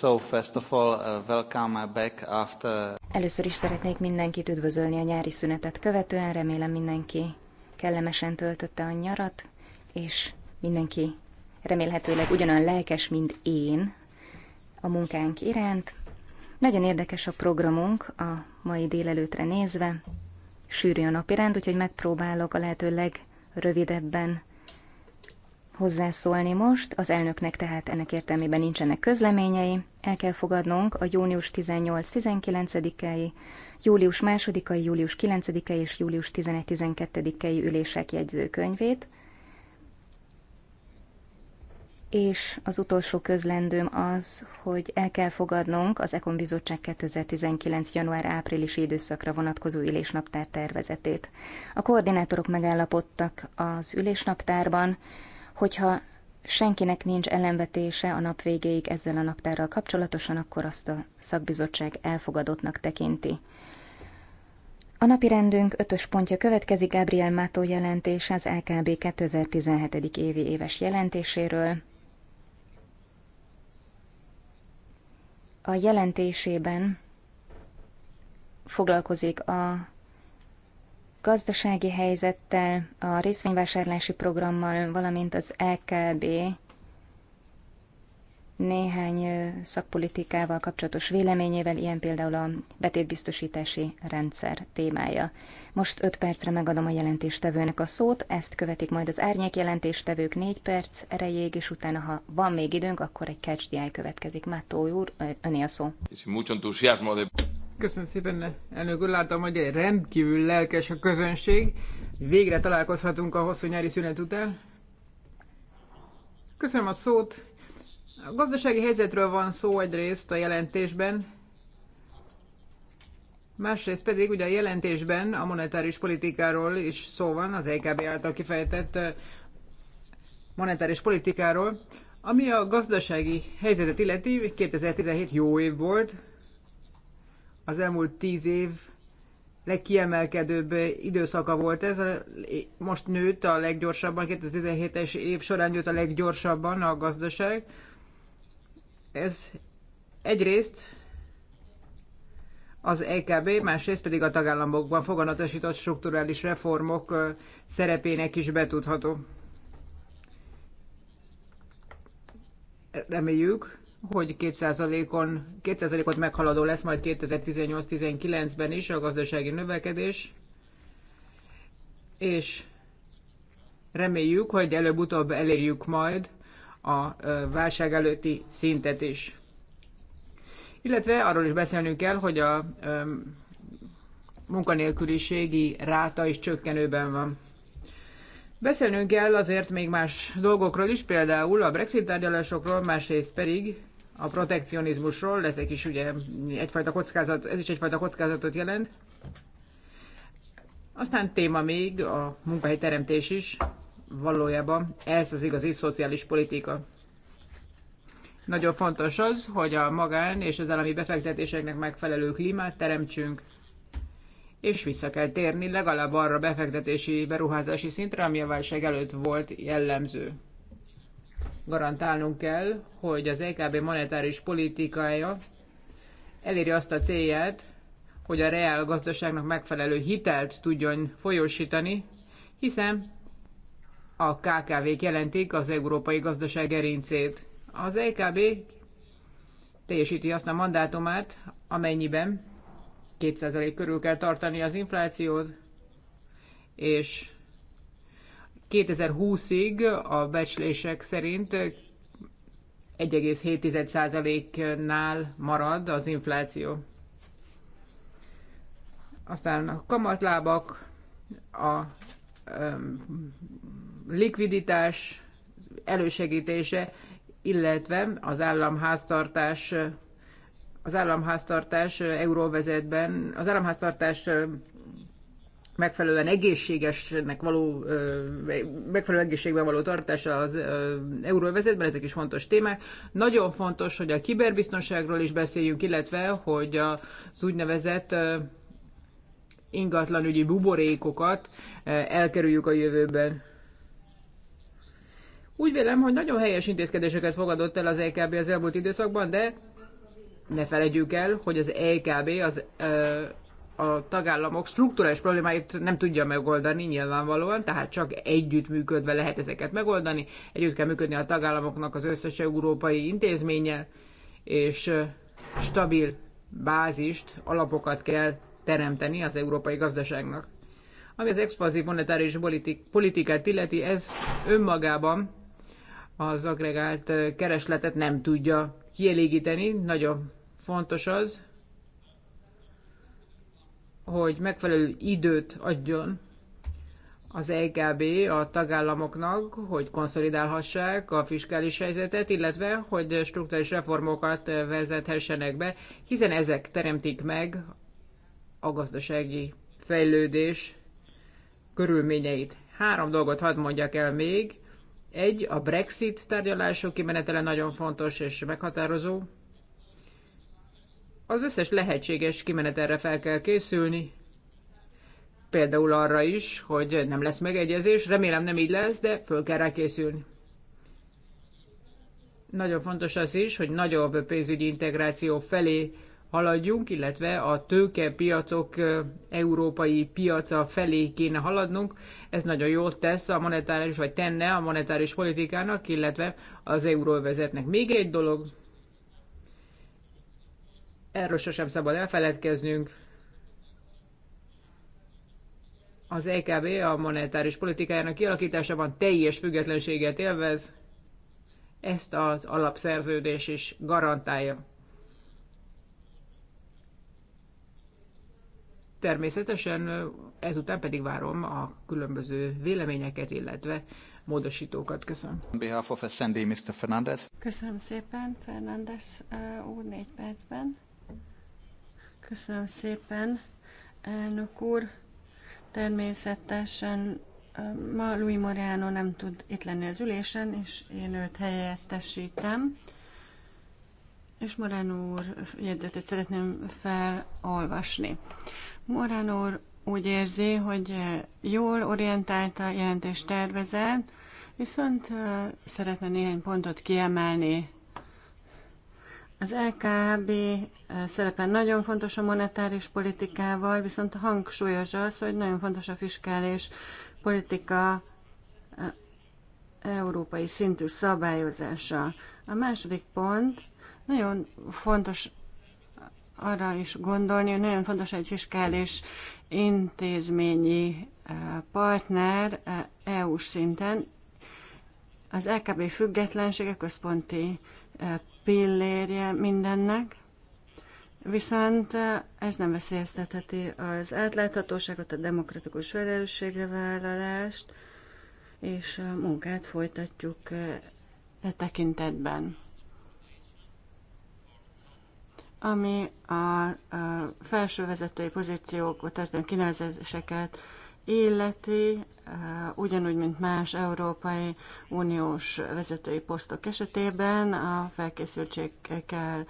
So, first of all, uh, welcome back after... Először is szeretnék mindenkit üdvözölni a nyári szünetet követően. Remélem mindenki kellemesen töltötte a nyarat, és mindenki remélhetőleg ugyanolyan lelkes, mint én a munkánk iránt. Nagyon érdekes a programunk a mai délelőtre nézve. Sűrű a napirend, úgyhogy megpróbálok a lehető legrövidebben hozzászólni most, az elnöknek tehát ennek értelmében nincsenek közleményei. El kell fogadnunk a június 18-19-ei, július 2-ai, július 9-ei és július 11-12-ei ülések jegyzőkönyvét. És az utolsó közlendőm az, hogy el kell fogadnunk az Ekon Bizottság 2019. január-áprilisi időszakra vonatkozó ülésnaptár tervezetét. A koordinátorok megállapodtak az ülésnaptárban, Hogyha senkinek nincs ellenvetése a nap végéig ezzel a naptárral kapcsolatosan, akkor azt a szakbizottság elfogadottnak tekinti. A napi rendünk ötös pontja következik Gabriel Mátó jelentése az LKB 2017. évi éves jelentéséről. A jelentésében foglalkozik a gazdasági helyzettel, a részvényvásárlási programmal, valamint az LKB e néhány szakpolitikával kapcsolatos véleményével, ilyen például a betétbiztosítási rendszer témája. Most 5 percre megadom a jelentéstevőnek a szót, ezt követik majd az árnyék jelentéstevők 4 perc erejéig, és utána, ha van még időnk, akkor egy catch the eye következik. Mátó úr, öné a szó. Köszönöm szépen, elnök úr. láttam, hogy egy rendkívül lelkes a közönség. Végre találkozhatunk a hosszú nyári szünet után. Köszönöm a szót. A gazdasági helyzetről van szó egyrészt a jelentésben, másrészt pedig ugye a jelentésben a monetáris politikáról is szó van, az EKB által kifejtett monetáris politikáról. Ami a gazdasági helyzetet illeti, 2017 jó év volt, az elmúlt tíz év legkiemelkedőbb időszaka volt ez. Most nőtt a leggyorsabban, 2017-es év során nőtt a leggyorsabban a gazdaság. Ez egyrészt az EKB, másrészt pedig a tagállamokban foganatosított strukturális reformok szerepének is betudható. Reméljük, hogy 2%-on, 2%-ot meghaladó lesz majd 2018-19-ben is a gazdasági növekedés, és reméljük, hogy előbb-utóbb elérjük majd a válság előtti szintet is. Illetve arról is beszélnünk kell, hogy a munkanélküliségi ráta is csökkenőben van. Beszélnünk kell azért még más dolgokról is, például a Brexit tárgyalásokról, másrészt pedig a protekcionizmusról, ezek is ugye egyfajta kockázat, ez is egyfajta kockázatot jelent. Aztán téma még a munkahelyteremtés is, valójában ez az igazi szociális politika. Nagyon fontos az, hogy a magán és az állami befektetéseknek megfelelő klímát teremtsünk, és vissza kell térni legalább arra befektetési, beruházási szintre, ami a válság előtt volt jellemző. Garantálnunk kell, hogy az EKB monetáris politikája eléri azt a célját, hogy a reál gazdaságnak megfelelő hitelt tudjon folyósítani, hiszen a KKV-k jelentik az európai gazdaság gerincét. Az EKB teljesíti azt a mandátumát, amennyiben 2% körül kell tartani az inflációt, és 2020-ig a becslések szerint 1,7%-nál marad az infláció. Aztán a kamatlábak, a likviditás elősegítése, illetve az államháztartás az államháztartás euróvezetben, az államháztartás megfelelően egészségesnek való, megfelelő egészségben való tartása az euróvezetben, ezek is fontos témák. Nagyon fontos, hogy a kiberbiztonságról is beszéljünk, illetve, hogy az úgynevezett ingatlanügyi buborékokat elkerüljük a jövőben. Úgy vélem, hogy nagyon helyes intézkedéseket fogadott el az EKB az elmúlt időszakban, de ne felejtjük el, hogy az EKB az, ö, a tagállamok strukturális problémáit nem tudja megoldani nyilvánvalóan, tehát csak együttműködve lehet ezeket megoldani. Együtt kell működni a tagállamoknak az összes európai intézménye, és stabil bázist, alapokat kell teremteni az európai gazdaságnak. Ami az expanzív monetáris politik, politikát illeti, ez önmagában az agregált keresletet nem tudja kielégíteni, nagyon Fontos az, hogy megfelelő időt adjon az EKB a tagállamoknak, hogy konszolidálhassák a fiskális helyzetet, illetve hogy struktúrális reformokat vezethessenek be, hiszen ezek teremtik meg a gazdasági fejlődés körülményeit. Három dolgot hadd mondjak el még. Egy, a Brexit tárgyalások kimenetele nagyon fontos és meghatározó. Az összes lehetséges kimenetelre fel kell készülni, például arra is, hogy nem lesz megegyezés, remélem nem így lesz, de föl kell rá készülni. Nagyon fontos az is, hogy nagyobb pénzügyi integráció felé haladjunk, illetve a tőkepiacok európai piaca felé kéne haladnunk. Ez nagyon jót tesz a monetáris, vagy tenne a monetáris politikának, illetve az euróvezetnek. Még egy dolog, Erről sosem szabad elfeledkeznünk. Az EKB a monetáris politikájának kialakításában teljes függetlenséget élvez. Ezt az alapszerződés is garantálja. Természetesen ezután pedig várom a különböző véleményeket, illetve módosítókat. Köszönöm. On behalf of Sandy, Mr. Fernandez. Köszönöm szépen, Fernandez úr, négy percben. Köszönöm szépen, elnök úr. Természetesen ma Louis Moriano nem tud itt lenni az ülésen, és én őt helyettesítem. És Moriano úr jegyzetét szeretném felolvasni. Moriano úr úgy érzi, hogy jól orientálta a jelentést tervezet, viszont szeretne néhány pontot kiemelni az LKB eh, szerepe nagyon fontos a monetáris politikával, viszont hangsúlyos az, hogy nagyon fontos a fiskális politika eh, európai szintű szabályozása. A második pont, nagyon fontos arra is gondolni, hogy nagyon fontos egy fiskális intézményi eh, partner EU-s e szinten. Az LKB függetlensége központi pillérje mindennek, viszont eh, ez nem veszélyeztetheti az átláthatóságot, a demokratikus felelősségre vállalást, és a munkát folytatjuk eh, e tekintetben. Ami a, a felső vezetői pozíciók, vagy kinevezéseket illeti, eh, ugyanúgy, mint más Európai Uniós vezetői posztok esetében a felkészültség kell,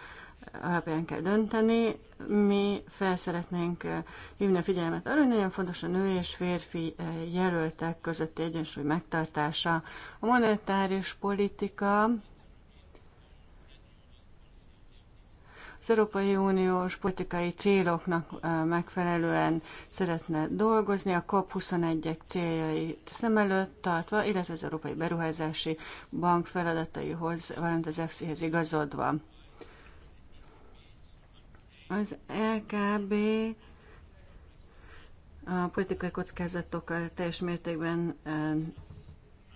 alapján kell dönteni. Mi fel szeretnénk eh, hívni a figyelmet arra, hogy nagyon fontos a nő és férfi eh, jelöltek közötti egyensúly megtartása. A monetáris politika az Európai Uniós politikai céloknak megfelelően szeretne dolgozni, a COP21-ek céljait szem előtt tartva, illetve az Európai Beruházási Bank feladataihoz, valamint az EFSZ-hez igazodva. Az LKB a politikai kockázatokkal teljes mértékben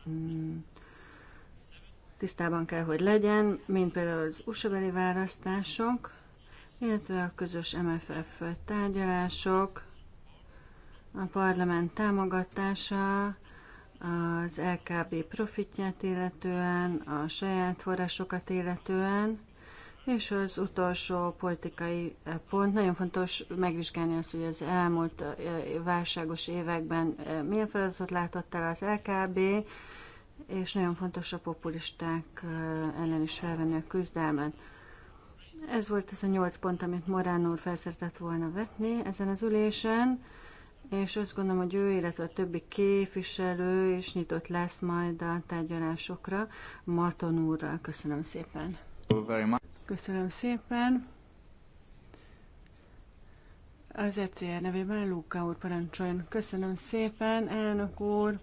mm, tisztában kell, hogy legyen, mint például az USA-beli választások illetve a közös MFF tárgyalások, a parlament támogatása, az LKB profitját illetően, a saját forrásokat illetően, és az utolsó politikai eh, pont, nagyon fontos megvizsgálni azt, hogy az elmúlt eh, válságos években eh, milyen feladatot látott el az LKB, és nagyon fontos a populisták ellen is felvenni a küzdelmet. Ez volt ez a nyolc pont, amit Morán úr felszertett volna vetni ezen az ülésen, és azt gondolom, hogy ő, illetve a többi képviselő is nyitott lesz majd a tárgyalásokra Maton úrral. Köszönöm szépen! Köszönöm szépen! Az ECR nevében Lúka úr parancsoljon. Köszönöm szépen, elnök úr!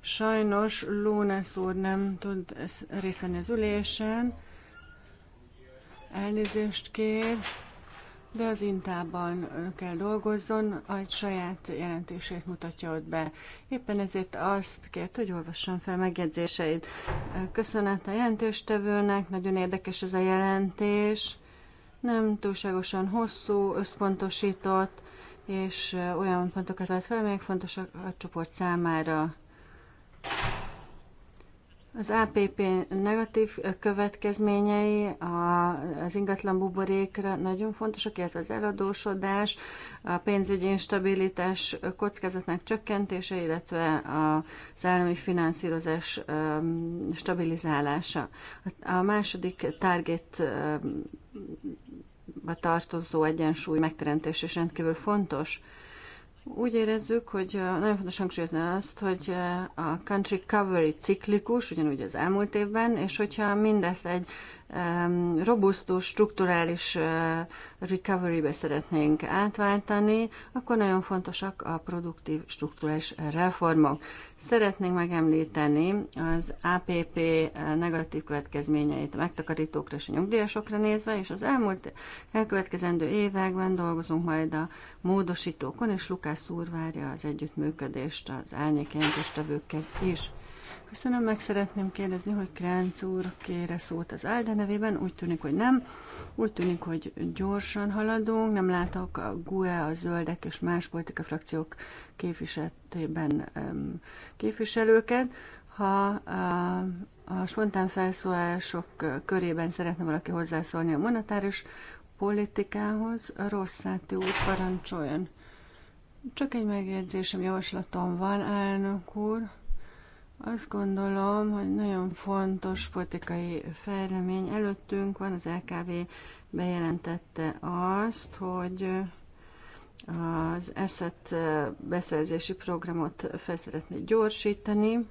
Sajnos Lónász úr nem tud részt venni az ülésen, elnézést kér, de az intában kell dolgozzon, a saját jelentését mutatja ott be. Éppen ezért azt kért, hogy olvassam fel megjegyzéseit. Köszönet a jelentéstevőnek, nagyon érdekes ez a jelentés, nem túlságosan hosszú, összpontosított, és olyan pontokat lehet fel, amelyek fontosak a csoport számára. Az APP negatív következményei az ingatlan buborékra nagyon fontosak, illetve az eladósodás, a pénzügyi instabilitás kockázatnak csökkentése, illetve az állami finanszírozás stabilizálása. A második target tartozó egyensúly megteremtés is rendkívül fontos. Úgy érezzük, hogy nagyon fontos hangsúlyozni azt, hogy a country recovery ciklikus, ugyanúgy az elmúlt évben, és hogyha mindezt egy robusztus, strukturális recovery-be szeretnénk átváltani, akkor nagyon fontosak a produktív strukturális reformok. Szeretnénk megemlíteni az APP negatív következményeit a megtakarítókra és a nyugdíjasokra nézve, és az elmúlt elkövetkezendő években dolgozunk majd a módosítókon, és Lukás úr várja az együttműködést az árnyék jelentéstevőkkel is. Köszönöm, meg szeretném kérdezni, hogy Kránc úr kére szót az Álda nevében. Úgy tűnik, hogy nem. Úgy tűnik, hogy gyorsan haladunk. Nem látok a GUE, a Zöldek és más politika frakciók képviseletében képviselőket. Ha a, a spontán felszólások körében szeretne valaki hozzászólni a monetáris politikához, Rosszáti úr parancsoljon. Csak egy megjegyzésem, javaslatom van, elnök úr azt gondolom, hogy nagyon fontos politikai fejlemény előttünk van. Az LKV bejelentette azt, hogy az ESZET beszerzési programot fel szeretné gyorsítani.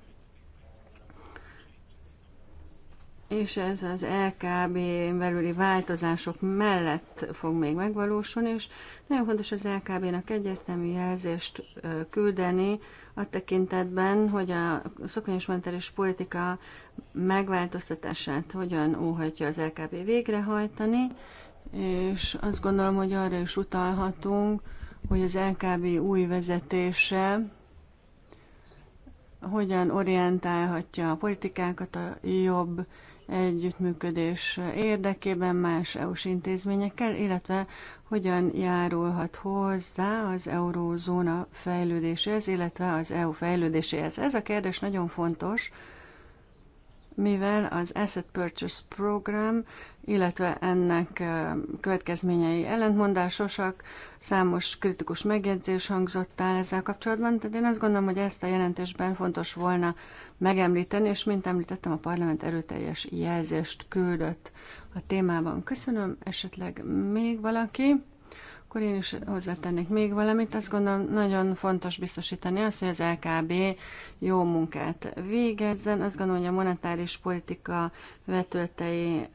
és ez az LKB belüli változások mellett fog még megvalósulni, és nagyon fontos az LKB-nak egyértelmű jelzést küldeni a tekintetben, hogy a szokványos monetáris politika megváltoztatását hogyan óhatja az LKB végrehajtani, és azt gondolom, hogy arra is utalhatunk, hogy az LKB új vezetése hogyan orientálhatja a politikákat a jobb együttműködés érdekében más EU-s intézményekkel, illetve hogyan járulhat hozzá az eurózóna fejlődéséhez, illetve az EU fejlődéséhez. Ez a kérdés nagyon fontos, mivel az Asset Purchase Program, illetve ennek következményei ellentmondásosak, számos kritikus megjegyzés hangzott el ezzel kapcsolatban, tehát én azt gondolom, hogy ezt a jelentésben fontos volna megemlíteni, és mint említettem, a parlament erőteljes jelzést küldött a témában. Köszönöm, esetleg még valaki? Akkor én is hozzátennék még valamit. Azt gondolom, nagyon fontos biztosítani azt, hogy az LKB jó munkát végezzen. Azt gondolom, hogy a monetáris politika vetőtei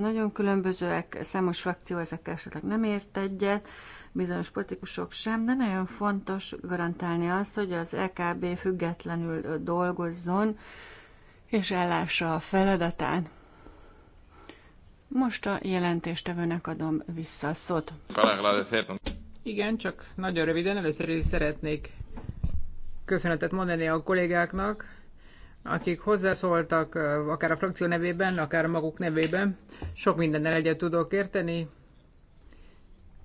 nagyon különbözőek, számos frakció ezekkel esetleg nem ért egyet, bizonyos politikusok sem, de nagyon fontos garantálni azt, hogy az LKB függetlenül dolgozzon és ellássa a feladatát. Most a jelentéstevőnek adom vissza a szót. Igen, csak nagyon röviden. Először is szeretnék köszönetet mondani a kollégáknak, akik hozzászóltak, akár a frakció nevében, akár a maguk nevében. Sok mindennel egyet tudok érteni,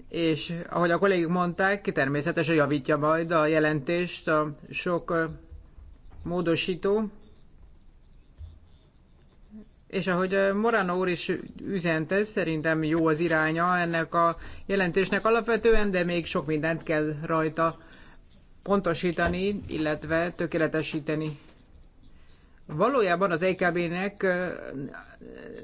és ahogy a kollégik mondták, ki természetesen javítja majd a jelentést a sok módosító, és ahogy Morano úr is üzente, szerintem jó az iránya ennek a jelentésnek alapvetően, de még sok mindent kell rajta pontosítani, illetve tökéletesíteni. Valójában az EKB-nek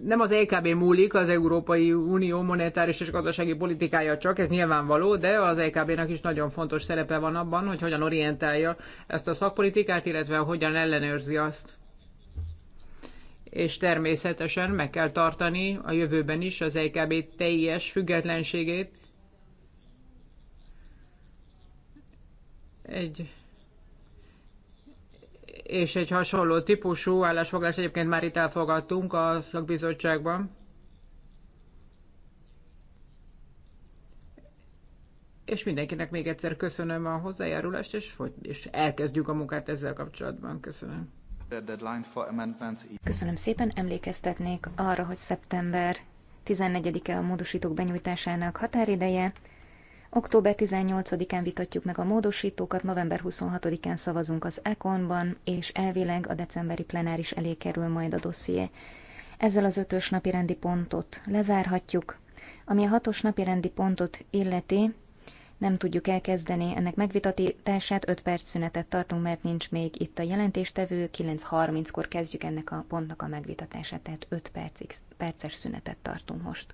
nem az EKB múlik az Európai Unió monetáris és gazdasági politikája csak, ez nyilvánvaló, de az EKB-nek is nagyon fontos szerepe van abban, hogy hogyan orientálja ezt a szakpolitikát, illetve hogyan ellenőrzi azt és természetesen meg kell tartani a jövőben is az EKB teljes függetlenségét. Egy és egy hasonló típusú állásfoglalást egyébként már itt elfogadtunk a szakbizottságban. És mindenkinek még egyszer köszönöm a hozzájárulást, és, és elkezdjük a munkát ezzel kapcsolatban. Köszönöm. Köszönöm szépen, emlékeztetnék arra, hogy szeptember 14-e a módosítók benyújtásának határideje, Október 18-án vitatjuk meg a módosítókat, november 26-án szavazunk az ECON-ban, és elvileg a decemberi plenáris elé kerül majd a dosszié. Ezzel az ötös napi rendi pontot lezárhatjuk. Ami a hatos napi rendi pontot illeti, nem tudjuk elkezdeni ennek megvitatását, 5 perc szünetet tartunk, mert nincs még itt a jelentéstevő, 9.30-kor kezdjük ennek a pontnak a megvitatását, tehát 5 percig, perces szünetet tartunk most.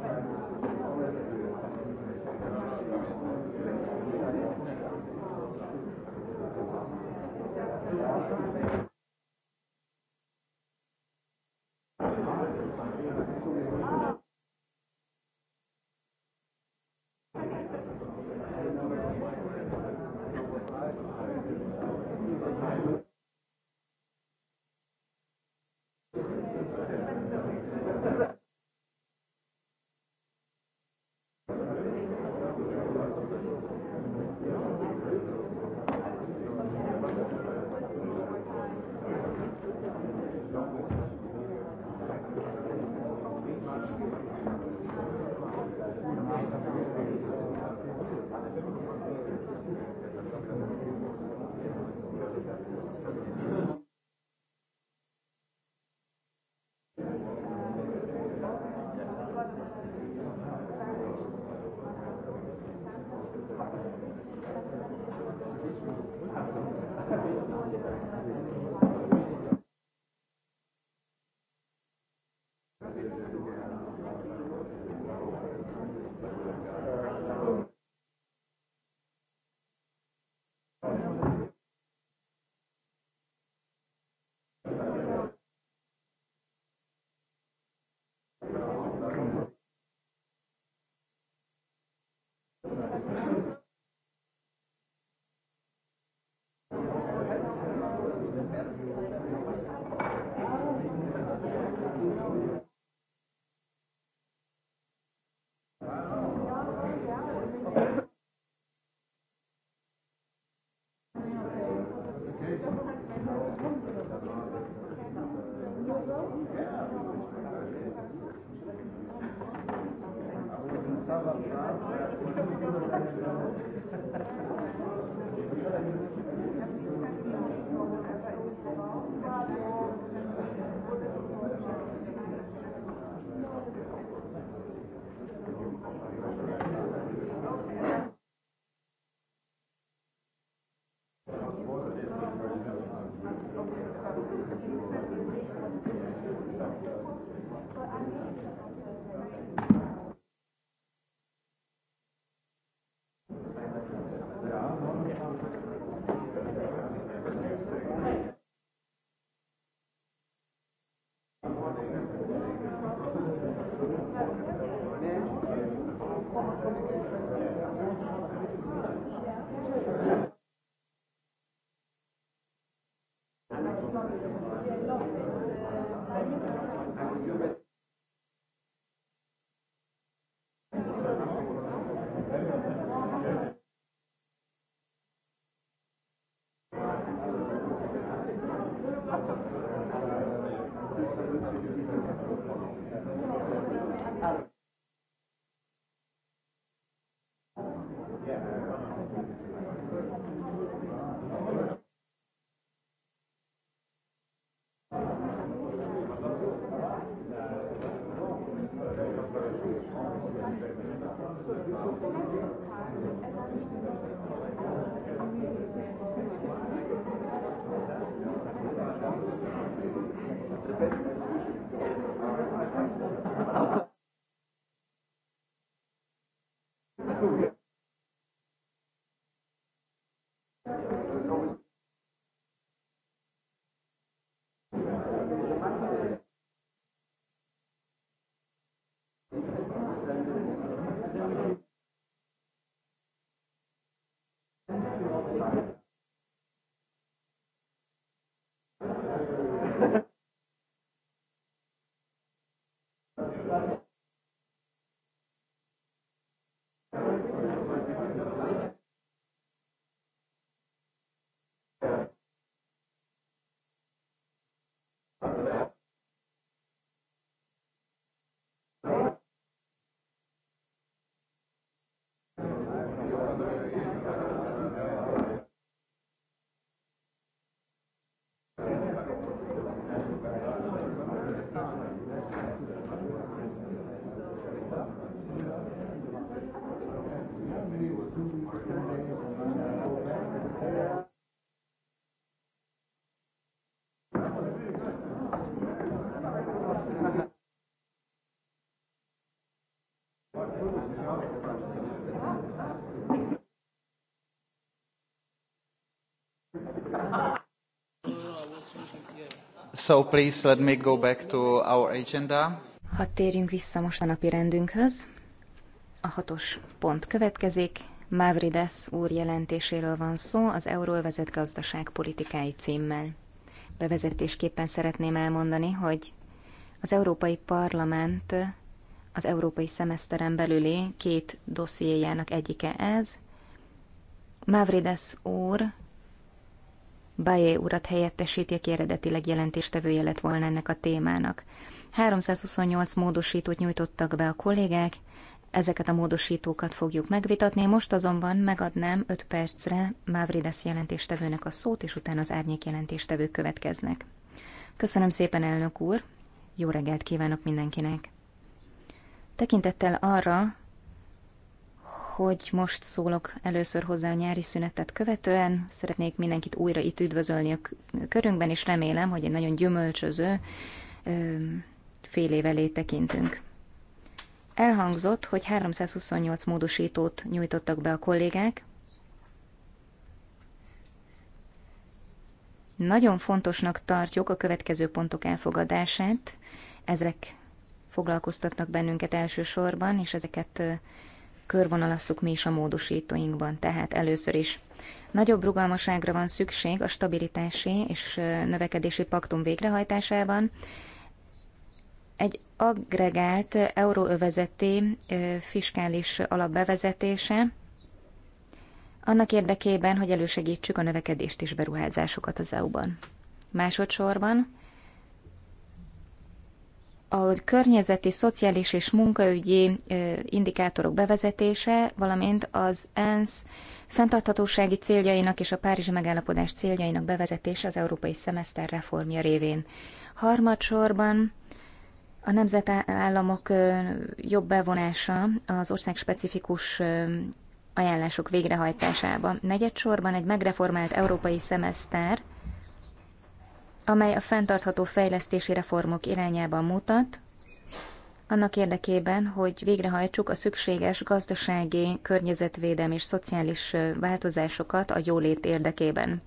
so please let me go back to our agenda. Hadd térjünk vissza most a napi rendünkhöz. A hatos pont következik. Mavrides úr jelentéséről van szó az Euróvezet gazdaságpolitikái címmel. Bevezetésképpen szeretném elmondani, hogy az Európai Parlament az európai szemeszteren belüli két dossziéjának egyike ez. Mavrides úr Bajé urat helyettesíti, aki eredetileg jelentéstevője lett volna ennek a témának. 328 módosítót nyújtottak be a kollégák, ezeket a módosítókat fogjuk megvitatni, most azonban megadnám 5 percre Mávrides jelentéstevőnek a szót, és utána az árnyék jelentéstevők következnek. Köszönöm szépen, elnök úr! Jó reggelt kívánok mindenkinek! Tekintettel arra, hogy most szólok először hozzá a nyári szünetet követően. Szeretnék mindenkit újra itt üdvözölni a körünkben, és remélem, hogy egy nagyon gyümölcsöző fél évelé tekintünk. Elhangzott, hogy 328 módosítót nyújtottak be a kollégák. Nagyon fontosnak tartjuk a következő pontok elfogadását. Ezek foglalkoztatnak bennünket elsősorban, és ezeket körvonalazzuk mi is a módosítóinkban, tehát először is. Nagyobb rugalmaságra van szükség a stabilitási és növekedési paktum végrehajtásában. Egy agregált euróövezeti fiskális alap bevezetése, annak érdekében, hogy elősegítsük a növekedést és beruházásokat az EU-ban. Másodszorban a környezeti, szociális és munkaügyi indikátorok bevezetése, valamint az ENSZ fenntarthatósági céljainak és a Párizsi megállapodás céljainak bevezetése az európai szemeszter reformja révén. Harmadsorban a nemzetállamok jobb bevonása az ország specifikus ajánlások végrehajtásába. Negyedsorban egy megreformált európai szemeszter, amely a fenntartható fejlesztési reformok irányába mutat, annak érdekében, hogy végrehajtsuk a szükséges gazdasági, környezetvédelmi és szociális változásokat a jólét érdekében.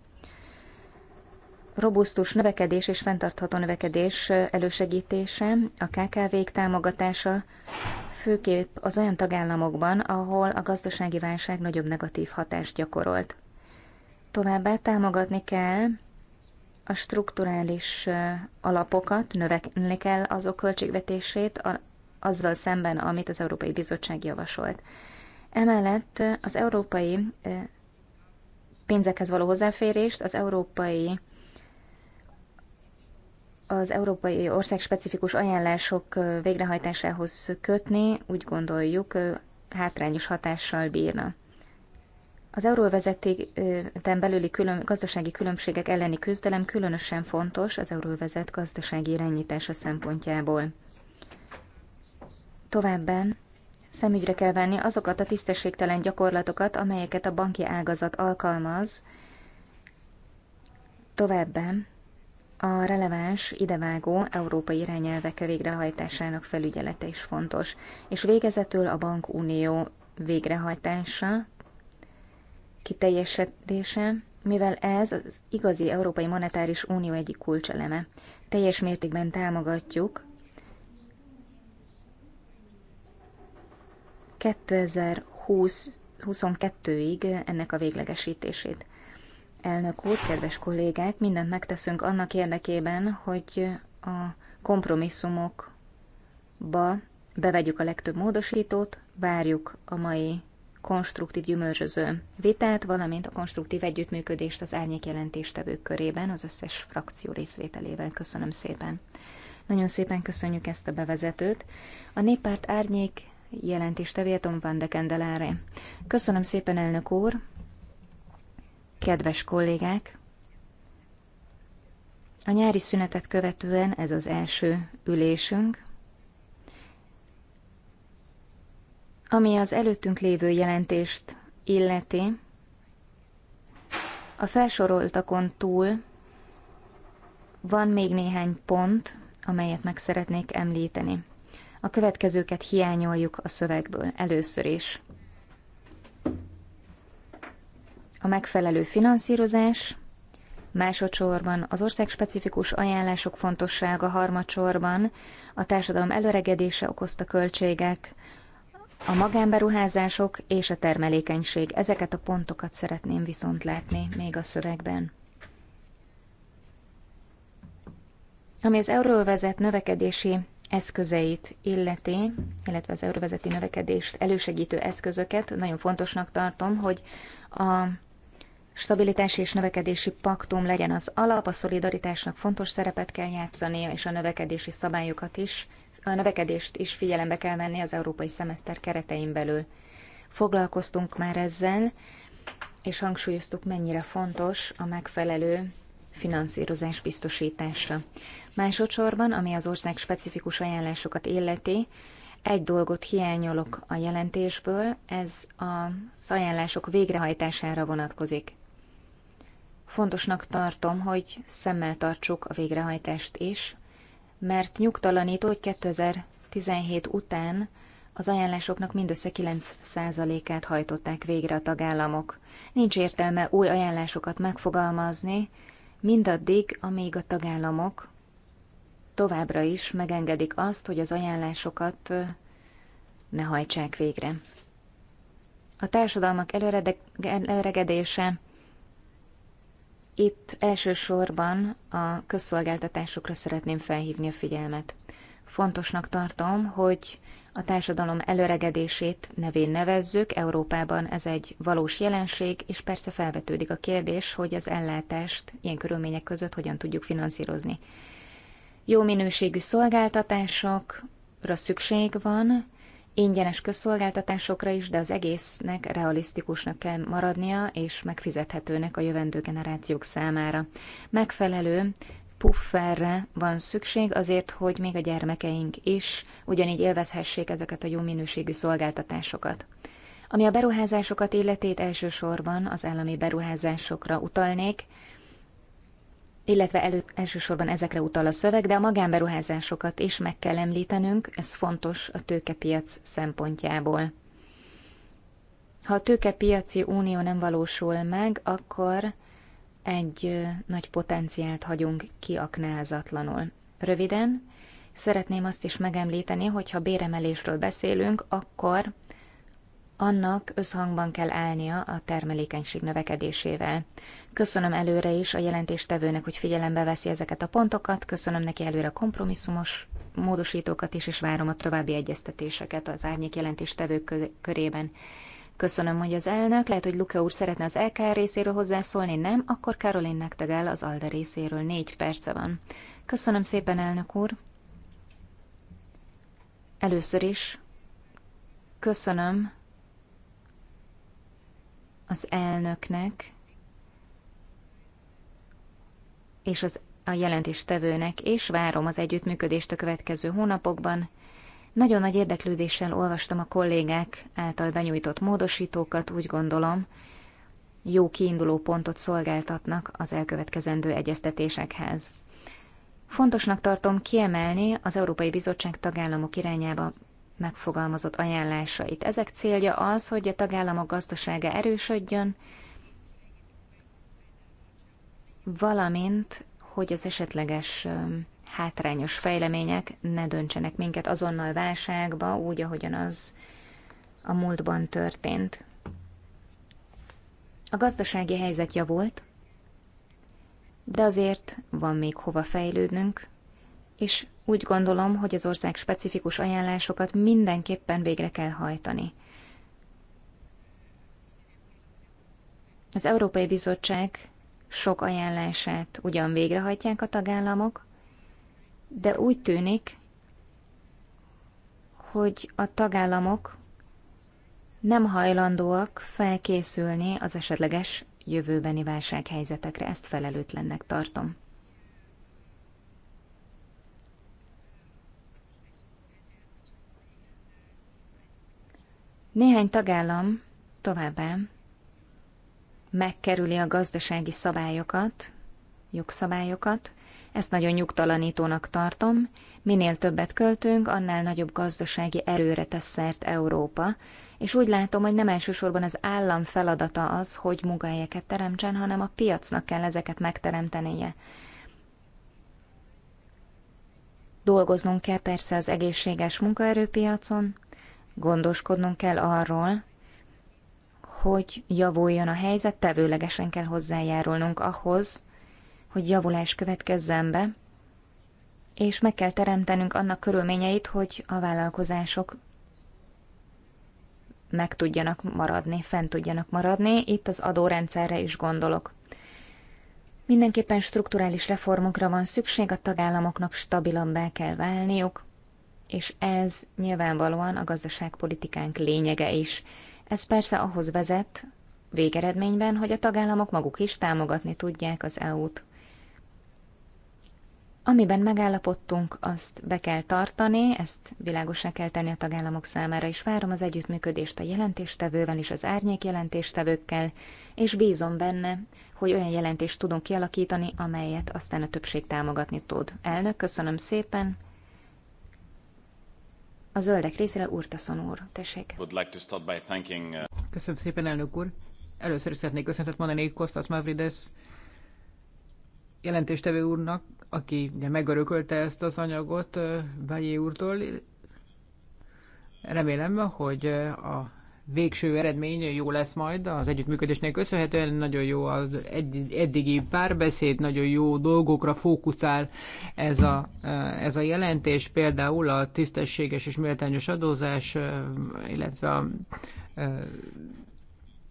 Robusztus növekedés és fenntartható növekedés elősegítése, a KKV-k támogatása, főképp az olyan tagállamokban, ahol a gazdasági válság nagyobb negatív hatást gyakorolt. Továbbá támogatni kell a strukturális alapokat, növelni kell azok költségvetését a, azzal szemben, amit az Európai Bizottság javasolt. Emellett az európai pénzekhez való hozzáférést, az európai az európai ország specifikus ajánlások végrehajtásához kötni, úgy gondoljuk, hátrányos hatással bírna. Az euróvezetéken belüli külön, gazdasági különbségek elleni küzdelem különösen fontos az euróvezet gazdasági irányítása szempontjából. Továbbá szemügyre kell venni azokat a tisztességtelen gyakorlatokat, amelyeket a banki ágazat alkalmaz, továbbá a releváns, idevágó európai irányelvek végrehajtásának felügyelete is fontos, és végezetül a bankunió végrehajtása, kiteljesedése, mivel ez az igazi Európai Monetáris Unió egyik kulcseleme. Teljes mértékben támogatjuk 2020-22-ig ennek a véglegesítését. Elnök úr, kedves kollégák, mindent megteszünk annak érdekében, hogy a kompromisszumokba bevegyük a legtöbb módosítót, várjuk a mai konstruktív gyümölcsöző vitát, valamint a konstruktív együttműködést az árnyék jelentéstevők körében az összes frakció részvételével. Köszönöm szépen. Nagyon szépen köszönjük ezt a bevezetőt. A néppárt árnyék jelentéstevője Tom van de Kendelare. Köszönöm szépen, elnök úr! Kedves kollégák! A nyári szünetet követően ez az első ülésünk, Ami az előttünk lévő jelentést illeti, a felsoroltakon túl van még néhány pont, amelyet meg szeretnék említeni. A következőket hiányoljuk a szövegből először is. A megfelelő finanszírozás, másodszorban az országspecifikus ajánlások fontossága harmadsorban, a társadalom előregedése okozta költségek, a magánberuházások és a termelékenység. Ezeket a pontokat szeretném viszont látni még a szövegben. Ami az euróvezet növekedési eszközeit illeti, illetve az euróvezeti növekedést elősegítő eszközöket, nagyon fontosnak tartom, hogy a stabilitási és növekedési paktum legyen az alap, a szolidaritásnak fontos szerepet kell játszania, és a növekedési szabályokat is a növekedést is figyelembe kell venni az európai szemeszter keretein belül. Foglalkoztunk már ezzel, és hangsúlyoztuk, mennyire fontos a megfelelő finanszírozás biztosítása. Másodszorban, ami az ország specifikus ajánlásokat illeti, egy dolgot hiányolok a jelentésből, ez az ajánlások végrehajtására vonatkozik. Fontosnak tartom, hogy szemmel tartsuk a végrehajtást is, mert nyugtalanító, hogy 2017 után az ajánlásoknak mindössze 9%-át hajtották végre a tagállamok. Nincs értelme új ajánlásokat megfogalmazni, mindaddig, amíg a tagállamok továbbra is megengedik azt, hogy az ajánlásokat ne hajtsák végre. A társadalmak előregedése itt elsősorban a közszolgáltatásokra szeretném felhívni a figyelmet. Fontosnak tartom, hogy a társadalom előregedését nevén nevezzük, Európában ez egy valós jelenség, és persze felvetődik a kérdés, hogy az ellátást ilyen körülmények között hogyan tudjuk finanszírozni. Jó minőségű szolgáltatásokra szükség van, ingyenes közszolgáltatásokra is, de az egésznek realisztikusnak kell maradnia, és megfizethetőnek a jövendő generációk számára. Megfelelő pufferre van szükség azért, hogy még a gyermekeink is ugyanígy élvezhessék ezeket a jó minőségű szolgáltatásokat. Ami a beruházásokat illetét elsősorban az állami beruházásokra utalnék, illetve elő, elsősorban ezekre utal a szöveg, de a magánberuházásokat is meg kell említenünk, ez fontos a tőkepiac szempontjából. Ha a tőkepiaci unió nem valósul meg, akkor egy nagy potenciált hagyunk kiaknázatlanul. Röviden, szeretném azt is megemlíteni, hogy ha béremelésről beszélünk, akkor annak összhangban kell állnia a termelékenység növekedésével. Köszönöm előre is a jelentéstevőnek, hogy figyelembe veszi ezeket a pontokat, köszönöm neki előre a kompromisszumos módosítókat is, és várom a további egyeztetéseket az árnyék jelentéstevők körében. Köszönöm, hogy az elnök, lehet, hogy Luke úr szeretne az LKR részéről hozzászólni, nem, akkor Karolin Nektegel az ALDE részéről négy perce van. Köszönöm szépen, elnök úr. Először is köszönöm az elnöknek és az a jelentéstevőnek, és várom az együttműködést a következő hónapokban. Nagyon nagy érdeklődéssel olvastam a kollégák által benyújtott módosítókat, úgy gondolom, jó kiinduló pontot szolgáltatnak az elkövetkezendő egyeztetésekhez. Fontosnak tartom kiemelni az Európai Bizottság tagállamok irányába megfogalmazott ajánlásait. Ezek célja az, hogy a tagállamok gazdasága erősödjön, valamint, hogy az esetleges hátrányos fejlemények ne döntsenek minket azonnal válságba, úgy, ahogyan az a múltban történt. A gazdasági helyzet javult, de azért van még hova fejlődnünk, és úgy gondolom, hogy az ország specifikus ajánlásokat mindenképpen végre kell hajtani. Az Európai Bizottság sok ajánlását ugyan végrehajtják a tagállamok, de úgy tűnik, hogy a tagállamok nem hajlandóak felkészülni az esetleges jövőbeni válsághelyzetekre, ezt felelőtlennek tartom. Néhány tagállam továbbá megkerüli a gazdasági szabályokat, jogszabályokat, ezt nagyon nyugtalanítónak tartom, minél többet költünk, annál nagyobb gazdasági erőre tesz szert Európa, és úgy látom, hogy nem elsősorban az állam feladata az, hogy munkahelyeket teremtsen, hanem a piacnak kell ezeket megteremtenie. Dolgoznunk kell persze az egészséges munkaerőpiacon, Gondoskodnunk kell arról, hogy javuljon a helyzet, tevőlegesen kell hozzájárulnunk ahhoz, hogy javulás következzen be, és meg kell teremtenünk annak körülményeit, hogy a vállalkozások meg tudjanak maradni, fent tudjanak maradni. Itt az adórendszerre is gondolok. Mindenképpen strukturális reformokra van szükség, a tagállamoknak stabilabbá kell válniuk, és ez nyilvánvalóan a gazdaságpolitikánk lényege is. Ez persze ahhoz vezet, végeredményben, hogy a tagállamok maguk is támogatni tudják az EU-t. Amiben megállapodtunk, azt be kell tartani, ezt világosá kell tenni a tagállamok számára, és várom az együttműködést a jelentéstevővel és az árnyék jelentéstevőkkel, és bízom benne, hogy olyan jelentést tudunk kialakítani, amelyet aztán a többség támogatni tud. Elnök, köszönöm szépen, a zöldek részére Urtaszon úr, tessék. Uh, Köszönöm szépen, elnök úr. Először is szeretnék köszöntet mondani Kostas Mavrides jelentéstevő úrnak, aki ugye megörökölte ezt az anyagot uh, Bajé úrtól. Remélem, hogy uh, a végső eredmény jó lesz majd az együttműködésnek köszönhetően. Nagyon jó az eddigi párbeszéd, nagyon jó dolgokra fókuszál ez a, ez a jelentés, például a tisztességes és méltányos adózás, illetve a,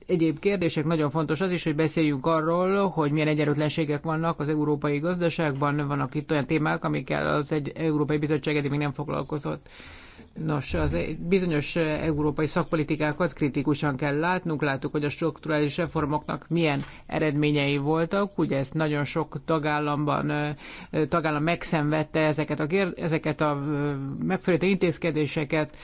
egyéb kérdések. Nagyon fontos az is, hogy beszéljünk arról, hogy milyen egyenlőtlenségek vannak az európai gazdaságban. Vannak itt olyan témák, amikkel az egy Európai Bizottság eddig még nem foglalkozott. Nos, az e- bizonyos e, európai szakpolitikákat kritikusan kell látnunk. Láttuk, hogy a strukturális reformoknak milyen eredményei voltak. Ugye ezt nagyon sok tagállamban, e, tagállam megszenvedte ezeket a, ezeket a megszorító intézkedéseket.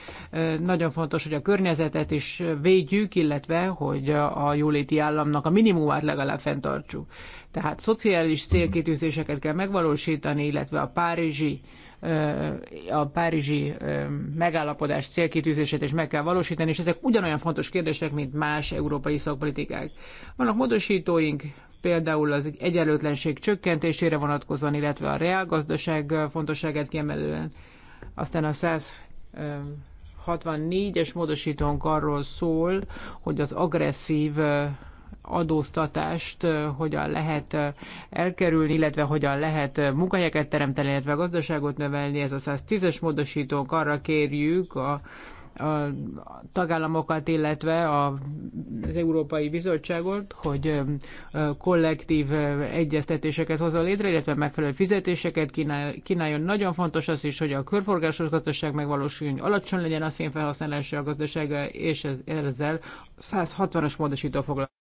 Nagyon fontos, hogy a környezetet is védjük, illetve, hogy a jóléti államnak a minimumát legalább fenntartsuk. Tehát szociális célkitűzéseket kell megvalósítani, illetve a párizsi a párizsi megállapodás célkitűzését is meg kell valósítani, és ezek ugyanolyan fontos kérdések, mint más európai szakpolitikák. Vannak módosítóink, például az egyenlőtlenség csökkentésére vonatkozóan, illetve a reálgazdaság fontosságát kiemelően. Aztán a 164-es módosítónk arról szól, hogy az agresszív adóztatást hogyan lehet elkerülni, illetve hogyan lehet munkahelyeket teremteni, illetve gazdaságot növelni. Ez a 110-es módosítók arra kérjük a a tagállamokat, illetve a, az Európai Bizottságot, hogy kollektív egyeztetéseket hozzon létre, illetve megfelelő fizetéseket kínál, kínáljon. Nagyon fontos az is, hogy a körforgásos gazdaság megvalósuljon, hogy alacsony legyen a szénfelhasználása a gazdasága, és ez, ezzel 160-as módosító foglalkozik.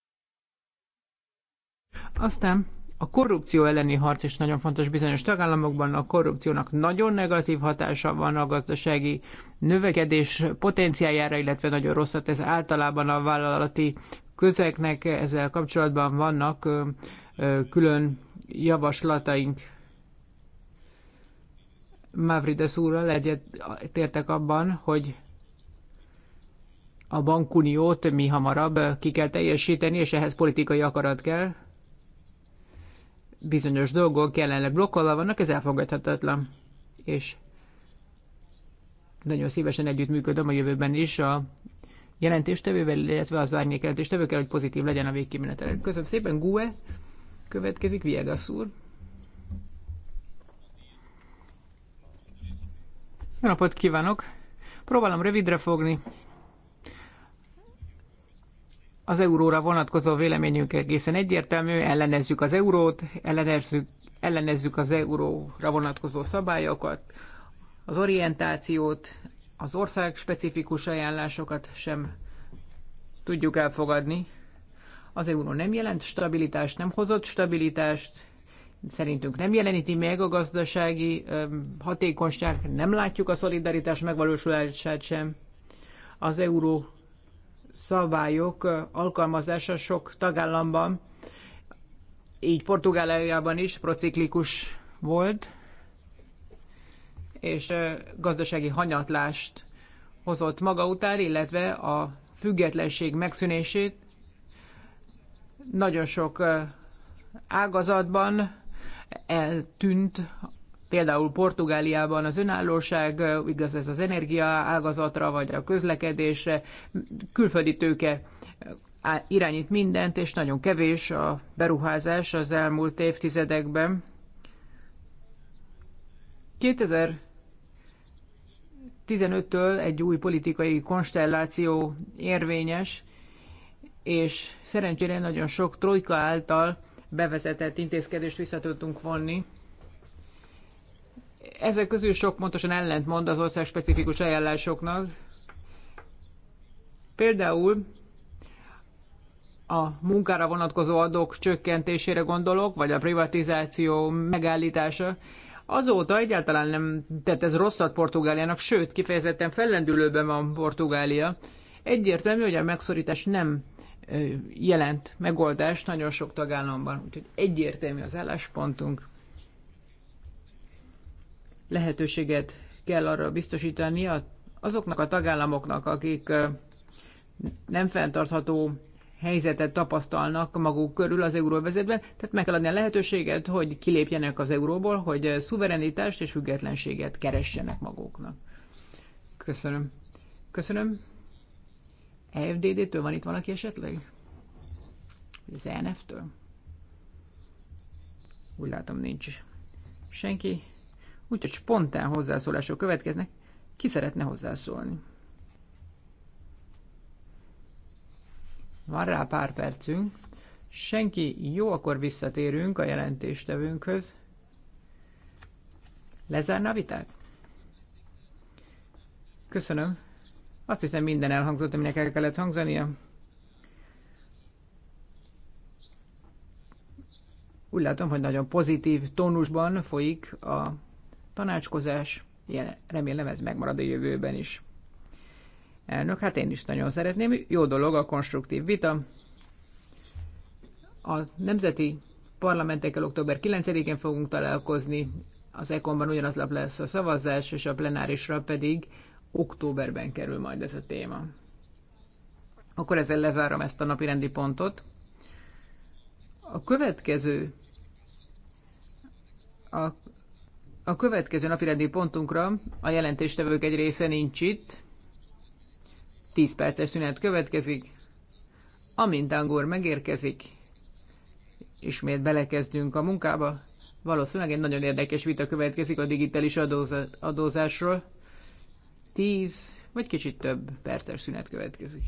Aztán a korrupció elleni harc is nagyon fontos bizonyos tagállamokban. A korrupciónak nagyon negatív hatása van a gazdasági növekedés potenciájára, illetve nagyon rosszat ez általában a vállalati közegnek Ezzel kapcsolatban vannak külön javaslataink. Mavrides úrral egyet tértek abban, hogy a bankuniót mi hamarabb ki kell teljesíteni, és ehhez politikai akarat kell bizonyos dolgok jelenleg blokkolva vannak, ez elfogadhatatlan. És nagyon szívesen együttműködöm a jövőben is a jelentéstevővel, illetve az árnyék jelentéstevőkkel, hogy pozitív legyen a végkimenetel. Köszönöm szépen, Gue. Következik Viegas úr. Jó napot kívánok! Próbálom rövidre fogni az euróra vonatkozó véleményünk egészen egyértelmű, ellenezzük az eurót, ellenezzük, ellenezzük az euróra vonatkozó szabályokat, az orientációt, az ország specifikus ajánlásokat sem tudjuk elfogadni. Az euró nem jelent stabilitást, nem hozott stabilitást, szerintünk nem jeleníti meg a gazdasági hatékonyság, nem látjuk a szolidaritás megvalósulását sem. Az euró szabályok alkalmazása sok tagállamban, így Portugáliában is prociklikus volt, és gazdasági hanyatlást hozott maga után, illetve a függetlenség megszűnését nagyon sok ágazatban eltűnt Például Portugáliában az önállóság, igaz ez az energia ágazatra, vagy a közlekedésre, külföldi tőke irányít mindent, és nagyon kevés a beruházás az elmúlt évtizedekben. 2015-től egy új politikai konstelláció érvényes, és szerencsére nagyon sok trojka által bevezetett intézkedést visszatudtunk vonni ezek közül sok pontosan ellentmond az ország specifikus ajánlásoknak. Például a munkára vonatkozó adók csökkentésére gondolok, vagy a privatizáció megállítása. Azóta egyáltalán nem tett ez rosszat Portugáliának, sőt, kifejezetten fellendülőben van Portugália. Egyértelmű, hogy a megszorítás nem jelent megoldást nagyon sok tagállamban. Úgyhogy egyértelmű az álláspontunk lehetőséget kell arra biztosítani azoknak a tagállamoknak, akik nem fenntartható helyzetet tapasztalnak maguk körül az euróvezetben, tehát meg kell adni a lehetőséget, hogy kilépjenek az euróból, hogy szuverenitást és függetlenséget keressenek maguknak. Köszönöm. Köszönöm. EFDD-től van itt valaki esetleg? Az ENF-től? Úgy látom nincs senki. Úgyhogy spontán hozzászólások következnek. Ki szeretne hozzászólni? Van rá pár percünk. Senki, jó, akkor visszatérünk a jelentéstevőnkhöz. Lezárna a vitát? Köszönöm. Azt hiszem minden elhangzott, aminek el kellett hangzania. Úgy látom, hogy nagyon pozitív tónusban folyik a tanácskozás, Ilyen, remélem ez megmarad a jövőben is. Elnök, hát én is nagyon szeretném. Jó dolog a konstruktív vita. A nemzeti parlamentekkel október 9-én fogunk találkozni, az ECOM-ban ugyanaz lap lesz a szavazás, és a plenárisra pedig októberben kerül majd ez a téma. Akkor ezzel lezárom ezt a napi rendi pontot. A következő a a következő napirendi pontunkra a jelentéstevők egy része nincs itt. 10 perces szünet következik. Amint Angor megérkezik, ismét belekezdünk a munkába. Valószínűleg egy nagyon érdekes vita következik a digitális adóza- adózásról. 10 vagy kicsit több perces szünet következik.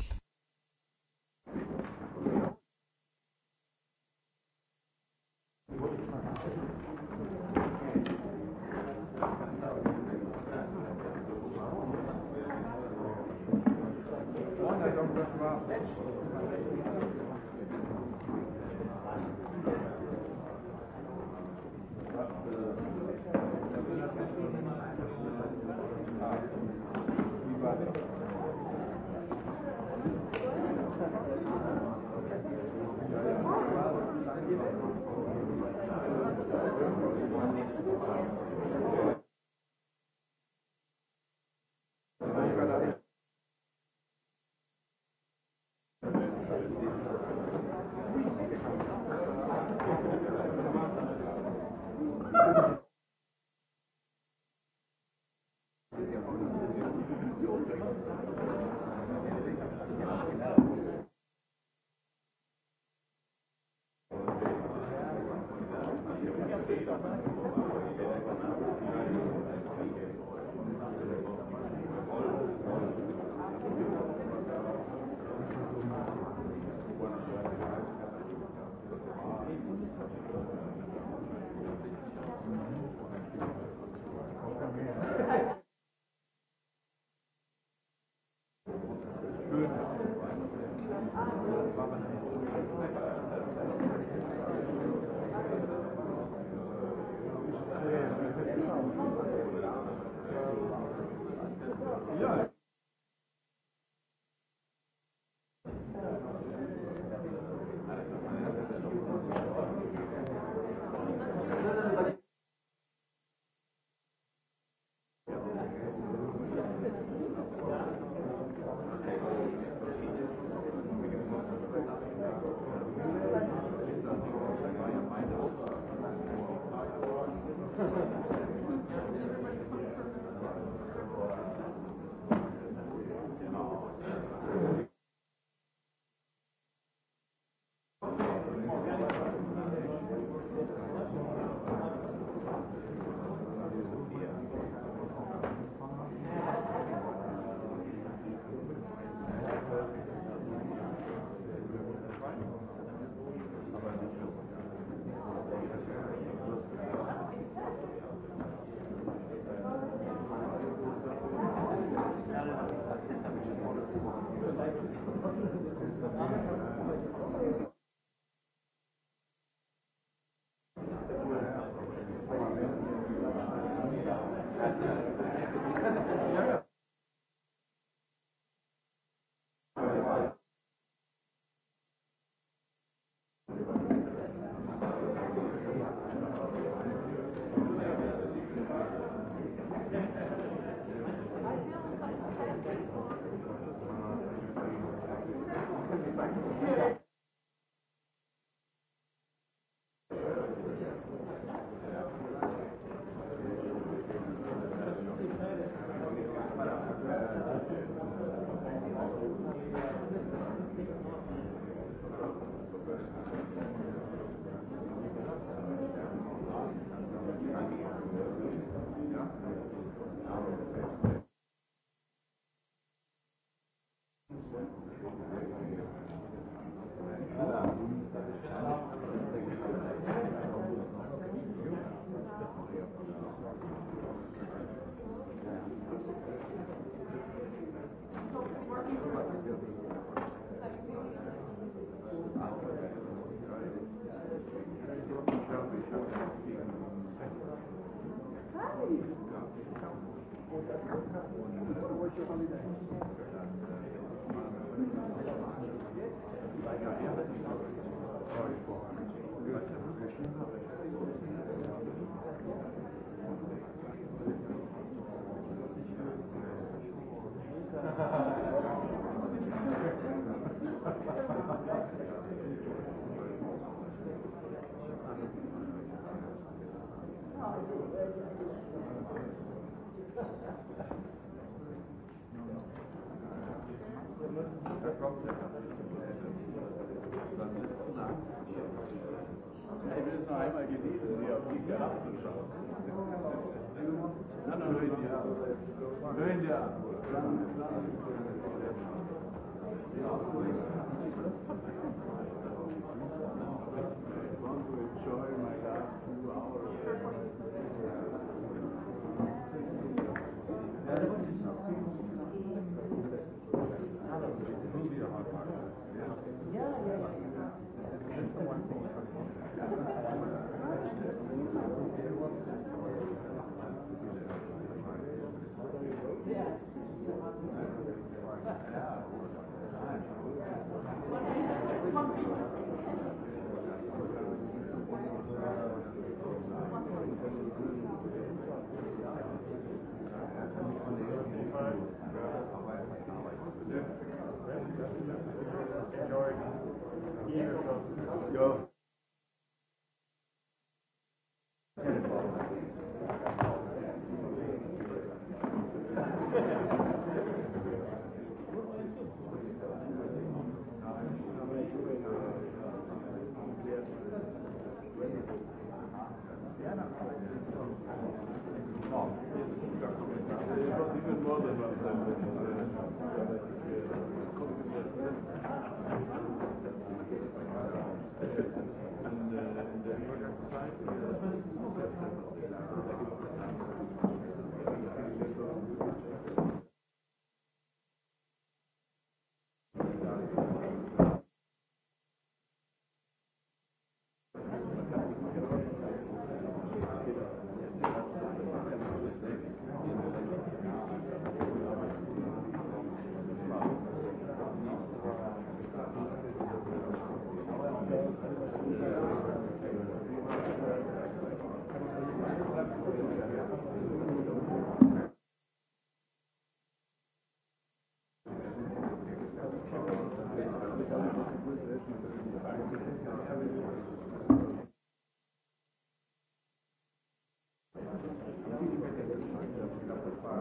Grande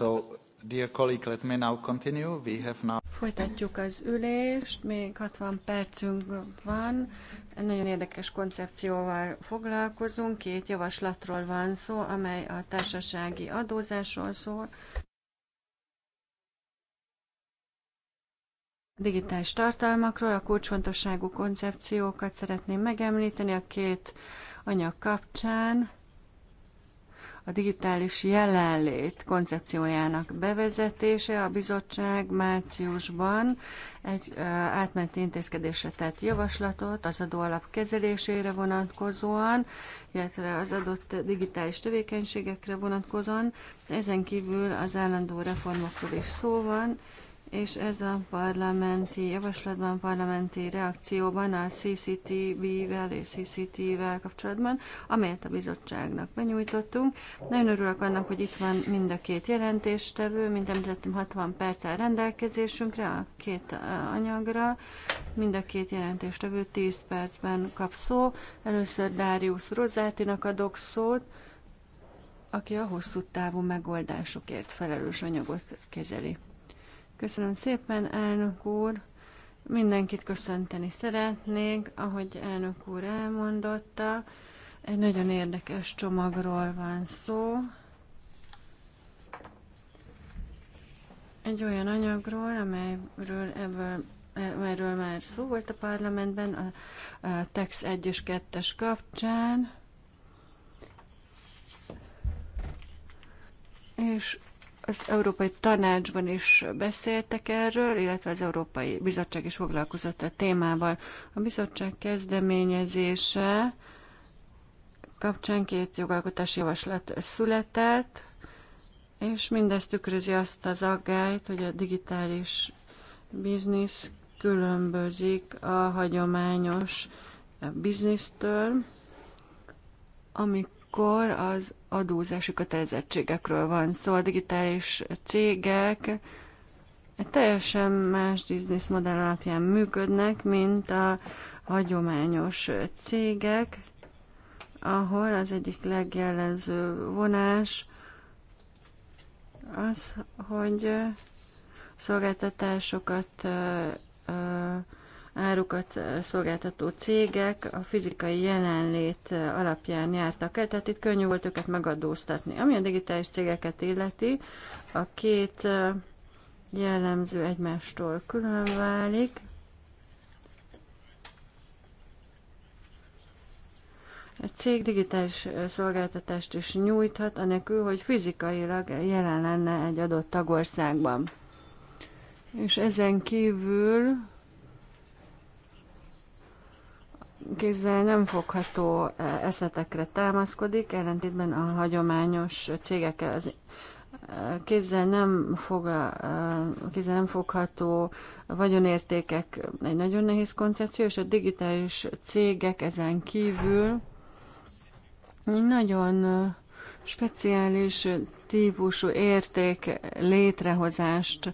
So, dear colleague, let me now continue. We have now... Folytatjuk az ülést, még 60 percünk van. Egy nagyon érdekes koncepcióval foglalkozunk. Két javaslatról van szó, amely a társasági adózásról szól. digitális tartalmakról, a kulcsfontosságú koncepciókat szeretném megemlíteni a két anyag kapcsán a digitális jelenlét koncepciójának bevezetése. A bizottság márciusban egy átmeneti intézkedésre tett javaslatot az adóalap kezelésére vonatkozóan, illetve az adott digitális tevékenységekre vonatkozóan. Ezen kívül az állandó reformokról is szó van, és ez a parlamenti javaslatban, parlamenti reakcióban a CCTV-vel és cctv vel kapcsolatban, amelyet a bizottságnak benyújtottunk. Nagyon örülök annak, hogy itt van mind a két jelentéstevő, mint említettem, 60 perc áll rendelkezésünkre a két eh, anyagra. Mind a két jelentéstevő 10 percben kap szó. Először Darius Rozátinak adok szót, aki a hosszú távú megoldásokért felelős anyagot kezeli. Köszönöm szépen, elnök úr. Mindenkit köszönteni szeretnék, ahogy elnök úr elmondotta. Egy nagyon érdekes csomagról van szó. Egy olyan anyagról, amelyről ebből erről már szó volt a parlamentben, a, a TEX 1 és 2-es kapcsán. És az Európai Tanácsban is beszéltek erről, illetve az Európai Bizottság is foglalkozott a témával. A bizottság kezdeményezése kapcsán két jogalkotási javaslat született, és mindezt tükrözi azt az aggályt, hogy a digitális biznisz különbözik a hagyományos biznisztől, amikor akkor az adózási kötelezettségekről van szó, a digitális cégek egy teljesen más bizniszmodell alapján működnek, mint a hagyományos cégek, ahol az egyik legjellemző vonás az, hogy szolgáltatásokat árukat eh, szolgáltató cégek a fizikai jelenlét eh, alapján jártak el, tehát itt könnyű volt őket megadóztatni. Ami a digitális cégeket illeti, a két eh, jellemző egymástól külön válik. A cég digitális szolgáltatást is nyújthat, anélkül, hogy fizikailag jelen lenne egy adott tagországban. És ezen kívül kézzel nem fogható e, eszetekre támaszkodik, ellentétben a hagyományos cégekkel az e, kézzel nem, fog, e, kézzel nem fogható vagyonértékek egy nagyon nehéz koncepció, és a digitális cégek ezen kívül nagyon speciális típusú érték létrehozást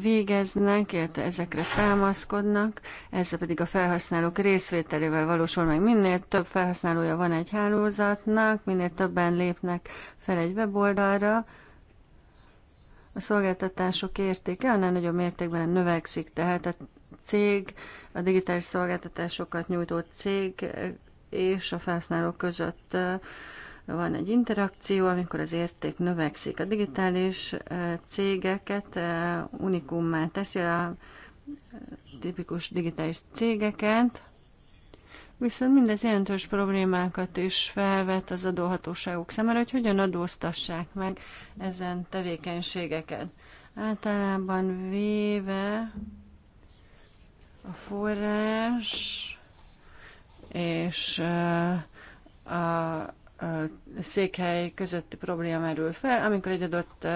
végeznek, illetve ezekre támaszkodnak, ezzel pedig a felhasználók részvételével valósul meg. Minél több felhasználója van egy hálózatnak, minél többen lépnek fel egy weboldalra, a szolgáltatások értéke annál nagyobb mértékben növekszik, tehát a cég, a digitális szolgáltatásokat nyújtó cég és a felhasználók között van egy interakció, amikor az érték növekszik. A digitális cégeket unikummá teszi a tipikus digitális cégeket, viszont mindez jelentős problémákat is felvet az adóhatóságok szemére, hogy hogyan adóztassák meg ezen tevékenységeket. Általában véve a forrás és a székhely közötti probléma merül fel, amikor egy adott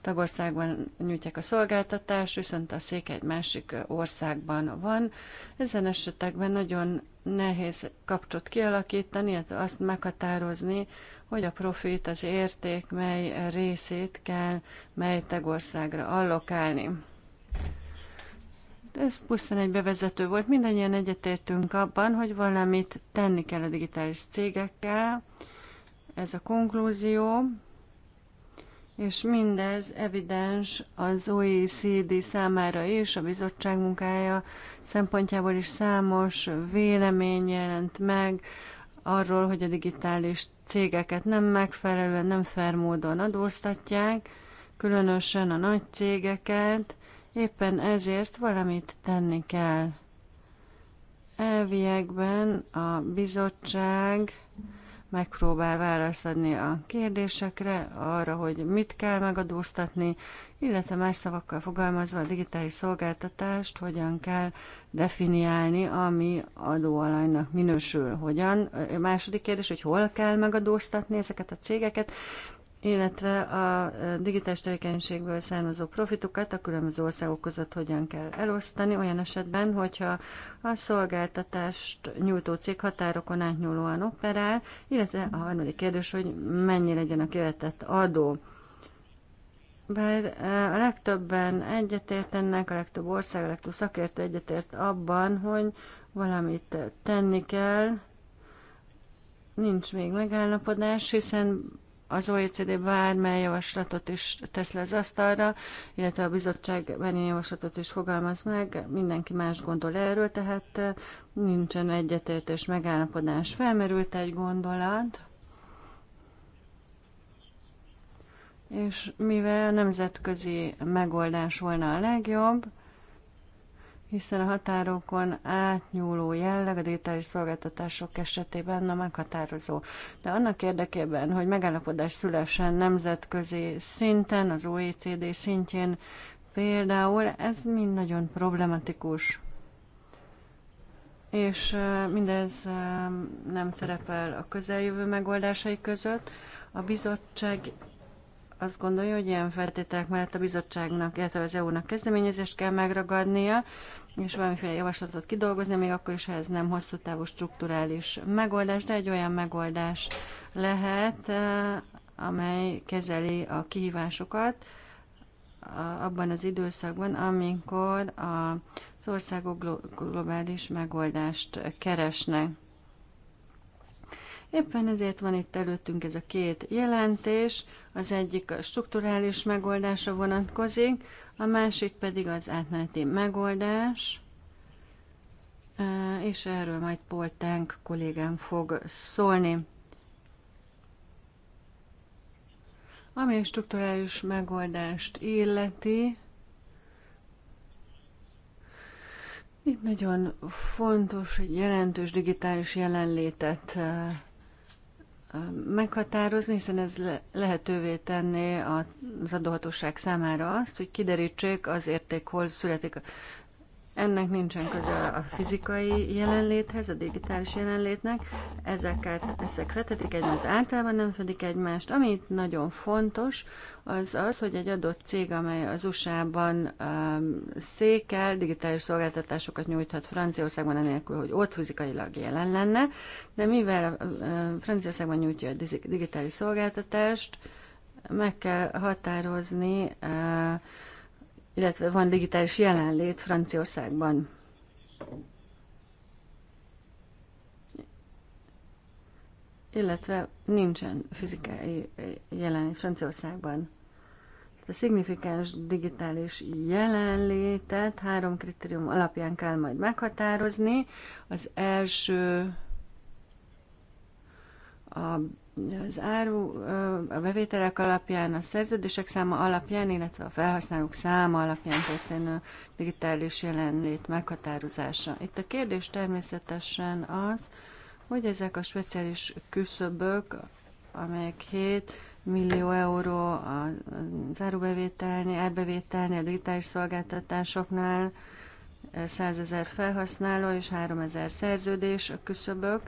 tagországban nyújtják a szolgáltatást, viszont a székhely egy másik országban van. Ezen esetekben nagyon nehéz kapcsot kialakítani, illetve hát azt meghatározni, hogy a profit, az érték mely részét kell mely tagországra allokálni. Ez pusztán egy bevezető volt. Mindannyian egyetértünk abban, hogy valamit tenni kell a digitális cégekkel, ez a konklúzió, és mindez evidens az OECD számára is, a bizottság munkája szempontjából is számos vélemény jelent meg arról, hogy a digitális cégeket nem megfelelően, nem fermódon módon adóztatják, különösen a nagy cégeket, éppen ezért valamit tenni kell. Elviekben a bizottság megpróbál választ adni a kérdésekre, arra, hogy mit kell megadóztatni, illetve más szavakkal fogalmazva a digitális szolgáltatást hogyan kell definiálni, ami adóalajnak minősül. Hogyan? A második kérdés, hogy hol kell megadóztatni ezeket a cégeket, illetve a digitális tevékenységből származó profitokat a különböző országok között hogyan kell elosztani, olyan esetben, hogyha a szolgáltatást nyújtó cég határokon átnyúlóan operál, illetve a harmadik kérdés, hogy mennyi legyen a követett adó. Bár a legtöbben egyetértenek, a legtöbb ország, a legtöbb szakértő egyetért abban, hogy valamit tenni kell, nincs még megállapodás, hiszen az OECD bármely javaslatot is tesz le az asztalra, illetve a bizottság bármilyen javaslatot is fogalmaz meg, mindenki más gondol erről, tehát eh, nincsen egyetértés, megállapodás. Felmerült egy gondolat, és mivel a nemzetközi megoldás volna a legjobb, hiszen a határokon átnyúló jelleg a digitális szolgáltatások esetében a meghatározó. De annak érdekében, hogy megállapodás szülessen nemzetközi szinten, az OECD szintjén például, ez mind nagyon problematikus. És mindez nem szerepel a közeljövő megoldásai között. A bizottság azt gondolja, hogy ilyen feltételek mellett a bizottságnak, illetve az EU-nak kezdeményezést kell megragadnia, és valamiféle javaslatot kidolgozni, még akkor is, ha ez nem hosszú távú strukturális megoldás, de egy olyan megoldás lehet, eh, amely kezeli a kihívásokat abban az időszakban, amikor az országok globális megoldást keresnek. Éppen ezért van itt előttünk ez a két jelentés. Az egyik a strukturális megoldásra vonatkozik, a másik pedig az átmeneti megoldás, és erről majd Poltánk kollégám fog szólni. Ami a strukturális megoldást illeti, itt nagyon fontos, hogy jelentős digitális jelenlétet meghatározni, hiszen ez lehetővé tenné az adóhatóság számára azt, hogy kiderítsék az érték, hol születik ennek nincsen köze a fizikai jelenléthez, a digitális jelenlétnek. Ezeket, ezek vetetik egymást, általában nem fedik egymást. itt nagyon fontos, az az, hogy egy adott cég, amely az USA-ban um, székel, digitális szolgáltatásokat nyújthat Franciaországban, anélkül, hogy ott fizikailag jelen lenne, de mivel uh, Franciaországban nyújtja a digitális szolgáltatást, meg kell határozni uh, illetve van digitális jelenlét Franciaországban. Illetve nincsen fizikai jelenlét Franciaországban. A szignifikáns digitális jelenlétet három kritérium alapján kell majd meghatározni. Az első a az áru a bevételek alapján, a szerződések száma alapján, illetve a felhasználók száma alapján történő digitális jelenlét meghatározása. Itt a kérdés természetesen az, hogy ezek a speciális küszöbök, amelyek 7 millió euró a árubevételnél, árbevételnél, a digitális szolgáltatásoknál, 100 ezer felhasználó és 3 ezer szerződés a küszöbök,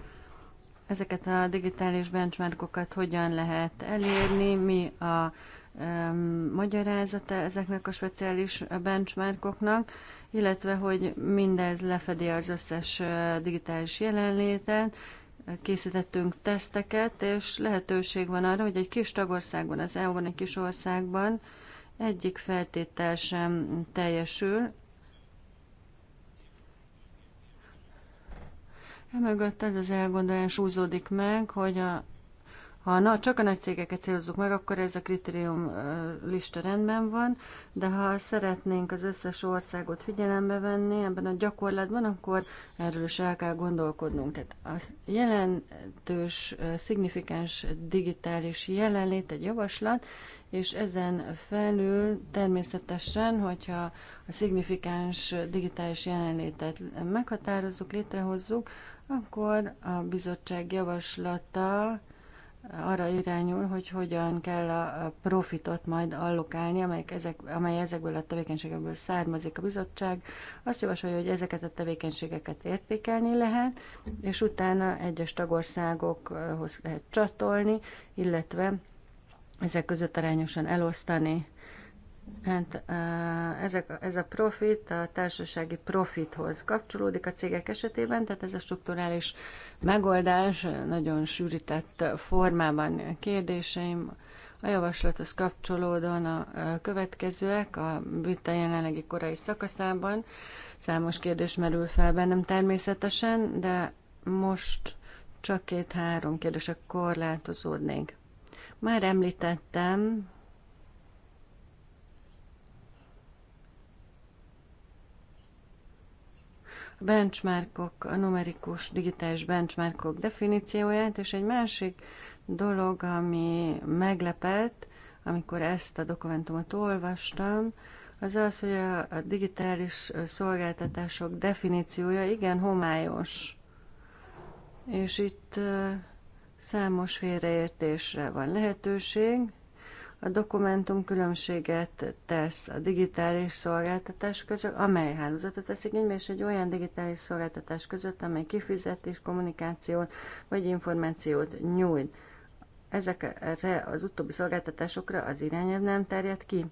Ezeket a digitális benchmarkokat hogyan lehet elérni, mi a um, magyarázata ezeknek a speciális benchmarkoknak, illetve hogy mindez lefedi az összes digitális jelenlétet, készítettünk teszteket, és lehetőség van arra, hogy egy kis tagországban, az EU-ban, egy kis országban egyik feltétel sem teljesül, Emögött ez az elgondolás úzódik meg, hogy a, ha na, csak a nagy cégeket célozzuk meg, akkor ez a kritérium lista rendben van, de ha szeretnénk az összes országot figyelembe venni ebben a gyakorlatban, akkor erről is el kell gondolkodnunk. Tehát a jelentős, szignifikáns digitális jelenlét egy javaslat, és ezen felül természetesen, hogyha a szignifikáns digitális jelenlétet meghatározzuk, létrehozzuk, akkor a bizottság javaslata arra irányul, hogy hogyan kell a profitot majd allokálni, amelyek ezek, amely ezekből a tevékenységekből származik a bizottság. Azt javasolja, hogy ezeket a tevékenységeket értékelni lehet, és utána egyes tagországokhoz lehet csatolni, illetve ezek között arányosan elosztani. Hát ezek, ez a profit a társasági profithoz kapcsolódik a cégek esetében, tehát ez a strukturális megoldás nagyon sűrített formában kérdéseim. A javaslathoz kapcsolódóan a következőek a bütte jelenlegi korai szakaszában. Számos kérdés merül fel bennem természetesen, de most csak két-három kérdések korlátozódnék. Már említettem, benchmarkok, a numerikus digitális benchmarkok definícióját, és egy másik dolog, ami meglepett, amikor ezt a dokumentumot olvastam, az az, hogy a, digitális szolgáltatások definíciója igen homályos. És itt számos félreértésre van lehetőség. A dokumentum különbséget tesz a digitális szolgáltatás között, amely hálózatot tesz igénybe, és egy olyan digitális szolgáltatás között, amely kifizetés, kommunikációt vagy információt nyújt. Ezekre az utóbbi szolgáltatásokra az irányelv nem terjed ki.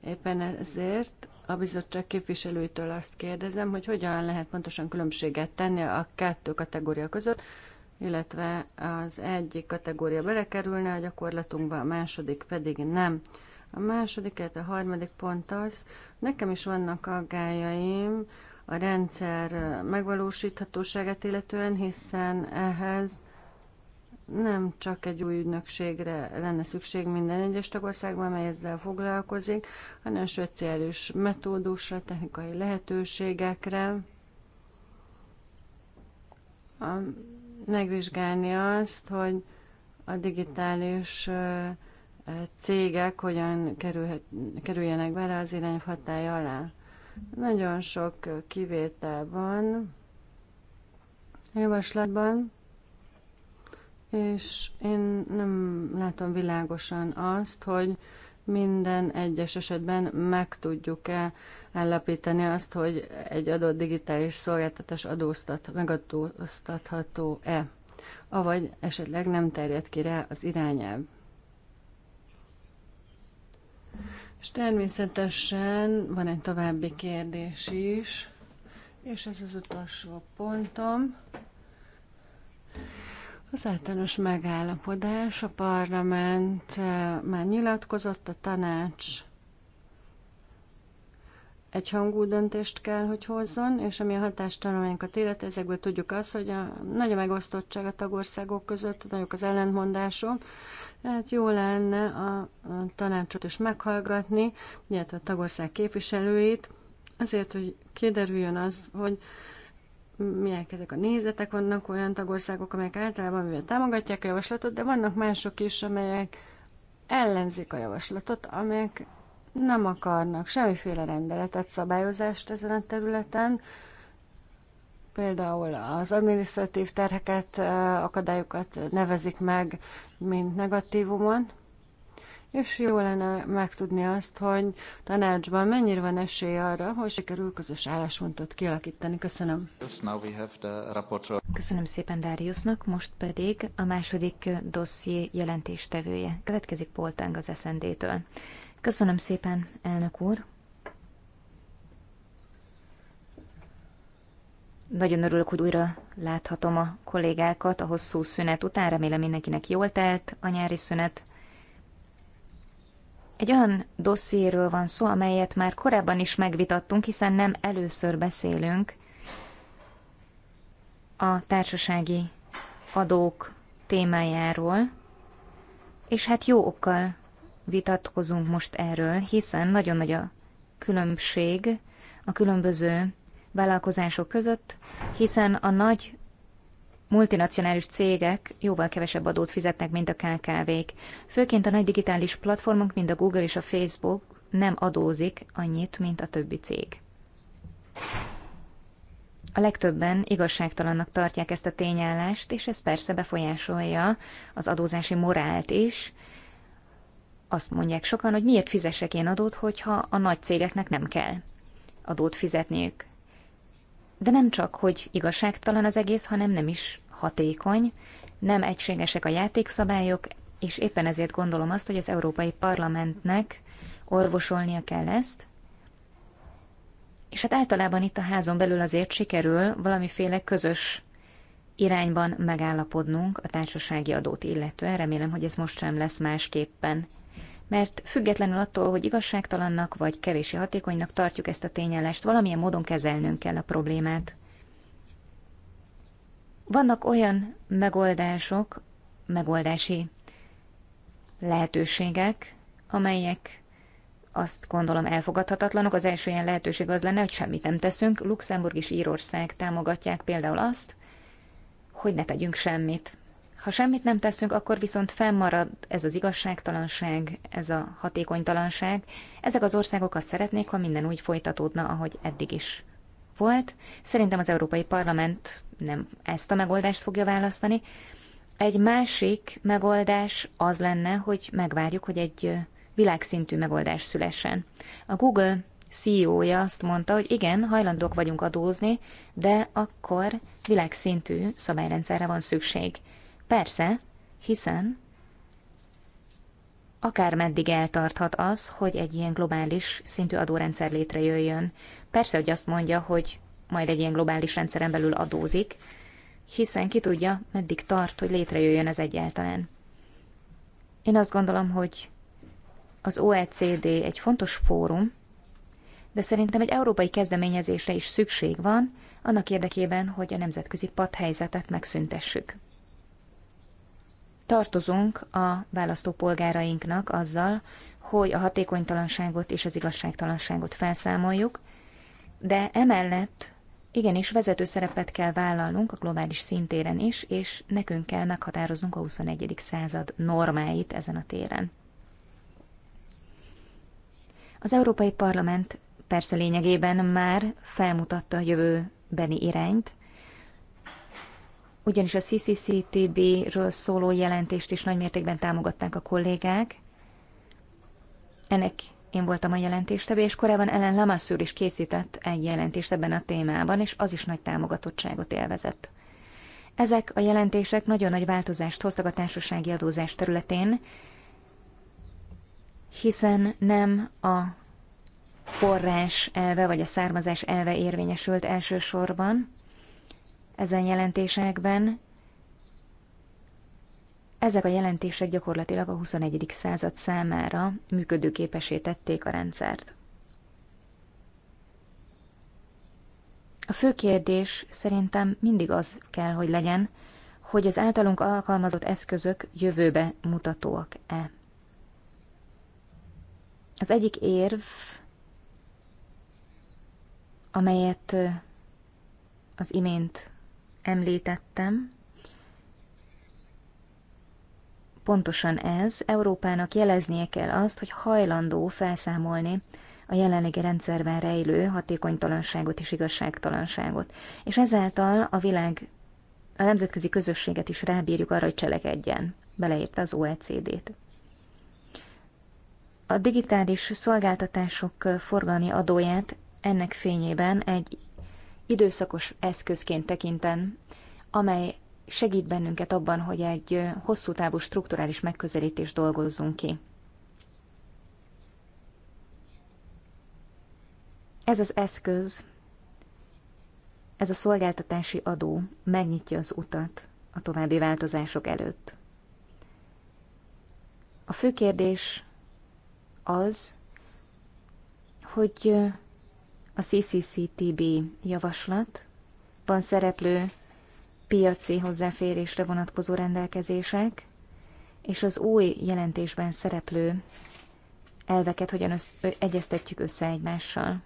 Éppen ezért a bizottság képviselőitől azt kérdezem, hogy hogyan lehet pontosan különbséget tenni a kettő kategória között, illetve az egyik kategória belekerülne a gyakorlatunkba, a második pedig nem. A második, a harmadik pont az, nekem is vannak aggájaim a rendszer megvalósíthatóságát illetően, hiszen ehhez nem csak egy új ügynökségre lenne szükség minden egyes tagországban, amely ezzel foglalkozik, hanem speciális metódusra, technikai lehetőségekre, a megvizsgálni azt, hogy a digitális cégek hogyan kerülhet, kerüljenek bele az irányv hatály alá. Nagyon sok kivétel van javaslatban, és én nem látom világosan azt, hogy minden egyes esetben meg tudjuk-e állapítani azt, hogy egy adott digitális szolgáltatás adóztat, megadóztatható-e, avagy esetleg nem terjed ki rá az irányelv. És természetesen van egy további kérdés is, és ez az utolsó pontom. Az általános megállapodás, a parlament eh, már nyilatkozott, a tanács egyhangú döntést kell, hogy hozzon, és ami a hatástanulmányokat illeti, ezekből tudjuk azt, hogy a, nagy a megosztottság a tagországok között, nagyok az ellentmondások, tehát jó lenne a, a tanácsot is meghallgatni, illetve a tagország képviselőit, azért, hogy kiderüljön az, hogy milyenek ezek a nézetek, vannak olyan tagországok, amelyek általában mivel támogatják a javaslatot, de vannak mások is, amelyek ellenzik a javaslatot, amelyek nem akarnak semmiféle rendeletet, szabályozást ezen a területen, például az administratív terheket, akadályokat nevezik meg, mint negatívumon, és jó lenne megtudni azt, hogy tanácsban mennyire van esély arra, hogy sikerül közös álláspontot kialakítani. Köszönöm. Köszönöm szépen Dáriusnak, most pedig a második dosszié jelentéstevője. Következik Poltánk az SND-től. Köszönöm szépen, elnök úr. Nagyon örülök, hogy újra láthatom a kollégákat a hosszú szünet után. Remélem mindenkinek jól telt a nyári szünet. Egy olyan dossziéről van szó, amelyet már korábban is megvitattunk, hiszen nem először beszélünk a társasági adók témájáról, és hát jó okkal vitatkozunk most erről, hiszen nagyon nagy a különbség a különböző vállalkozások között, hiszen a nagy multinacionális cégek jóval kevesebb adót fizetnek, mint a KKV-k. Főként a nagy digitális platformok, mint a Google és a Facebook nem adózik annyit, mint a többi cég. A legtöbben igazságtalannak tartják ezt a tényállást, és ez persze befolyásolja az adózási morált is, azt mondják sokan, hogy miért fizessek én adót, hogyha a nagy cégeknek nem kell adót fizetniük. De nem csak, hogy igazságtalan az egész, hanem nem is hatékony, nem egységesek a játékszabályok, és éppen ezért gondolom azt, hogy az Európai Parlamentnek orvosolnia kell ezt, és hát általában itt a házon belül azért sikerül valamiféle közös irányban megállapodnunk a társasági adót illetően. Remélem, hogy ez most sem lesz másképpen mert függetlenül attól, hogy igazságtalannak vagy kevési hatékonynak tartjuk ezt a tényállást, valamilyen módon kezelnünk kell a problémát. Vannak olyan megoldások, megoldási lehetőségek, amelyek azt gondolom elfogadhatatlanok. Az első ilyen lehetőség az lenne, hogy semmit nem teszünk. Luxemburg és Írország támogatják például azt, hogy ne tegyünk semmit. Ha semmit nem teszünk, akkor viszont fennmarad ez az igazságtalanság, ez a hatékonytalanság. Ezek az országok azt szeretnék, ha minden úgy folytatódna, ahogy eddig is volt. Szerintem az Európai Parlament nem ezt a megoldást fogja választani. Egy másik megoldás az lenne, hogy megvárjuk, hogy egy világszintű megoldás szülessen. A Google CEO-ja azt mondta, hogy igen, hajlandók vagyunk adózni, de akkor világszintű szabályrendszerre van szükség. Persze, hiszen akár meddig eltarthat az, hogy egy ilyen globális szintű adórendszer létrejöjjön. Persze, hogy azt mondja, hogy majd egy ilyen globális rendszeren belül adózik, hiszen ki tudja, meddig tart, hogy létrejöjjön ez egyáltalán. Én azt gondolom, hogy az OECD egy fontos fórum, de szerintem egy európai kezdeményezésre is szükség van, annak érdekében, hogy a nemzetközi padhelyzetet megszüntessük. Tartozunk a választópolgárainknak azzal, hogy a hatékonytalanságot és az igazságtalanságot felszámoljuk, de emellett igenis vezető szerepet kell vállalnunk a globális szintéren is, és nekünk kell meghatároznunk a XXI. század normáit ezen a téren. Az Európai Parlament persze lényegében már felmutatta a jövőbeni irányt, ugyanis a CCCTB-ről szóló jelentést is nagymértékben támogatták a kollégák. Ennek én voltam a jelentéstevő, és korábban Ellen Lamassur is készített egy jelentést ebben a témában, és az is nagy támogatottságot élvezett. Ezek a jelentések nagyon nagy változást hoztak a társasági adózás területén, hiszen nem a forrás elve vagy a származás elve érvényesült elsősorban, ezen jelentésekben. Ezek a jelentések gyakorlatilag a 21. század számára működőképesé tették a rendszert. A fő kérdés szerintem mindig az kell, hogy legyen, hogy az általunk alkalmazott eszközök jövőbe mutatóak-e. Az egyik érv, amelyet az imént említettem, pontosan ez, Európának jeleznie kell azt, hogy hajlandó felszámolni a jelenlegi rendszerben rejlő hatékonytalanságot és igazságtalanságot, és ezáltal a világ, a nemzetközi közösséget is rábírjuk arra, hogy cselekedjen, beleérte az OECD-t. A digitális szolgáltatások forgalmi adóját ennek fényében egy időszakos eszközként tekintem, amely segít bennünket abban, hogy egy hosszú távú strukturális megközelítést dolgozzunk ki. Ez az eszköz, ez a szolgáltatási adó megnyitja az utat a további változások előtt. A fő kérdés az, hogy a CCCTB javaslatban szereplő piaci hozzáférésre vonatkozó rendelkezések, és az új jelentésben szereplő elveket hogyan össz- egyeztetjük össze egymással.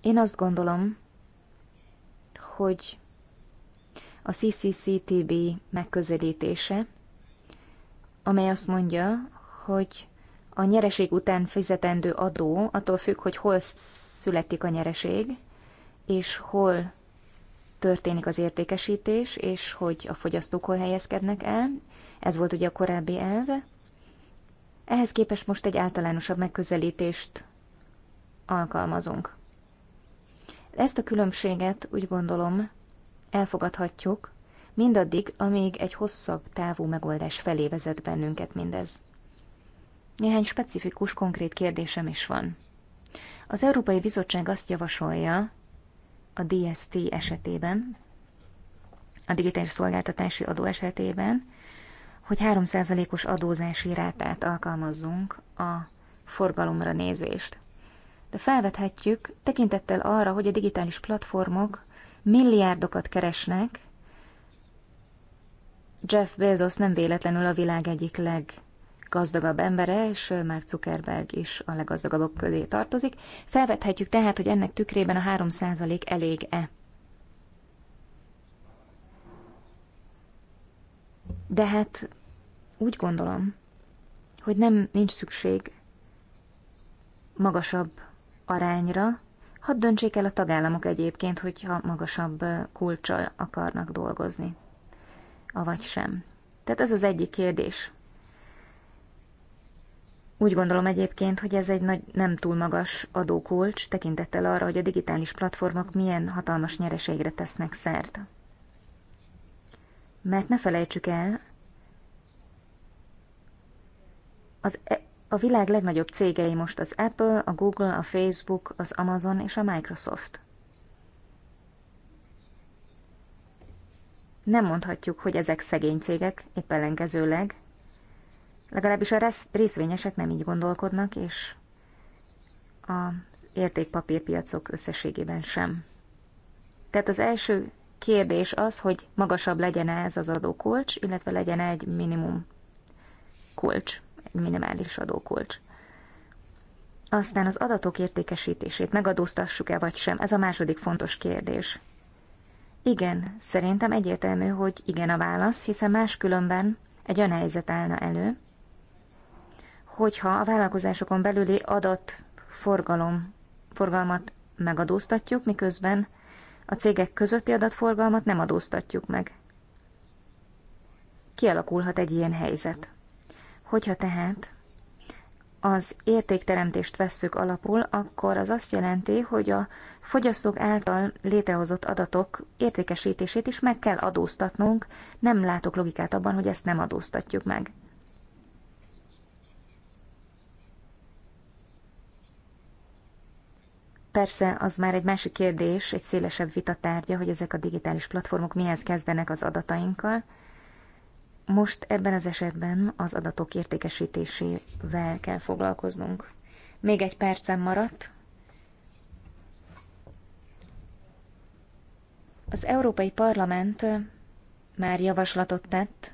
Én azt gondolom, hogy a CCCTB megközelítése amely azt mondja, hogy a nyereség után fizetendő adó attól függ, hogy hol születik a nyereség, és hol történik az értékesítés, és hogy a fogyasztók hol helyezkednek el. Ez volt ugye a korábbi elve. Ehhez képest most egy általánosabb megközelítést alkalmazunk. Ezt a különbséget úgy gondolom elfogadhatjuk, mindaddig, amíg egy hosszabb távú megoldás felé vezet bennünket mindez. Néhány specifikus, konkrét kérdésem is van. Az Európai Bizottság azt javasolja a DST esetében, a digitális szolgáltatási adó esetében, hogy 3%-os adózási rátát alkalmazzunk a forgalomra nézést. De felvethetjük tekintettel arra, hogy a digitális platformok milliárdokat keresnek Jeff Bezos nem véletlenül a világ egyik leggazdagabb embere, és már Zuckerberg is a leggazdagabbak közé tartozik. Felvethetjük tehát, hogy ennek tükrében a 3% elég-e. De hát úgy gondolom, hogy nem nincs szükség magasabb arányra, hadd döntsék el a tagállamok egyébként, hogyha magasabb kulcsal akarnak dolgozni avagy sem. Tehát ez az egyik kérdés. Úgy gondolom egyébként, hogy ez egy nagy, nem túl magas adókulcs, tekintettel arra, hogy a digitális platformok milyen hatalmas nyereségre tesznek szert. Mert ne felejtsük el, az e a világ legnagyobb cégei most az Apple, a Google, a Facebook, az Amazon és a Microsoft. Nem mondhatjuk, hogy ezek szegény cégek, épp ellenkezőleg. Legalábbis a részvényesek nem így gondolkodnak, és az értékpapírpiacok összességében sem. Tehát az első kérdés az, hogy magasabb legyen -e ez az adókulcs, illetve legyen -e egy minimum kulcs, egy minimális adókulcs. Aztán az adatok értékesítését megadóztassuk-e vagy sem, ez a második fontos kérdés. Igen, szerintem egyértelmű, hogy igen a válasz, hiszen máskülönben egy olyan helyzet állna elő, hogyha a vállalkozásokon belüli adat forgalom forgalmat megadóztatjuk, miközben a cégek közötti adatforgalmat nem adóztatjuk meg. Kialakulhat egy ilyen helyzet. Hogyha tehát az értékteremtést vesszük alapul, akkor az azt jelenti, hogy a fogyasztók által létrehozott adatok értékesítését is meg kell adóztatnunk, nem látok logikát abban, hogy ezt nem adóztatjuk meg. Persze az már egy másik kérdés, egy szélesebb vita tárgya, hogy ezek a digitális platformok mihez kezdenek az adatainkkal, most ebben az esetben az adatok értékesítésével kell foglalkoznunk. Még egy percem maradt. Az Európai Parlament már javaslatot tett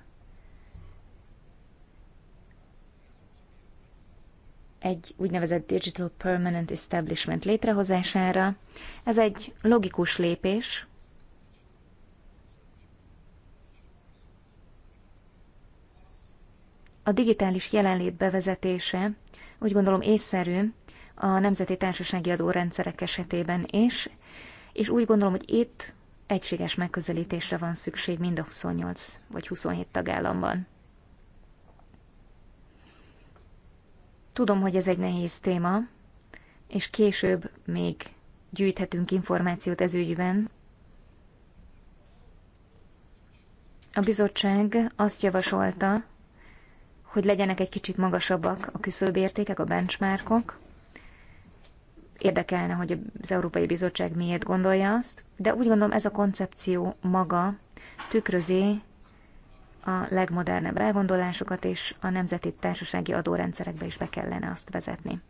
egy úgynevezett Digital Permanent Establishment létrehozására. Ez egy logikus lépés, A digitális jelenlét bevezetése úgy gondolom észszerű a nemzeti társasági adórendszerek esetében is, és úgy gondolom, hogy itt egységes megközelítésre van szükség mind a 28 vagy 27 tagállamban. Tudom, hogy ez egy nehéz téma, és később még gyűjthetünk információt ez ügyben. A bizottság azt javasolta, hogy legyenek egy kicsit magasabbak a küszöbértékek, a benchmarkok. Érdekelne, hogy az Európai Bizottság miért gondolja azt, de úgy gondolom ez a koncepció maga tükrözi a legmodernebb elgondolásokat, és a nemzeti társasági adórendszerekbe is be kellene azt vezetni.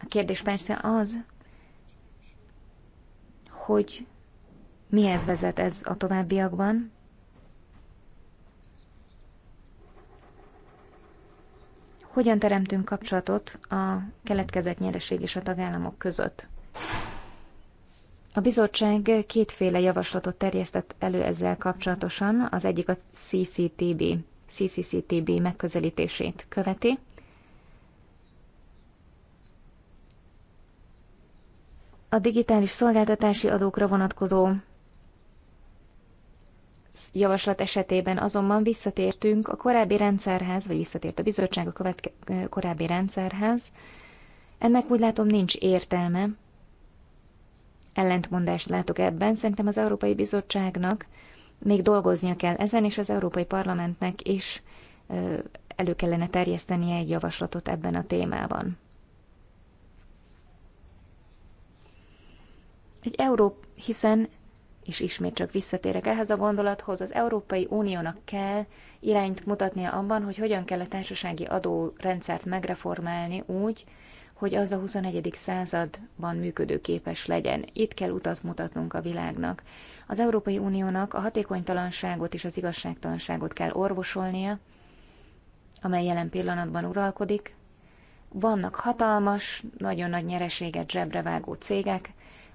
A kérdés persze az, hogy mihez vezet ez a továbbiakban, hogyan teremtünk kapcsolatot a keletkezett nyereség és a tagállamok között. A bizottság kétféle javaslatot terjesztett elő ezzel kapcsolatosan, az egyik a CCTB, CCCTB megközelítését követi. A digitális szolgáltatási adókra vonatkozó javaslat esetében azonban visszatértünk a korábbi rendszerhez, vagy visszatért a bizottság a követke, korábbi rendszerhez. Ennek úgy látom nincs értelme. Ellentmondást látok ebben. Szerintem az Európai Bizottságnak még dolgoznia kell ezen, és az Európai Parlamentnek is elő kellene terjesztenie egy javaslatot ebben a témában. Egy Európa, hiszen és ismét csak visszatérek ehhez a gondolathoz, az Európai Uniónak kell irányt mutatnia abban, hogy hogyan kell a társasági adórendszert megreformálni úgy, hogy az a 21. században működőképes legyen. Itt kell utat mutatnunk a világnak. Az Európai Uniónak a hatékonytalanságot és az igazságtalanságot kell orvosolnia, amely jelen pillanatban uralkodik. Vannak hatalmas, nagyon nagy nyereséget zsebrevágó cégek,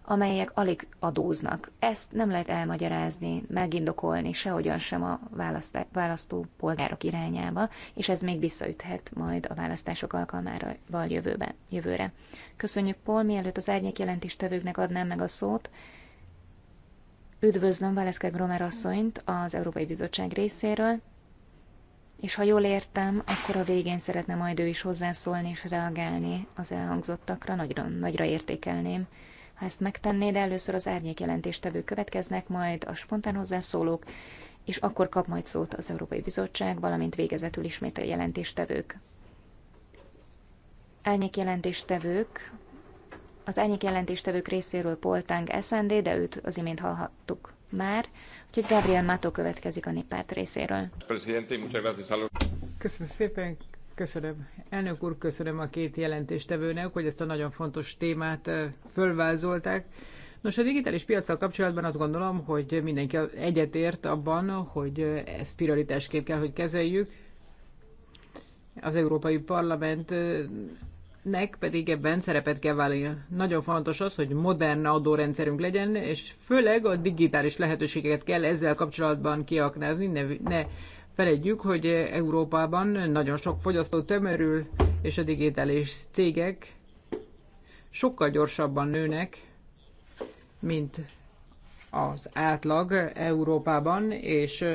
amelyek alig adóznak. Ezt nem lehet elmagyarázni, megindokolni sehogyan sem a választó polgárok irányába, és ez még visszaüthet majd a választások alkalmával jövőben, jövőre. Köszönjük, Paul, mielőtt az árnyék jelentéstevőknek adnám meg a szót. Üdvözlöm Valeszke Gromer asszonyt az Európai Bizottság részéről, és ha jól értem, akkor a végén szeretne majd ő is hozzászólni és reagálni az elhangzottakra, nagyra, nagyra értékelném ha ezt megtenné, először az árnyék jelentéstevők következnek, majd a spontán hozzászólók, és akkor kap majd szót az Európai Bizottság, valamint végezetül ismét a jelentéstevők. Árnyék jelentéstevők, az árnyék jelentéstevők részéről Poltánk SND, de őt az imént hallhattuk már, úgyhogy Gabriel Mato következik a néppárt részéről. Köszönöm szépen, Köszönöm. Elnök úr, köszönöm a két jelentéstevőnek, hogy ezt a nagyon fontos témát fölvázolták. Nos, a digitális piacsal kapcsolatban azt gondolom, hogy mindenki egyetért abban, hogy ezt prioritásként kell, hogy kezeljük. Az Európai Parlamentnek pedig ebben szerepet kell válni. Nagyon fontos az, hogy modern adórendszerünk legyen, és főleg a digitális lehetőségeket kell ezzel kapcsolatban kiaknázni, ne, ne Feledjük, hogy Európában nagyon sok fogyasztó tömörül, és a digitális cégek sokkal gyorsabban nőnek, mint az átlag Európában, és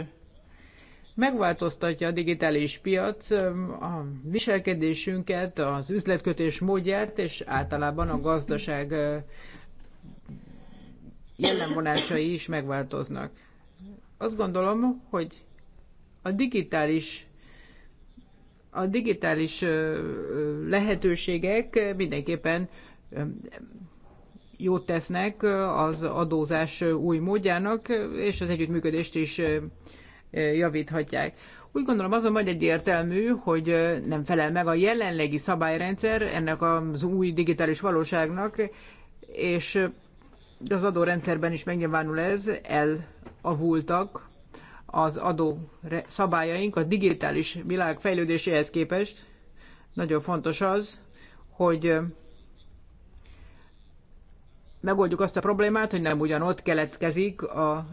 megváltoztatja a digitális piac a viselkedésünket, az üzletkötés módját, és általában a gazdaság jellemvonásai is megváltoznak. Azt gondolom, hogy a digitális a digitális lehetőségek mindenképpen jót tesznek az adózás új módjának, és az együttműködést is javíthatják. Úgy gondolom azonban egyértelmű, hogy nem felel meg a jelenlegi szabályrendszer ennek az új digitális valóságnak, és az adórendszerben is megnyilvánul ez, elavultak az adó szabályaink a digitális világ fejlődéséhez képest. Nagyon fontos az, hogy megoldjuk azt a problémát, hogy nem ugyanott keletkezik a,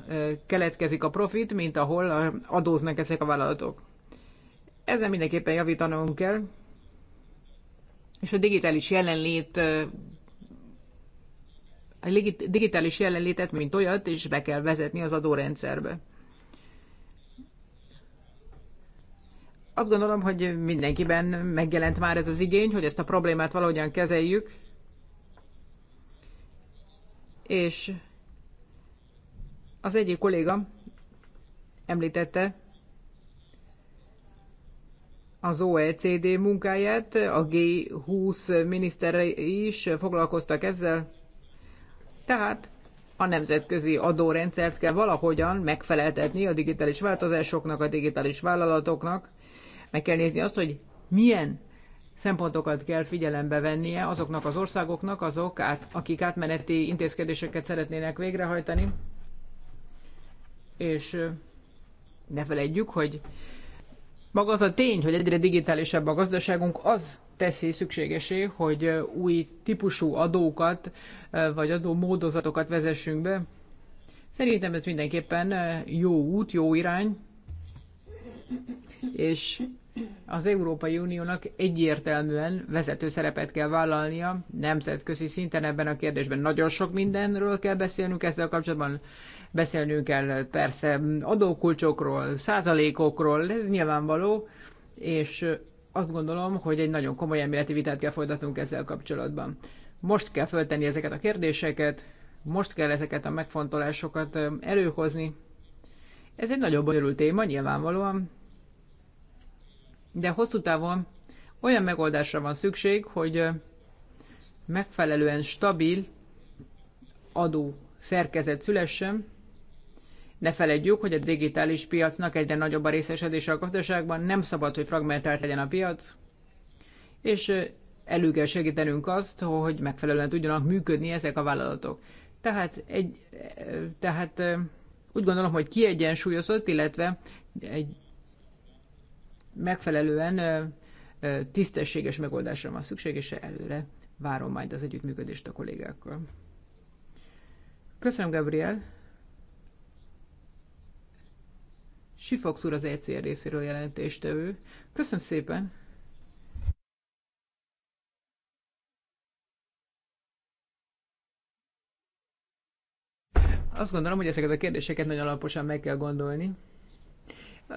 keletkezik a profit, mint ahol adóznak ezek a vállalatok. Ezen mindenképpen javítanunk kell, és a digitális jelenlét a digitális jelenlétet, mint olyat, és be kell vezetni az adórendszerbe. Azt gondolom, hogy mindenkiben megjelent már ez az igény, hogy ezt a problémát valahogyan kezeljük, és az egyik kolléga említette az OECD munkáját, a G20 miniszterre is foglalkoztak ezzel, tehát a nemzetközi adórendszert kell valahogyan megfeleltetni a digitális változásoknak, a digitális vállalatoknak, meg kell nézni azt, hogy milyen szempontokat kell figyelembe vennie azoknak az országoknak, azok, át, akik átmeneti intézkedéseket szeretnének végrehajtani. És ne felejtjük, hogy maga az a tény, hogy egyre digitálisabb a gazdaságunk, az teszi szükségesé, hogy új típusú adókat vagy módozatokat vezessünk be. Szerintem ez mindenképpen jó út, jó irány, és az Európai Uniónak egyértelműen vezető szerepet kell vállalnia nemzetközi szinten ebben a kérdésben. Nagyon sok mindenről kell beszélnünk ezzel kapcsolatban. Beszélnünk kell persze adókulcsokról, százalékokról, ez nyilvánvaló, és azt gondolom, hogy egy nagyon komoly elméleti vitát kell folytatnunk ezzel kapcsolatban. Most kell föltenni ezeket a kérdéseket, most kell ezeket a megfontolásokat előhozni. Ez egy nagyon bonyolult téma, nyilvánvalóan, de hosszú távon olyan megoldásra van szükség, hogy megfelelően stabil adó szerkezet szülessen. Ne feledjük, hogy a digitális piacnak egyre nagyobb a részesedése a gazdaságban, nem szabad, hogy fragmentált legyen a piac, és elő kell segítenünk azt, hogy megfelelően tudjanak működni ezek a vállalatok. Tehát, egy, tehát úgy gondolom, hogy kiegyensúlyozott, illetve egy megfelelően tisztességes megoldásra van szükség, és előre várom majd az együttműködést a kollégákkal. Köszönöm, Gabriel! Sifox úr az ECR részéről jelentéstevő. Köszönöm szépen! Azt gondolom, hogy ezeket a kérdéseket nagyon alaposan meg kell gondolni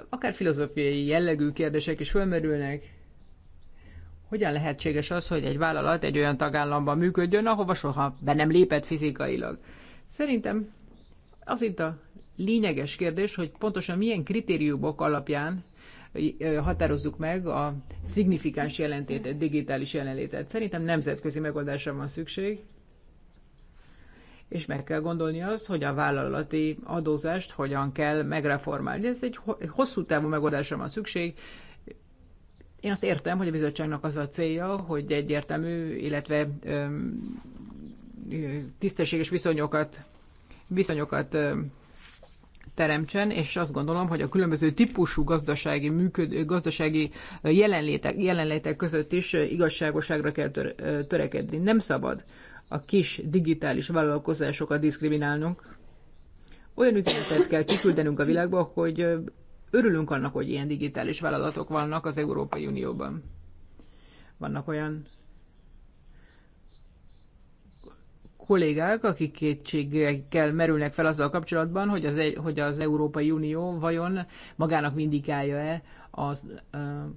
akár filozófiai jellegű kérdések is fölmerülnek. Hogyan lehetséges az, hogy egy vállalat egy olyan tagállamban működjön, ahova soha be nem lépett fizikailag? Szerintem az itt a lényeges kérdés, hogy pontosan milyen kritériumok alapján eh, határozzuk meg a szignifikáns jelentétet, digitális jelenlétet. Szerintem nemzetközi megoldásra van szükség és meg kell gondolni azt, hogy a vállalati adózást hogyan kell megreformálni. Ez egy hosszú távú megoldásra van szükség. Én azt értem, hogy a bizottságnak az a célja, hogy egyértelmű, illetve öm, tisztességes viszonyokat, viszonyokat öm, teremtsen, és azt gondolom, hogy a különböző típusú gazdasági, működő gazdasági jelenlétek, jelenlétek között is igazságoságra kell törekedni. Nem szabad, a kis digitális vállalkozásokat diszkriminálnunk. Olyan üzenetet kell kiküldenünk a világba, hogy örülünk annak, hogy ilyen digitális vállalatok vannak az Európai Unióban. Vannak olyan kollégák, akik kétségekkel merülnek fel azzal kapcsolatban, hogy az, hogy az Európai Unió vajon magának vindikálja e a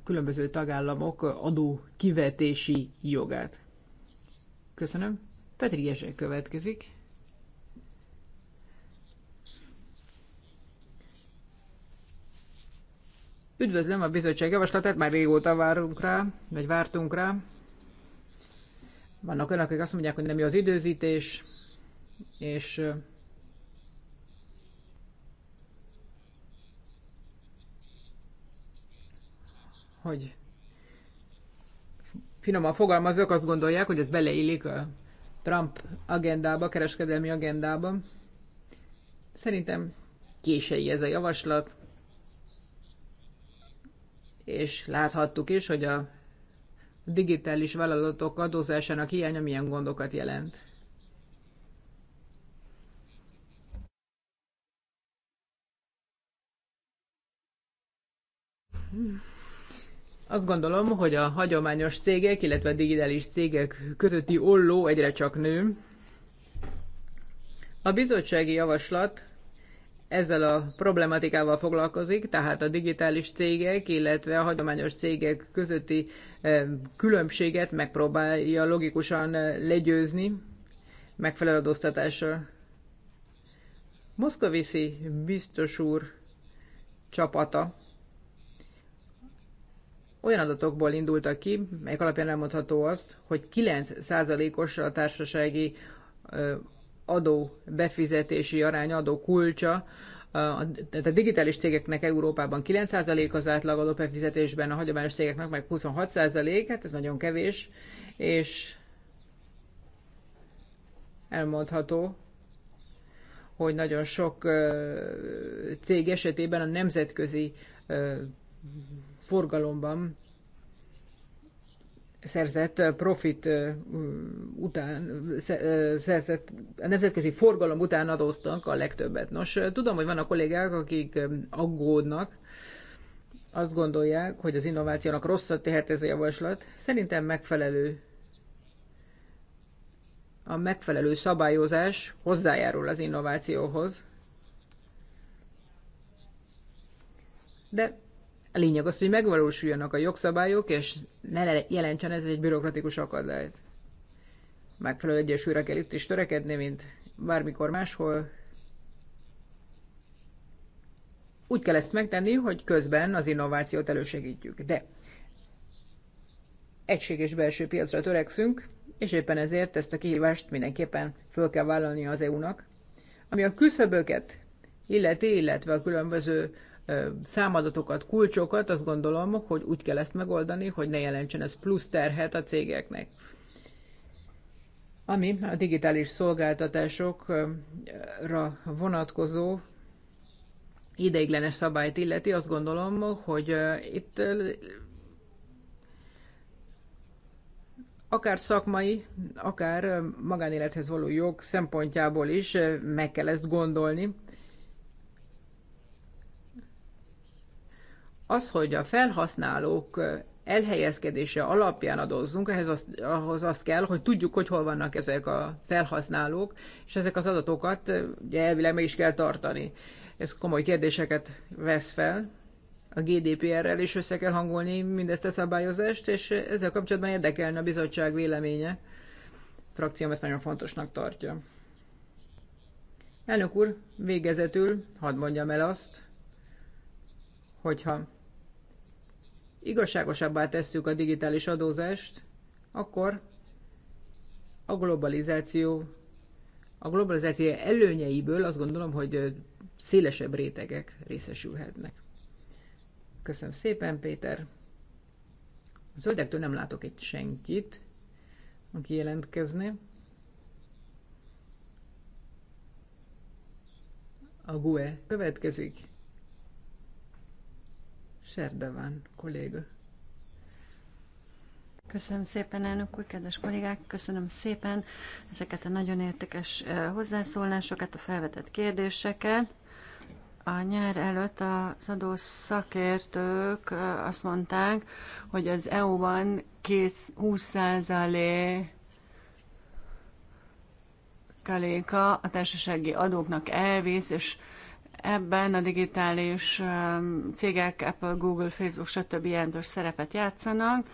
különböző tagállamok adó kivetési jogát. Köszönöm. Petri Jezsely következik. Üdvözlöm a bizottság javaslatát, már régóta várunk rá, vagy vártunk rá. Vannak olyanok, akik azt mondják, hogy nem jó az időzítés, és hogy finoman fogalmazok, azt gondolják, hogy ez beleillik a Trump agendába, kereskedelmi agendába. Szerintem késői ez a javaslat, és láthattuk is, hogy a digitális vállalatok adózásának hiánya milyen gondokat jelent. Hmm. Azt gondolom, hogy a hagyományos cégek, illetve a digitális cégek közötti olló egyre csak nő. A bizottsági javaslat ezzel a problematikával foglalkozik, tehát a digitális cégek, illetve a hagyományos cégek közötti eh, különbséget megpróbálja logikusan eh, legyőzni megfelelő adóztatással. Moszkoviszi biztos úr csapata olyan adatokból indultak ki, melyek alapján elmondható azt, hogy 9%-os a társasági adó befizetési arány, adó kulcsa, a, tehát a digitális cégeknek Európában 9% az átlag befizetésben a hagyományos cégeknek meg 26%, hát ez nagyon kevés, és elmondható, hogy nagyon sok cég esetében a nemzetközi forgalomban szerzett profit után, szerzett, a nemzetközi forgalom után adóztak a legtöbbet. Nos, tudom, hogy vannak kollégák, akik aggódnak, azt gondolják, hogy az innovációnak rosszat tehet ez a javaslat. Szerintem megfelelő a megfelelő szabályozás hozzájárul az innovációhoz. De a lényeg az, hogy megvalósuljanak a jogszabályok, és ne jelentsen ez egy bürokratikus akadályt. Megfelelő egyesülre kell itt is törekedni, mint bármikor máshol. Úgy kell ezt megtenni, hogy közben az innovációt elősegítjük. De egységes belső piacra törekszünk, és éppen ezért ezt a kihívást mindenképpen föl kell vállalni az EU-nak. Ami a küszöböket illeti, illetve a különböző számadatokat, kulcsokat, azt gondolom, hogy úgy kell ezt megoldani, hogy ne jelentsen ez plusz terhet a cégeknek. Ami a digitális szolgáltatásokra vonatkozó ideiglenes szabályt illeti, azt gondolom, hogy itt akár szakmai, akár magánélethez való jog szempontjából is meg kell ezt gondolni. Az, hogy a felhasználók elhelyezkedése alapján adózzunk, ehhez az, ahhoz az kell, hogy tudjuk, hogy hol vannak ezek a felhasználók, és ezek az adatokat ugye elvileg meg is kell tartani. Ez komoly kérdéseket vesz fel, a GDPR-rel is össze kell hangolni mindezt a szabályozást, és ezzel kapcsolatban érdekelne a bizottság véleménye. A frakcióm ezt nagyon fontosnak tartja. Elnök úr, végezetül hadd mondjam el azt, hogyha igazságosabbá tesszük a digitális adózást, akkor a globalizáció, a globalizáció előnyeiből azt gondolom, hogy szélesebb rétegek részesülhetnek. Köszönöm szépen, Péter. A zöldektől nem látok egy senkit, aki jelentkezne. A GUE következik. Serdeván kolléga. Köszönöm szépen, elnök úr, kedves kollégák, köszönöm szépen ezeket a nagyon értékes hozzászólásokat, a felvetett kérdéseket. A nyár előtt az adó szakértők azt mondták, hogy az EU-ban 20 kaléka a társasági adóknak elvész, és Ebben a digitális cégek, Apple, Google, Facebook, stb. jelentős szerepet játszanak.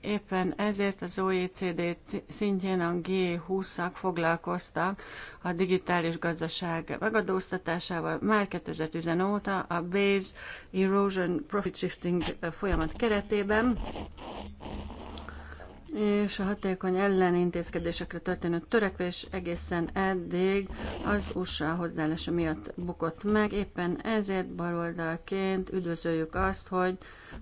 Éppen ezért az OECD szintjén a G20-ak foglalkoztak a digitális gazdaság megadóztatásával. Már 2010 óta a Base Erosion Profit Shifting folyamat keretében és a hatékony ellenintézkedésekre történő törekvés egészen eddig az USA hozzáállása miatt bukott meg. Éppen ezért baloldalként üdvözöljük azt, hogy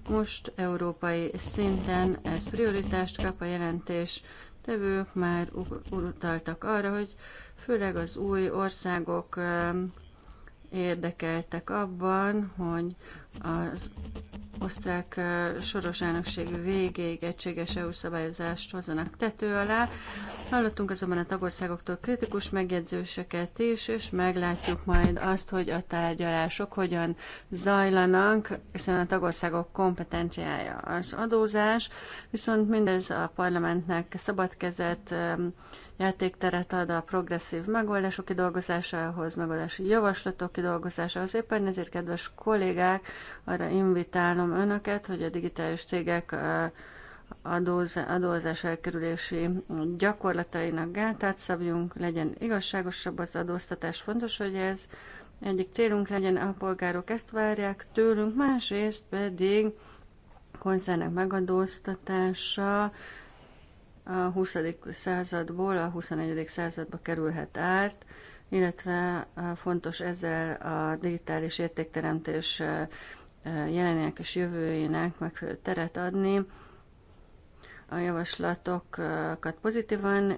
most európai szinten ez prioritást kap a jelentés tevők már utaltak arra, hogy főleg az új országok érdekeltek abban, hogy az osztrák soros elnökség végéig egységes EU szabályozást hozzanak tető alá. Hallottunk azonban a tagországoktól kritikus megjegyzéseket is, és meglátjuk majd azt, hogy a tárgyalások hogyan zajlanak, hiszen a tagországok kompetenciája az adózás, viszont mindez a parlamentnek szabad kezet játékteret ad a progresszív megoldások kidolgozásához, megoldási javaslatok kidolgozásához. Éppen ezért, kedves kollégák, arra invitálom önöket, hogy a digitális cégek adózás elkerülési gyakorlatainak gátát szabjunk, legyen igazságosabb az adóztatás. Fontos, hogy ez egyik célunk legyen, a polgárok ezt várják tőlünk, másrészt pedig konzernek megadóztatása a 20. századból a 21. századba kerülhet át, illetve fontos ezzel a digitális értékteremtés jelenének és jövőjének megfelelő teret adni. A javaslatokat pozitívan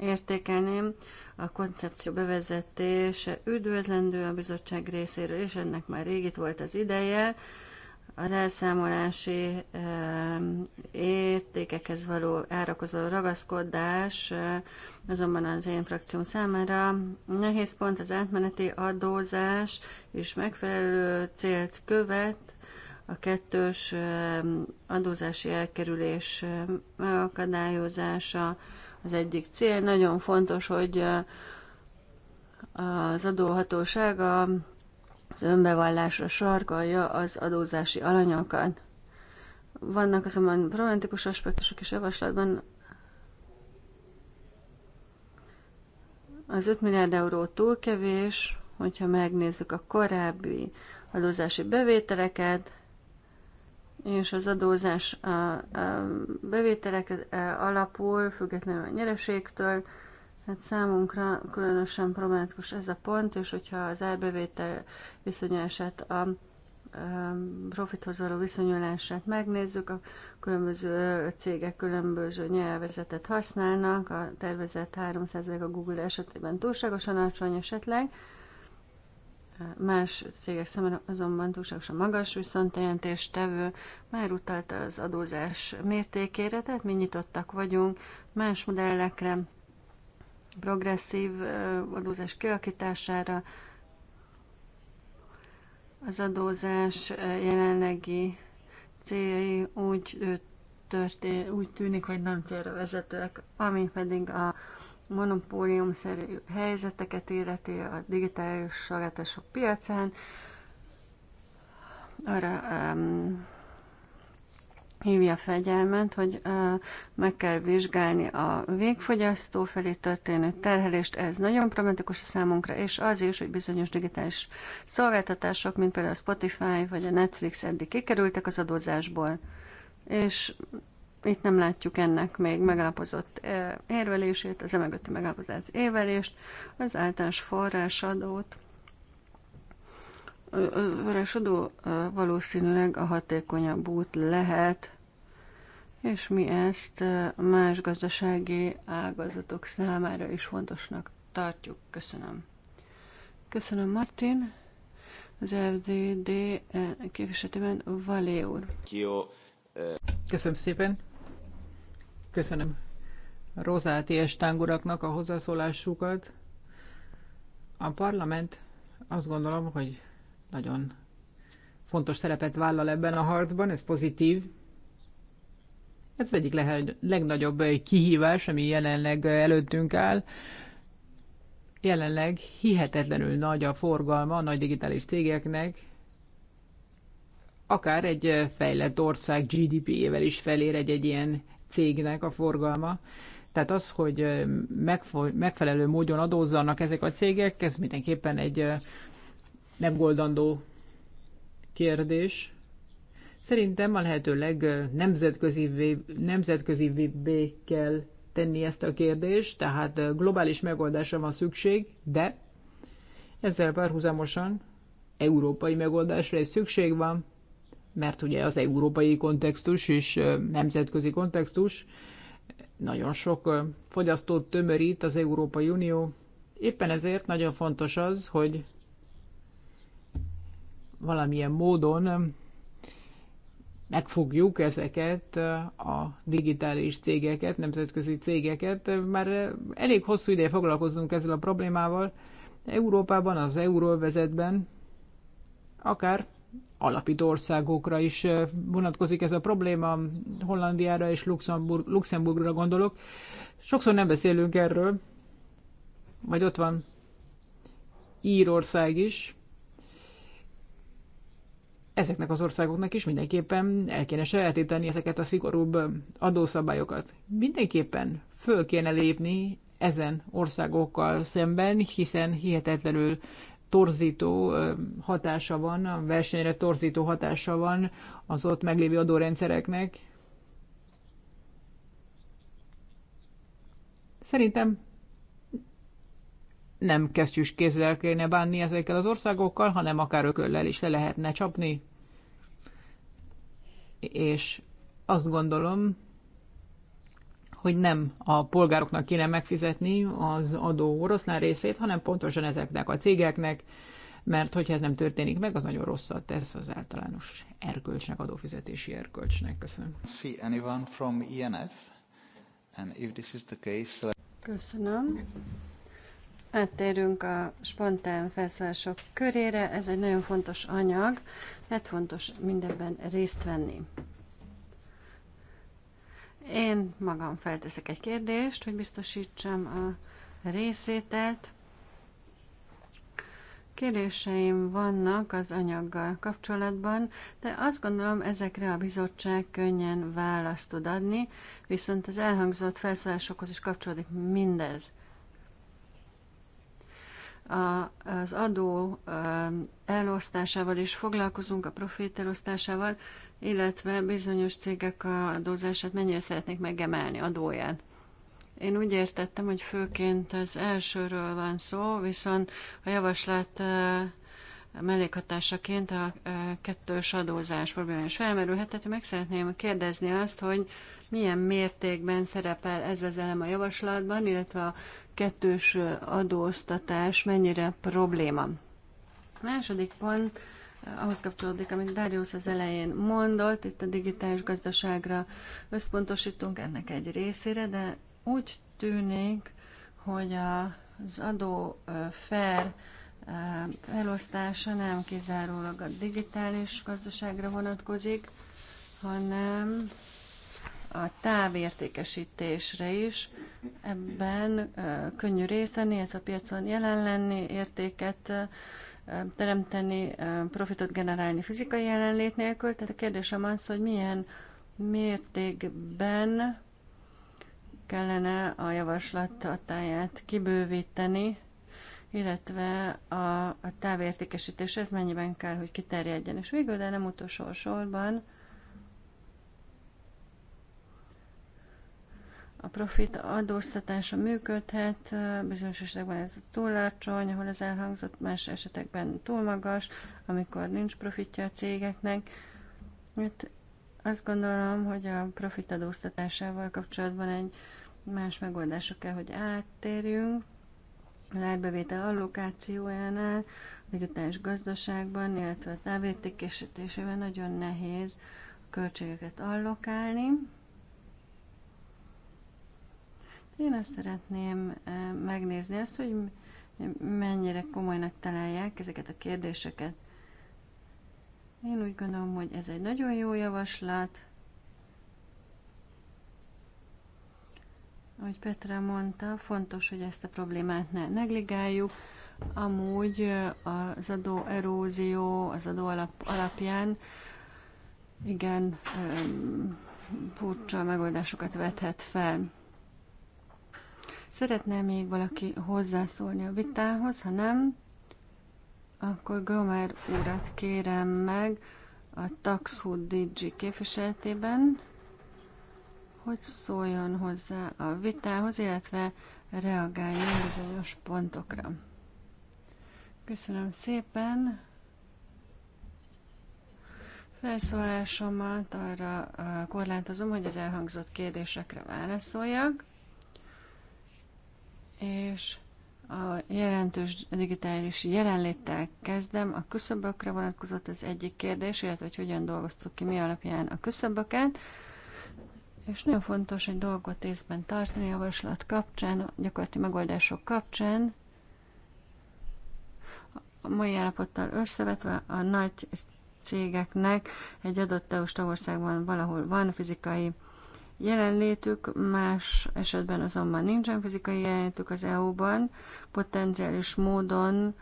értékelném. A koncepció bevezetése üdvözlendő a bizottság részéről, és ennek már rég itt volt az ideje az elszámolási értékekhez való árakhoz való ragaszkodás azonban az én frakcióm számára nehéz pont az átmeneti adózás és megfelelő célt követ, a kettős adózási elkerülés megakadályozása az egyik cél. Nagyon fontos, hogy az adóhatóság a az önbevallásra sarkalja az adózási alanyokat. Vannak azonban romantikus aspektusok is javaslatban. Az 5 milliárd euró túl kevés, hogyha megnézzük a korábbi adózási bevételeket, és az adózás a, a bevételek e, alapul, függetlenül a nyereségtől, Hát számunkra különösen problematikus ez a pont, és hogyha az árbevétel viszonyását a profithoz való viszonyulását megnézzük, a különböző cégek különböző nyelvezetet használnak, a tervezett 3% a Google esetében túlságosan alacsony esetleg, más cégek számára azonban túlságosan magas, viszont a jelentéstevő már utalta az adózás mértékére, tehát mi nyitottak vagyunk más modellekre, progresszív adózás kialakítására, az adózás jelenlegi céljai úgy, történ, úgy tűnik, hogy nem célra vezetőek, ami pedig a monopóliumszerű helyzeteket illeti a digitális szolgáltatások piacán. Arra um, hívja fegyelmet, hogy meg kell vizsgálni a végfogyasztó felé történő terhelést. Ez nagyon problematikus a számunkra, és az is, hogy bizonyos digitális szolgáltatások, mint például a Spotify vagy a Netflix eddig kikerültek az adózásból, és itt nem látjuk ennek még megalapozott érvelését, az emögötti megalapozás évelést, az általános forrásadót, a forrásadó valószínűleg a hatékonyabb út lehet és mi ezt más gazdasági ágazatok számára is fontosnak tartjuk. Köszönöm. Köszönöm, Martin. Az FDD képviseletében Valé úr. Köszönöm szépen. Köszönöm Rozáti Estánguraknak a hozzászólásukat. A parlament azt gondolom, hogy nagyon fontos szerepet vállal ebben a harcban, ez pozitív, ez az egyik legnagyobb eh, kihívás, ami jelenleg eh, előttünk áll. Jelenleg hihetetlenül nagy a forgalma a nagy digitális cégeknek, akár egy eh, fejlett ország GDP-ével is felér egy, egy ilyen cégnek a forgalma. Tehát az, hogy megfelelő módon adózzanak ezek a cégek, ez mindenképpen egy goldandó kérdés. Szerintem a lehető legnemzetközibbé nemzetközibbé kell tenni ezt a kérdést, tehát globális megoldásra van szükség, de ezzel párhuzamosan európai megoldásra is szükség van, mert ugye az európai kontextus és nemzetközi kontextus nagyon sok fogyasztót tömörít az Európai Unió. Éppen ezért nagyon fontos az, hogy valamilyen módon megfogjuk ezeket eh, a digitális cégeket, nemzetközi cégeket. Már eh, elég hosszú ideje foglalkozunk ezzel a problémával. Európában, az euróvezetben, akár alapító országokra is eh, vonatkozik ez a probléma, Hollandiára és Luxemburg, Luxemburgra gondolok. Sokszor nem beszélünk erről, vagy ott van Írország is, ezeknek az országoknak is mindenképpen el kéne sajátítani ezeket a szigorúbb adószabályokat. Mindenképpen föl kéne lépni ezen országokkal szemben, hiszen hihetetlenül torzító hatása van, a versenyre torzító hatása van az ott meglévő adórendszereknek. Szerintem nem kesztyűs kézzel kéne bánni ezekkel az országokkal, hanem akár ököllel is le lehetne csapni. És azt gondolom, hogy nem a polgároknak kéne megfizetni az adó oroszlán részét, hanem pontosan ezeknek a cégeknek, mert hogyha ez nem történik meg, az nagyon rosszat tesz az általános erkölcsnek, adófizetési erkölcsnek. Köszönöm. See anyone from ENF? And if this is the case, Köszönöm. Áttérünk a spontán felszállások körére. Ez egy nagyon fontos anyag, mert fontos mindenben részt venni. Én magam felteszek egy kérdést, hogy biztosítsam a részételt. Kérdéseim vannak az anyaggal kapcsolatban, de azt gondolom ezekre a bizottság könnyen választ tud adni, viszont az elhangzott felszállásokhoz is kapcsolódik mindez a, az adó elosztásával is foglalkozunk, a profit elosztásával, illetve bizonyos cégek a adózását mennyire szeretnék megemelni adóját. Én úgy értettem, hogy főként az elsőről van szó, viszont a javaslat mellékhatásaként a kettős adózás is felmerülhet, tehát meg szeretném kérdezni azt, hogy milyen mértékben szerepel ez az elem a javaslatban, illetve a kettős adóztatás mennyire probléma. A második pont ahhoz kapcsolódik, amit Darius az elején mondott, itt a digitális gazdaságra összpontosítunk ennek egy részére, de úgy tűnik, hogy az adó fair felosztása nem kizárólag a digitális gazdaságra vonatkozik, hanem a távértékesítésre is. Ebben könnyű részt venni, illetve a piacon jelen lenni, értéket teremteni, profitot generálni fizikai jelenlét nélkül. Tehát a kérdésem az, hogy milyen mértékben kellene a javaslat hatáját kibővíteni, illetve a, a távértékesítés, ez mennyiben kell, hogy kiterjedjen. És végül, de nem utolsó sorban, a profit adóztatása működhet, bizonyos esetekben ez túl lárcsony, ahol ez elhangzott, más esetekben túl magas, amikor nincs profitja a cégeknek. Hát azt gondolom, hogy a profit adóztatásával kapcsolatban egy más megoldásra kell, hogy áttérjünk az árbevétel allokációjánál, a digitális gazdaságban, illetve a távértékesítésében nagyon nehéz a költségeket allokálni. Én azt szeretném eh, megnézni azt, hogy mennyire komolynak találják ezeket a kérdéseket. Én úgy gondolom, hogy ez egy nagyon jó javaslat, Ahogy Petra mondta, fontos, hogy ezt a problémát ne negligáljuk. Amúgy az adó erózió, az adó alap, alapján igen, furcsa megoldásokat vethet fel. Szeretne még valaki hozzászólni a vitához, ha nem, akkor Gromer úrat kérem meg a Taxhood DG képviseletében hogy szóljon hozzá a vitához, illetve reagáljon bizonyos pontokra. Köszönöm szépen! Felszólásomat arra uh, korlátozom, hogy az elhangzott kérdésekre válaszoljak, és a jelentős digitális jelenléttel kezdem. A küszöbökre vonatkozott az egyik kérdés, illetve hogy hogyan dolgoztuk ki mi alapján a küszöböket. És nagyon fontos egy dolgot észben tartani a javaslat kapcsán, a gyakorlati megoldások kapcsán, a mai állapottal összevetve a nagy cégeknek egy adott EU-s tagországban valahol van fizikai jelenlétük, más esetben azonban nincsen fizikai jelenlétük az EU-ban, potenciális módon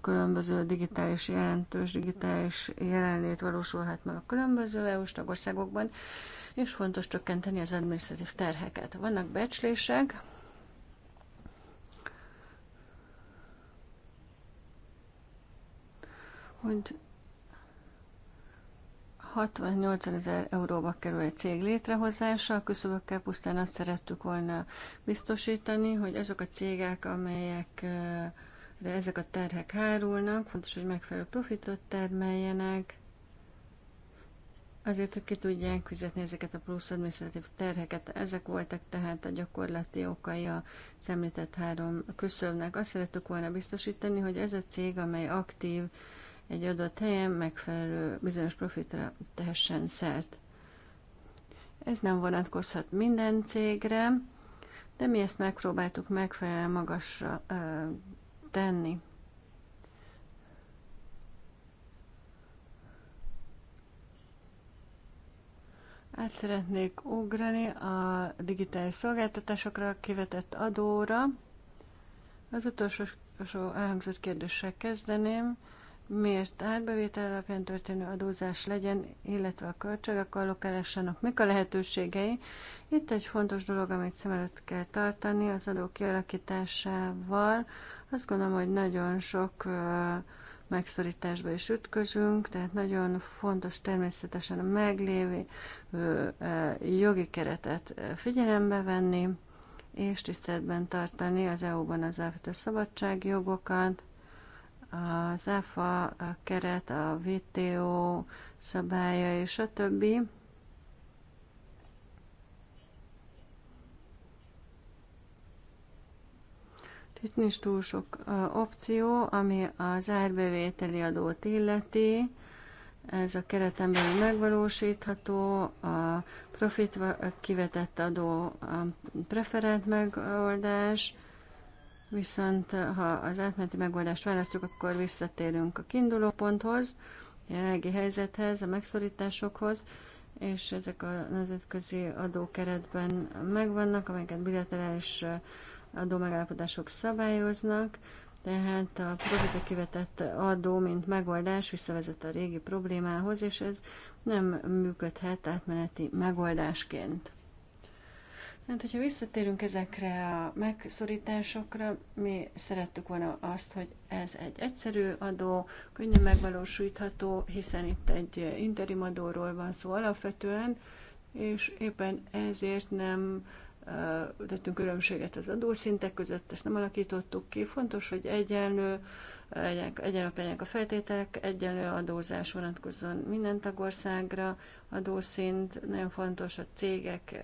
különböző digitális jelentős digitális jelenlét valósulhat meg a különböző EU-s tagországokban, és fontos csökkenteni az adminisztratív terheket. Vannak becslések, hogy 68 ezer euróba kerül egy cég létrehozása, a küszöbökkel pusztán azt szerettük volna biztosítani, hogy azok a cégek, amelyek de eh, ezek a terhek hárulnak, fontos, hogy megfelelő profitot termeljenek, Azért, hogy ki tudják fizetni ezeket a plusz adminisztratív terheket, ezek voltak tehát a gyakorlati okai a említett három küszöbnek. Azt szerettük volna biztosítani, hogy ez a cég, amely aktív egy adott helyen megfelelő bizonyos profitra tehessen szert. Ez nem vonatkozhat minden cégre, de mi ezt megpróbáltuk megfelelően magasra tenni. Át szeretnék ugrani a digitális szolgáltatásokra kivetett adóra. Az utolsó elhangzott kérdéssel kezdeném. Miért árbevétel alapján történő adózás legyen, illetve a költségek allokálásnak mik a lehetőségei? Itt egy fontos dolog, amit szem előtt kell tartani az adó kialakításával. Azt gondolom, hogy nagyon sok uh, megszorításba is ütközünk, tehát nagyon fontos természetesen a meglévő jogi keretet figyelembe venni, és tiszteletben tartani az EU-ban az szabadsági szabadságjogokat, az ÁFA e keret, a VTO szabálya és a többi. Itt nincs túl sok opció, ami az árbevételi adót illeti. Ez a kereten belül megvalósítható, a profit kivetett adó a preferált megoldás, viszont ha az átmeneti megoldást választjuk, akkor visszatérünk a kiinduló ponthoz, a jelenlegi helyzethez, a megszorításokhoz, és ezek a nemzetközi adókeretben megvannak, amelyeket bilaterális adó megállapodások szabályoznak, tehát a profitra kivetett adó, mint megoldás visszavezet a régi problémához, és ez nem működhet átmeneti megoldásként. Mert hát, hogyha visszatérünk ezekre a megszorításokra, mi szerettük volna azt, hogy ez egy egyszerű adó, könnyen megvalósítható, hiszen itt egy interim adóról van szó alapvetően, és éppen ezért nem tettünk különbséget az adószintek között, ezt nem alakítottuk ki. Fontos, hogy egyenlő legyenek, egyenlők legyenek a feltételek, egyenlő adózás vonatkozzon minden tagországra, adószint, nagyon fontos a cégek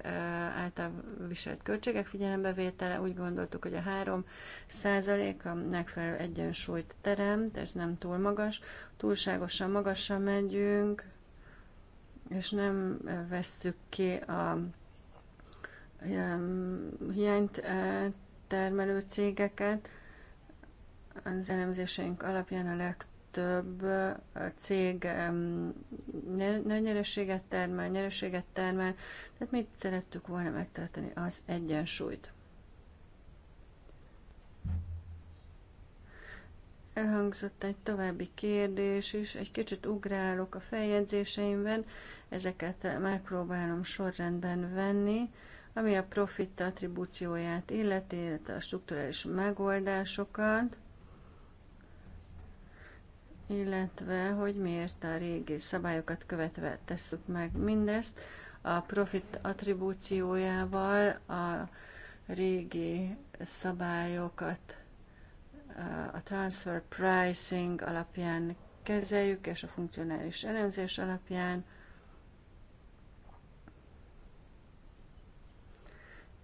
által viselt költségek figyelembevétele, úgy gondoltuk, hogy a 3 százalék a megfelelő egyensúlyt teremt, ez nem túl magas, túlságosan magasra megyünk, és nem vesztük ki a hiányt eh, termelő cégeket. Az elemzéseink alapján a legtöbb eh, cég nagy nyereséget termel, nyereséget termel, tehát mit szerettük volna megtartani az egyensúlyt. Elhangzott egy további kérdés is, egy kicsit ugrálok a feljegyzéseimben, ezeket eh, megpróbálom sorrendben venni ami a profit attribúcióját illeti, illetve a strukturális megoldásokat, illetve hogy miért a régi szabályokat követve tesszük meg mindezt. A profit attribúciójával a régi szabályokat a transfer pricing alapján kezeljük, és a funkcionális elemzés alapján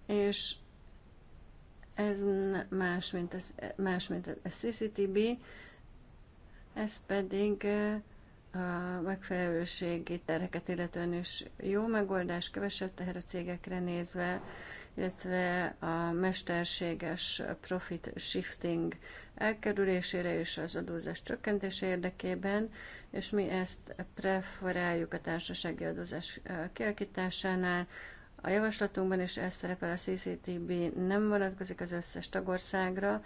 és ez más, mint a, más, mint a CCTB, ez pedig eh, a megfelelőségi terheket illetően is jó megoldás, kevesebb teher a cégekre nézve, illetve a mesterséges profit shifting elkerülésére és az adózás csökkentése érdekében, és mi ezt preferáljuk a társasági adózás eh, kialakításánál, a javaslatunkban is ez szerepel, a CCTB nem vonatkozik az összes tagországra,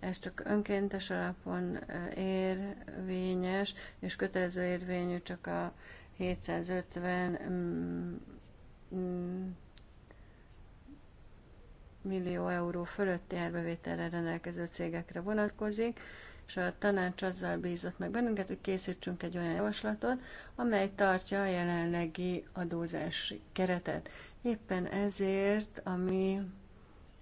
ez csak önkéntes alapon érvényes, és kötelező érvényű csak a 750 mm, mm, millió euró fölötti árbevételre rendelkező cégekre vonatkozik és a tanács azzal bízott meg bennünket, hogy készítsünk egy olyan javaslatot, amely tartja a jelenlegi adózási keretet. Éppen ezért a mi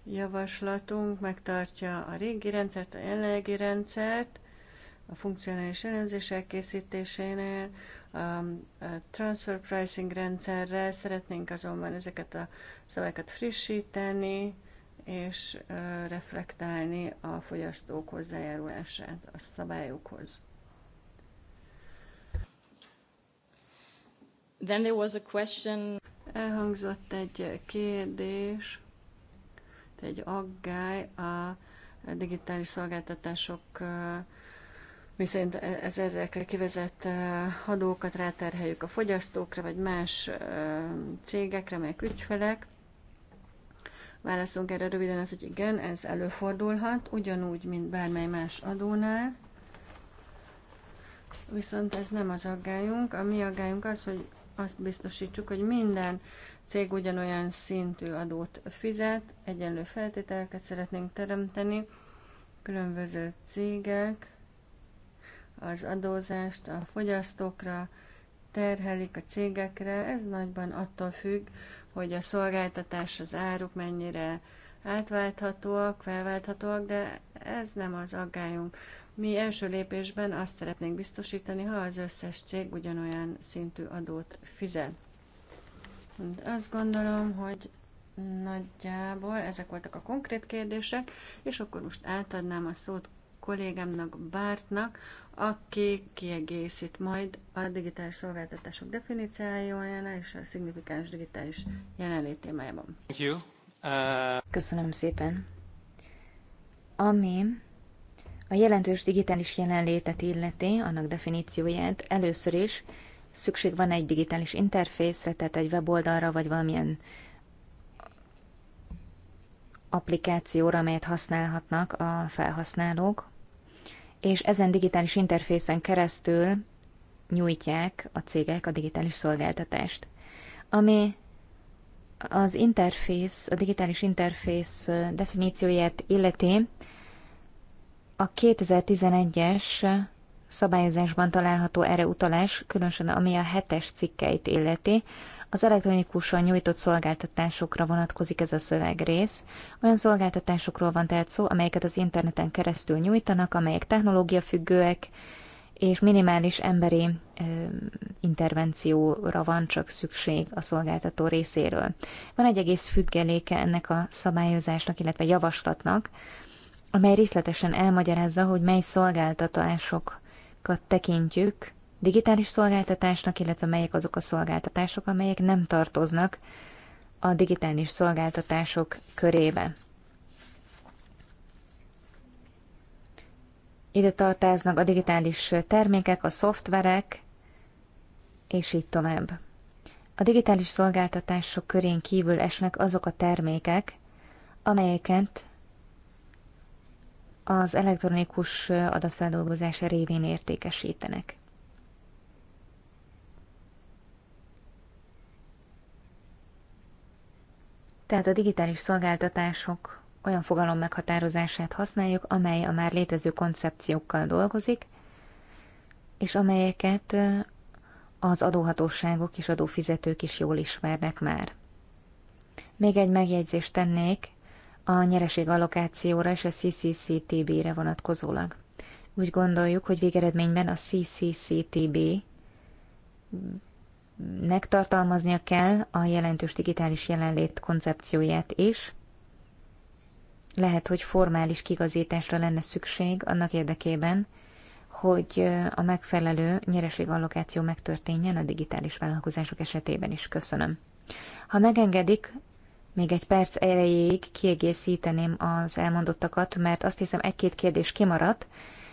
javaslatunk megtartja a régi rendszert, a jelenlegi rendszert, a funkcionális elemzések készítésénél, a, transfer pricing rendszerrel szeretnénk azonban ezeket a szavakat frissíteni, és reflektálni a fogyasztók hozzájárulását a szabályokhoz. Then there was a question. Elhangzott egy kérdés, egy aggály a digitális szolgáltatások mi szerint ez ezekre kivezett adókat ráterheljük a fogyasztókra, vagy más cégekre, melyek ügyfelek. Válaszunk erre röviden az, hogy igen, ez előfordulhat, ugyanúgy, mint bármely más adónál, viszont ez nem az aggályunk. A mi aggályunk az, hogy azt biztosítsuk, hogy minden cég ugyanolyan szintű adót fizet, egyenlő feltételeket szeretnénk teremteni, különböző cégek az adózást a fogyasztókra terhelik a cégekre, ez nagyban attól függ, hogy a szolgáltatás, az áruk mennyire átválthatóak, felválthatóak, de ez nem az aggályunk. Mi első lépésben azt szeretnénk biztosítani, ha az összes cég ugyanolyan szintű adót fizet. Azt gondolom, hogy nagyjából ezek voltak a konkrét kérdések, és akkor most átadnám a szót kollégámnak, Bártnak, aki kiegészít majd a digitális szolgáltatások definíciójánál és a szignifikáns digitális jelenlét témájában. Uh, Köszönöm szépen. Ami a jelentős digitális jelenlétet illeti, annak definícióját először is szükség van egy digitális interfészre, tehát egy weboldalra, vagy valamilyen applikációra, amelyet használhatnak a felhasználók és ezen digitális interfészen keresztül nyújtják a cégek a digitális szolgáltatást. Ami az interfész, a digitális interfész definícióját illeti, a 2011-es szabályozásban található erre utalás, különösen ami a hetes cikkeit illeti, az elektronikusan nyújtott szolgáltatásokra vonatkozik ez a szövegrész. Olyan szolgáltatásokról van tehát szó, amelyeket az interneten keresztül nyújtanak, amelyek technológiafüggőek, és minimális emberi ö, intervencióra van csak szükség a szolgáltató részéről. Van egy egész függeléke ennek a szabályozásnak, illetve javaslatnak, amely részletesen elmagyarázza, hogy mely szolgáltatásokat tekintjük digitális szolgáltatásnak, illetve melyek azok a szolgáltatások, amelyek nem tartoznak a digitális szolgáltatások körébe. Ide tartoznak a digitális termékek, a szoftverek, és így tovább. A digitális szolgáltatások körén kívül esnek azok a termékek, amelyeket az elektronikus adatfeldolgozás révén értékesítenek. Tehát a digitális szolgáltatások olyan fogalom meghatározását használjuk, amely a már létező koncepciókkal dolgozik, és amelyeket az adóhatóságok és adófizetők is jól ismernek már. Még egy megjegyzést tennék a nyereség allokációra és a CCCTB-re vonatkozólag. Úgy gondoljuk, hogy végeredményben a CCCTB megtartalmaznia kell a jelentős digitális jelenlét koncepcióját is. Lehet, hogy formális kigazításra lenne szükség annak érdekében, hogy a megfelelő nyereségallokáció megtörténjen a digitális vállalkozások esetében is. Köszönöm. Ha megengedik, még egy perc erejéig kiegészíteném az elmondottakat, mert azt hiszem egy-két kérdés kimaradt.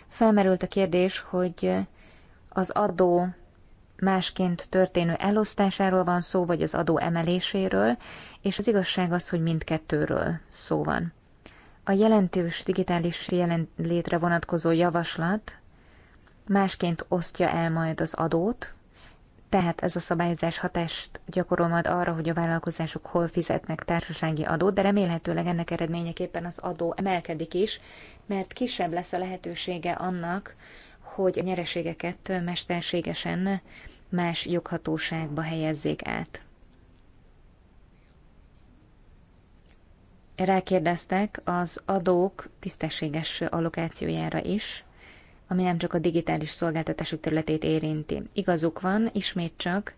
Felmerült a kérdés, hogy az adó másként történő elosztásáról van szó, vagy az adó emeléséről, és az igazság az, hogy mindkettőről szó van. A jelentős digitális jelenlétre vonatkozó javaslat másként osztja el majd az adót, tehát ez a szabályozás hatást gyakorol majd arra, hogy a vállalkozások hol fizetnek társasági adót, de remélhetőleg ennek eredményeképpen az adó emelkedik is, mert kisebb lesz a lehetősége annak, hogy a nyereségeket mesterségesen más joghatóságba helyezzék át. Rákérdeztek az adók tisztességes allokációjára is, ami nem csak a digitális szolgáltatások területét érinti. Igazuk van, ismét csak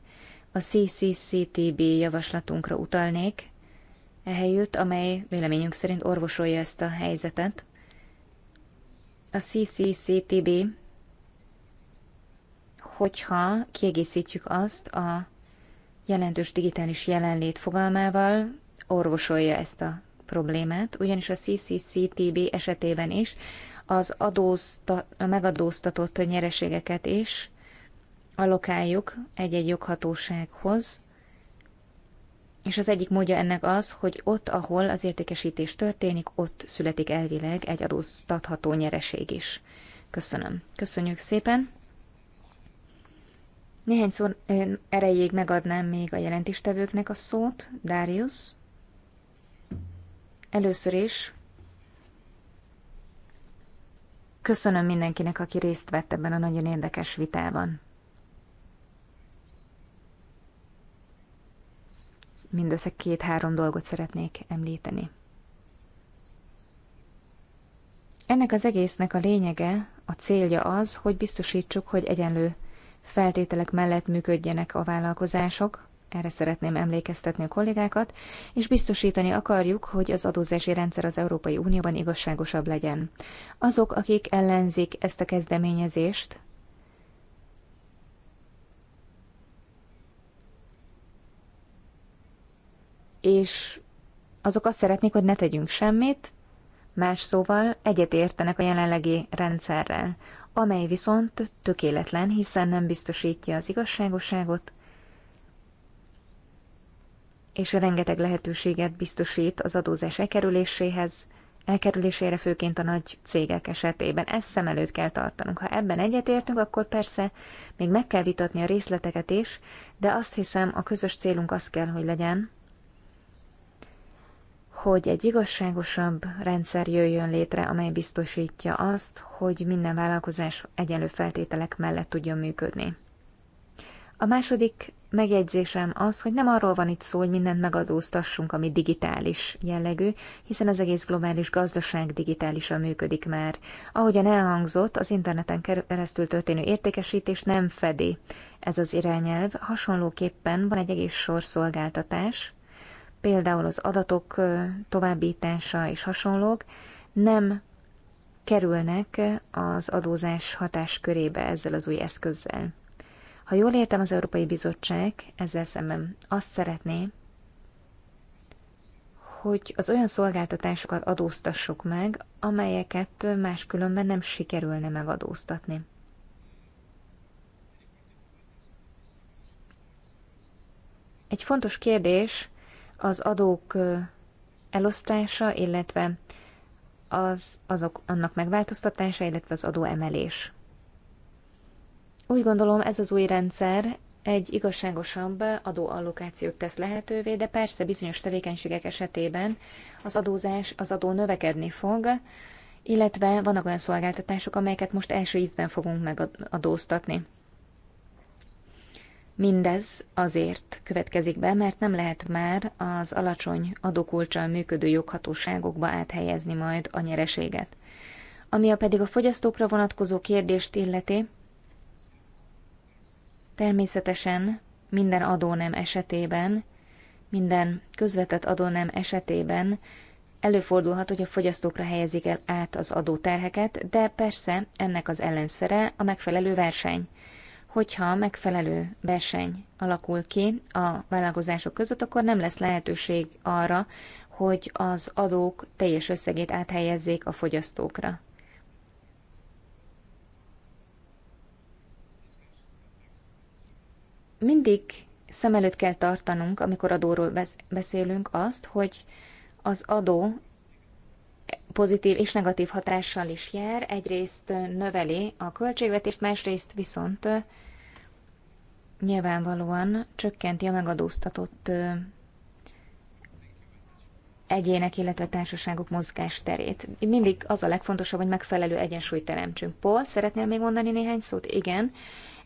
a CCCTB javaslatunkra utalnék, ehelyütt, amely véleményünk szerint orvosolja ezt a helyzetet. A CCCTB hogyha kiegészítjük azt a jelentős digitális jelenlét fogalmával, orvosolja ezt a problémát, ugyanis a CCCTB esetében is az adózta, a megadóztatott nyereségeket is alokáljuk egy-egy joghatósághoz, és az egyik módja ennek az, hogy ott, ahol az értékesítés történik, ott születik elvileg egy adóztatható nyereség is. Köszönöm. Köszönjük szépen. Néhány szó erejéig megadnám még a jelentéstevőknek a szót. Darius. Először is köszönöm mindenkinek, aki részt vett ebben a nagyon érdekes vitában. Mindössze két-három dolgot szeretnék említeni. Ennek az egésznek a lényege, a célja az, hogy biztosítsuk, hogy egyenlő feltételek mellett működjenek a vállalkozások, erre szeretném emlékeztetni a kollégákat, és biztosítani akarjuk, hogy az adózási rendszer az Európai Unióban igazságosabb legyen. Azok, akik ellenzik ezt a kezdeményezést, és azok azt szeretnék, hogy ne tegyünk semmit, más szóval egyetértenek a jelenlegi rendszerrel amely viszont tökéletlen, hiszen nem biztosítja az igazságosságot, és rengeteg lehetőséget biztosít az adózás elkerüléséhez, elkerülésére főként a nagy cégek esetében. Ezt szem előtt kell tartanunk. Ha ebben egyetértünk, akkor persze még meg kell vitatni a részleteket is, de azt hiszem a közös célunk az kell, hogy legyen, hogy egy igazságosabb rendszer jöjjön létre, amely biztosítja azt, hogy minden vállalkozás egyenlő feltételek mellett tudjon működni. A második megjegyzésem az, hogy nem arról van itt szó, hogy mindent megadóztassunk, ami digitális jellegű, hiszen az egész globális gazdaság digitálisan működik már. Ahogyan elhangzott, az interneten keresztül történő értékesítés nem fedi ez az irányelv. Hasonlóképpen van egy egész sor szolgáltatás, például az adatok továbbítása és hasonlók nem kerülnek az adózás hatáskörébe ezzel az új eszközzel. Ha jól értem, az Európai Bizottság ezzel szemben azt szeretné, hogy az olyan szolgáltatásokat adóztassuk meg, amelyeket máskülönben nem sikerülne megadóztatni. Egy fontos kérdés az adók elosztása, illetve az, azok, annak megváltoztatása, illetve az adóemelés. Úgy gondolom, ez az új rendszer egy igazságosabb adóallokációt tesz lehetővé, de persze bizonyos tevékenységek esetében az adózás, az adó növekedni fog, illetve vannak olyan szolgáltatások, amelyeket most első ízben fogunk megadóztatni. Mindez azért következik be, mert nem lehet már az alacsony adókulcsal működő joghatóságokba áthelyezni majd a nyereséget. Ami a pedig a fogyasztókra vonatkozó kérdést illeti, természetesen minden adónem esetében, minden közvetett adónem esetében előfordulhat, hogy a fogyasztókra helyezik el át az adóterheket, de persze ennek az ellenszere a megfelelő verseny hogyha megfelelő verseny alakul ki a vállalkozások között, akkor nem lesz lehetőség arra, hogy az adók teljes összegét áthelyezzék a fogyasztókra. Mindig szem előtt kell tartanunk, amikor adóról beszélünk azt, hogy az adó pozitív és negatív hatással is jár. Egyrészt növeli a költségvetést, másrészt viszont nyilvánvalóan csökkenti a megadóztatott egyének, illetve társaságok mozgásterét. Mindig az a legfontosabb, hogy megfelelő egyensúlyt teremtsünk. Paul, szeretnél még mondani néhány szót? Igen.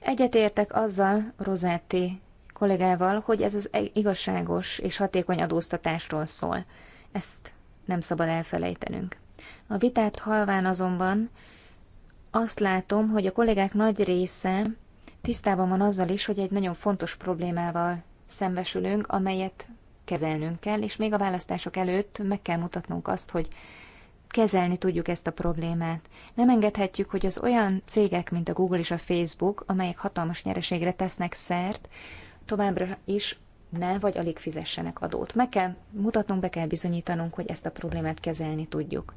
Egyetértek azzal Rosetti kollégával, hogy ez az e- igazságos és hatékony adóztatásról szól. Ezt nem szabad elfelejtenünk. A vitát halván azonban azt látom, hogy a kollégák nagy része tisztában van azzal is, hogy egy nagyon fontos problémával szembesülünk, amelyet kezelnünk kell, és még a választások előtt meg kell mutatnunk azt, hogy kezelni tudjuk ezt a problémát. Nem engedhetjük, hogy az olyan cégek, mint a Google és a Facebook, amelyek hatalmas nyereségre tesznek szert, továbbra is ne, vagy alig fizessenek adót. Meg kell mutatnunk, be kell bizonyítanunk, hogy ezt a problémát kezelni tudjuk.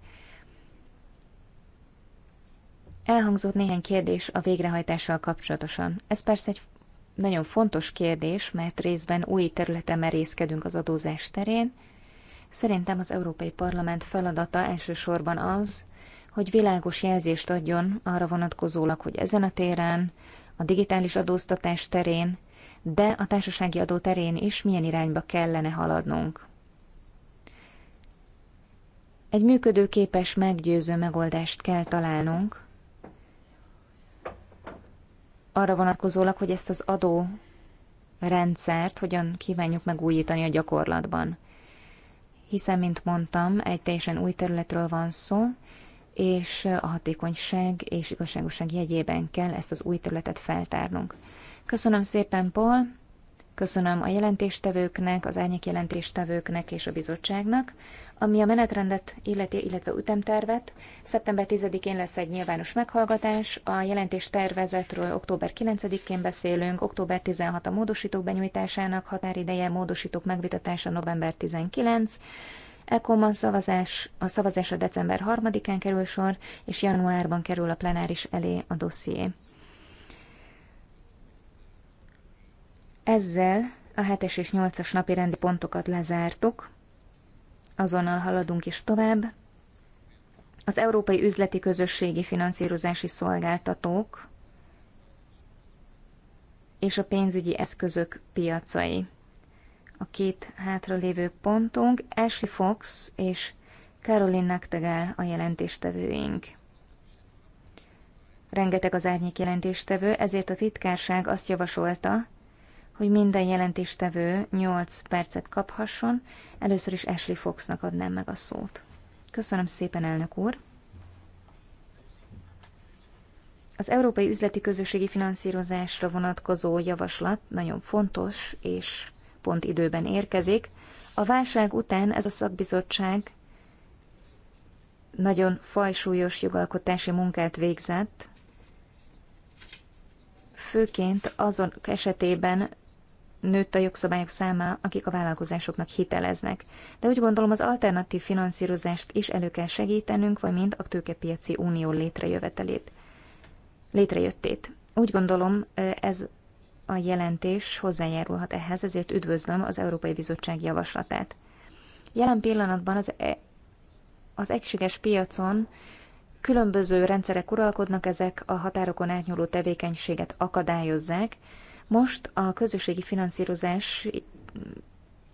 Elhangzott néhány kérdés a végrehajtással kapcsolatosan. Ez persze egy nagyon fontos kérdés, mert részben új területen merészkedünk az adózás terén. Szerintem az Európai Parlament feladata elsősorban az, hogy világos jelzést adjon arra vonatkozólag, hogy ezen a téren, a digitális adóztatás terén de a társasági adó terén is milyen irányba kellene haladnunk. Egy működőképes, meggyőző megoldást kell találnunk, arra vonatkozólag, hogy ezt az adó rendszert hogyan kívánjuk megújítani a gyakorlatban. Hiszen, mint mondtam, egy teljesen új területről van szó, és a hatékonyság és igazságosság jegyében kell ezt az új területet feltárnunk. Köszönöm szépen, Paul. Köszönöm a jelentéstevőknek, az árnyék jelentéstevőknek és a bizottságnak. Ami a menetrendet illeti, illetve ütemtervet, szeptember 10-én lesz egy nyilvános meghallgatás, a jelentés tervezetről október 9-én beszélünk, október 16 a módosítók benyújtásának határideje, módosítók megvitatása november 19, a szavazás, a a december 3-án kerül sor, és januárban kerül a plenáris elé a dosszié. Ezzel a 7-es és 8-as napi rendi pontokat lezártuk, azonnal haladunk is tovább. Az Európai Üzleti Közösségi Finanszírozási Szolgáltatók és a pénzügyi eszközök piacai. A két hátralévő pontunk Ashley Fox és Caroline Nagtegel a jelentéstevőink. Rengeteg az árnyék jelentéstevő, ezért a titkárság azt javasolta, hogy minden jelentéstevő 8 percet kaphasson, először is Ashley Foxnak adnám meg a szót. Köszönöm szépen, elnök úr! Az Európai Üzleti Közösségi Finanszírozásra vonatkozó javaslat nagyon fontos és pont időben érkezik. A válság után ez a szakbizottság nagyon fajsúlyos jogalkotási munkát végzett, főként azon esetében nőtt a jogszabályok száma, akik a vállalkozásoknak hiteleznek. De úgy gondolom az alternatív finanszírozást is elő kell segítenünk, valamint a tőkepiaci unió létrejövetelét. Létrejöttét. Úgy gondolom, ez a jelentés hozzájárulhat ehhez, ezért üdvözlöm az Európai Bizottság javaslatát. Jelen pillanatban az, e az egységes piacon különböző rendszerek uralkodnak, ezek a határokon átnyúló tevékenységet akadályozzák, most a közösségi finanszírozás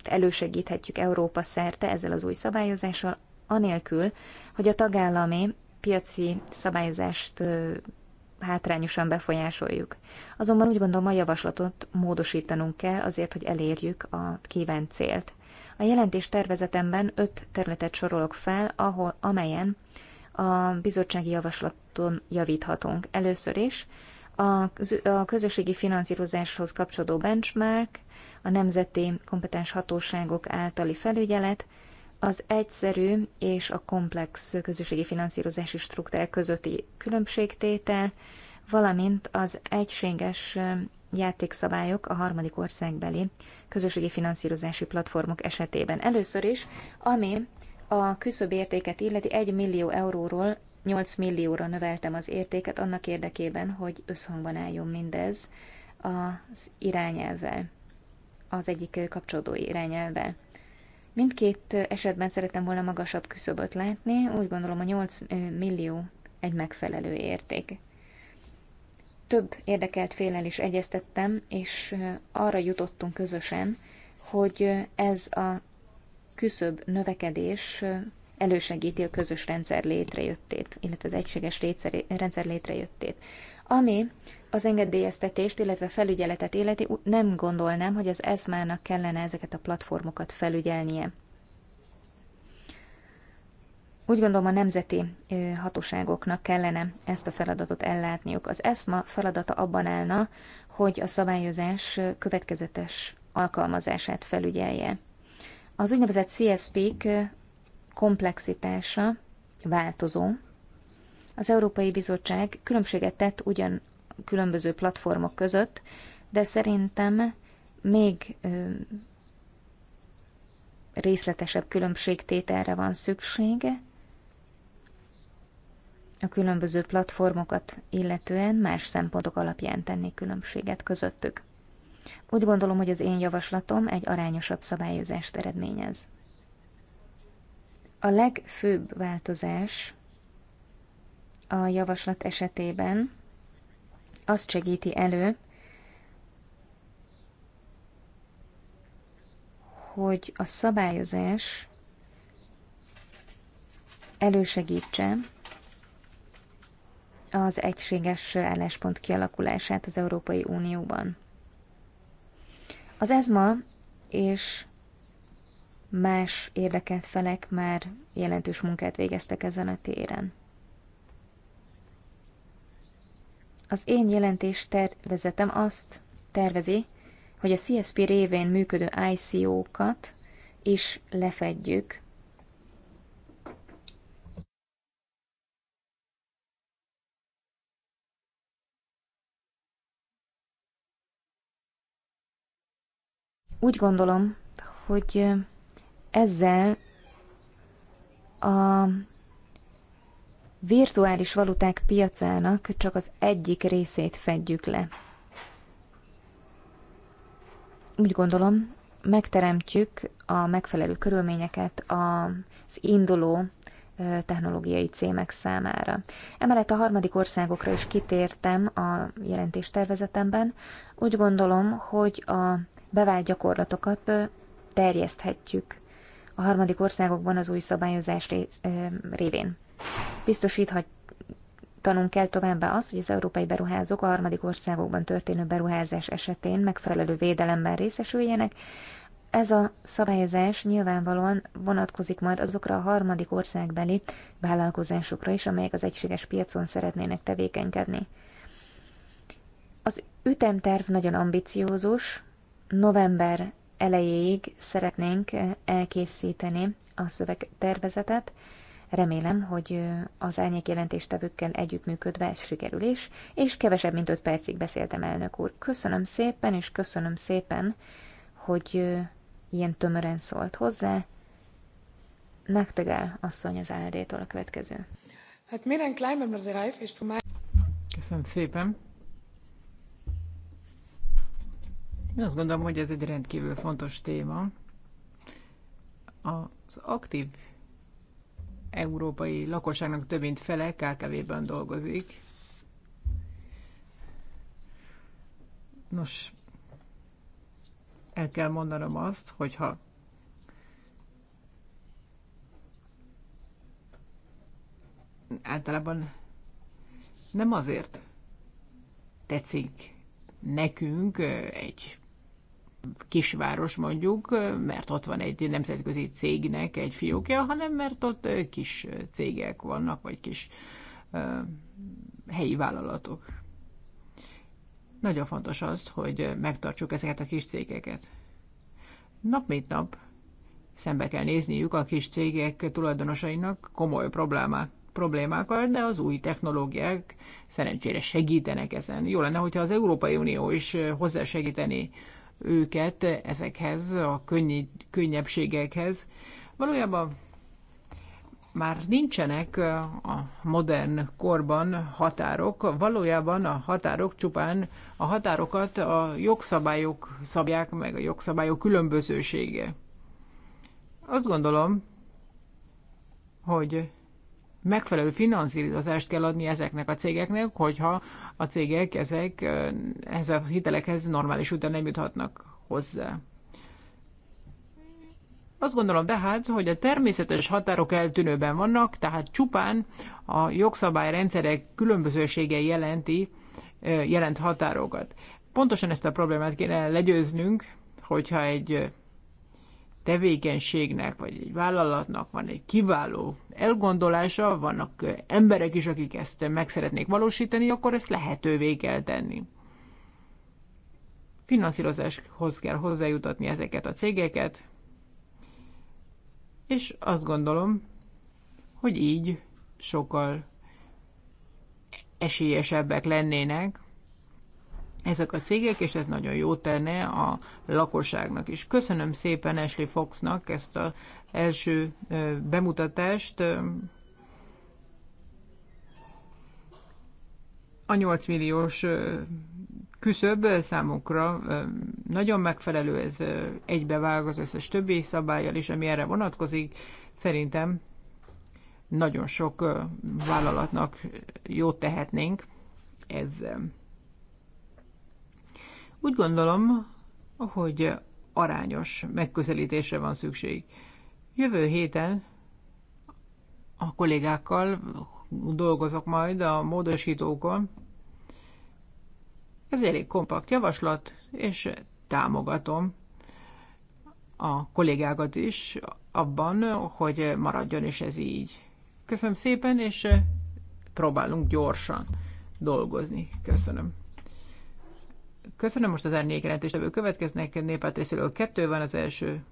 elősegíthetjük Európa szerte ezzel az új szabályozással, anélkül, hogy a tagállami piaci szabályozást hátrányosan befolyásoljuk. Azonban úgy gondolom, a javaslatot módosítanunk kell azért, hogy elérjük a kívánt célt. A jelentés tervezetemben öt területet sorolok fel, ahol, amelyen a bizottsági javaslaton javíthatunk. Először is a közösségi finanszírozáshoz kapcsolódó benchmark, a nemzeti kompetens hatóságok általi felügyelet, az egyszerű és a komplex közösségi finanszírozási struktúrák közötti különbségtétel, valamint az egységes játékszabályok a harmadik országbeli közösségi finanszírozási platformok esetében. Először is, ami a küszöbértéket illeti 1 millió euróról 8 millióra növeltem az értéket annak érdekében, hogy összhangban álljon mindez az irányelvvel, az egyik kapcsolódó irányelvvel. Mindkét esetben szeretem volna magasabb küszöböt látni, úgy gondolom a 8 millió egy megfelelő érték. Több érdekelt félel is egyeztettem, és arra jutottunk közösen, hogy ez a küszöb növekedés elősegíti a közös rendszer létrejöttét, illetve az egységes rendszer létrejöttét. Ami az engedélyeztetést, illetve felügyeletet életi, nem gondolnám, hogy az ESMA-nak kellene ezeket a platformokat felügyelnie. Úgy gondolom a nemzeti hatóságoknak kellene ezt a feladatot ellátniuk. Az ESMA feladata abban állna, hogy a szabályozás következetes alkalmazását felügyelje. Az úgynevezett CSP-k komplexitása változó. Az Európai Bizottság különbséget tett ugyan különböző platformok között, de szerintem még részletesebb különbségtételre van szüksége a különböző platformokat illetően más szempontok alapján tenni különbséget közöttük. Úgy gondolom, hogy az én javaslatom egy arányosabb szabályozást eredményez. A legfőbb változás a javaslat esetében azt segíti elő, hogy a szabályozás elősegítse az egységes álláspont kialakulását az Európai Unióban. Az ESMA és más érdekelt felek már jelentős munkát végeztek ezen a téren. Az én jelentés tervezetem azt tervezi, hogy a CSP révén működő ICO-kat is lefedjük. Úgy gondolom, hogy ezzel a virtuális valuták piacának csak az egyik részét fedjük le. Úgy gondolom, megteremtjük a megfelelő körülményeket az induló technológiai címek számára. Emellett a harmadik országokra is kitértem a jelentéstervezetemben. Úgy gondolom, hogy a bevált gyakorlatokat terjeszthetjük a harmadik országokban az új szabályozás révén. Biztosíthat, tanunk kell továbbá azt, hogy az európai beruházók a harmadik országokban történő beruházás esetén megfelelő védelemben részesüljenek. Ez a szabályozás nyilvánvalóan vonatkozik majd azokra a harmadik országbeli vállalkozásokra is, amelyek az egységes piacon szeretnének tevékenykedni. Az ütemterv nagyon ambiciózus, november elejéig szeretnénk eh, elkészíteni a szövegtervezetet. Remélem, hogy eh, az elnyék jelentéstevőkkel együttműködve ez sikerül is, és kevesebb, mint 5 percig beszéltem, elnök úr. Köszönöm szépen, és köszönöm szépen, hogy eh, ilyen tömören szólt hozzá. Nektegel asszony az áldétól a következő. Hát minden Köszönöm szépen. Én azt gondolom, hogy ez egy rendkívül fontos téma. Az aktív európai lakosságnak több mint fele KKV-ben dolgozik. Nos, el kell mondanom azt, hogyha általában nem azért tetszik nekünk egy kisváros mondjuk, mert ott van egy nemzetközi cégnek egy fiókja, hanem mert ott kis cégek vannak, vagy kis helyi vállalatok. Nagyon fontos az, hogy megtartsuk ezeket a kis cégeket. Nap mint nap szembe kell nézniük a kis cégek tulajdonosainak komoly problémák, problémákkal, de az új technológiák szerencsére segítenek ezen. Jó lenne, hogyha az Európai Unió is hozzásegíteni segíteni őket ezekhez a könny- könnyebbségekhez. Valójában már nincsenek a modern korban határok, valójában a határok csupán a határokat a jogszabályok szabják meg, a jogszabályok különbözősége. Azt gondolom, hogy megfelelő finanszírozást kell adni ezeknek a cégeknek, hogyha a cégek ezek, ezek a hitelekhez normális úton nem juthatnak hozzá. Azt gondolom tehát, hogy a természetes határok eltűnőben vannak, tehát csupán a jogszabályrendszerek különbözősége jelenti, jelent határokat. Pontosan ezt a problémát kéne legyőznünk, hogyha egy tevékenységnek, vagy egy vállalatnak van egy kiváló elgondolása, vannak emberek is, akik ezt meg szeretnék valósítani, akkor ezt lehetővé kell tenni. Finanszírozáshoz kell hozzájutatni ezeket a cégeket, és azt gondolom, hogy így sokkal esélyesebbek lennének ezek a cégek, és ez nagyon jó tenne a lakosságnak is. Köszönöm szépen Ashley Foxnak ezt az első bemutatást. A 8 milliós küszöb számokra. nagyon megfelelő, ez egybevág az összes többi szabályjal is, ami erre vonatkozik. Szerintem nagyon sok vállalatnak jót tehetnénk ezzel. Úgy gondolom, hogy arányos megközelítésre van szükség. Jövő héten a kollégákkal dolgozok majd a módosítókon. Ez elég kompakt javaslat, és támogatom a kollégákat is abban, hogy maradjon is ez így. Köszönöm szépen, és próbálunk gyorsan dolgozni. Köszönöm. Köszönöm most az árnyék ebből következnek, részéről. kettő van, az első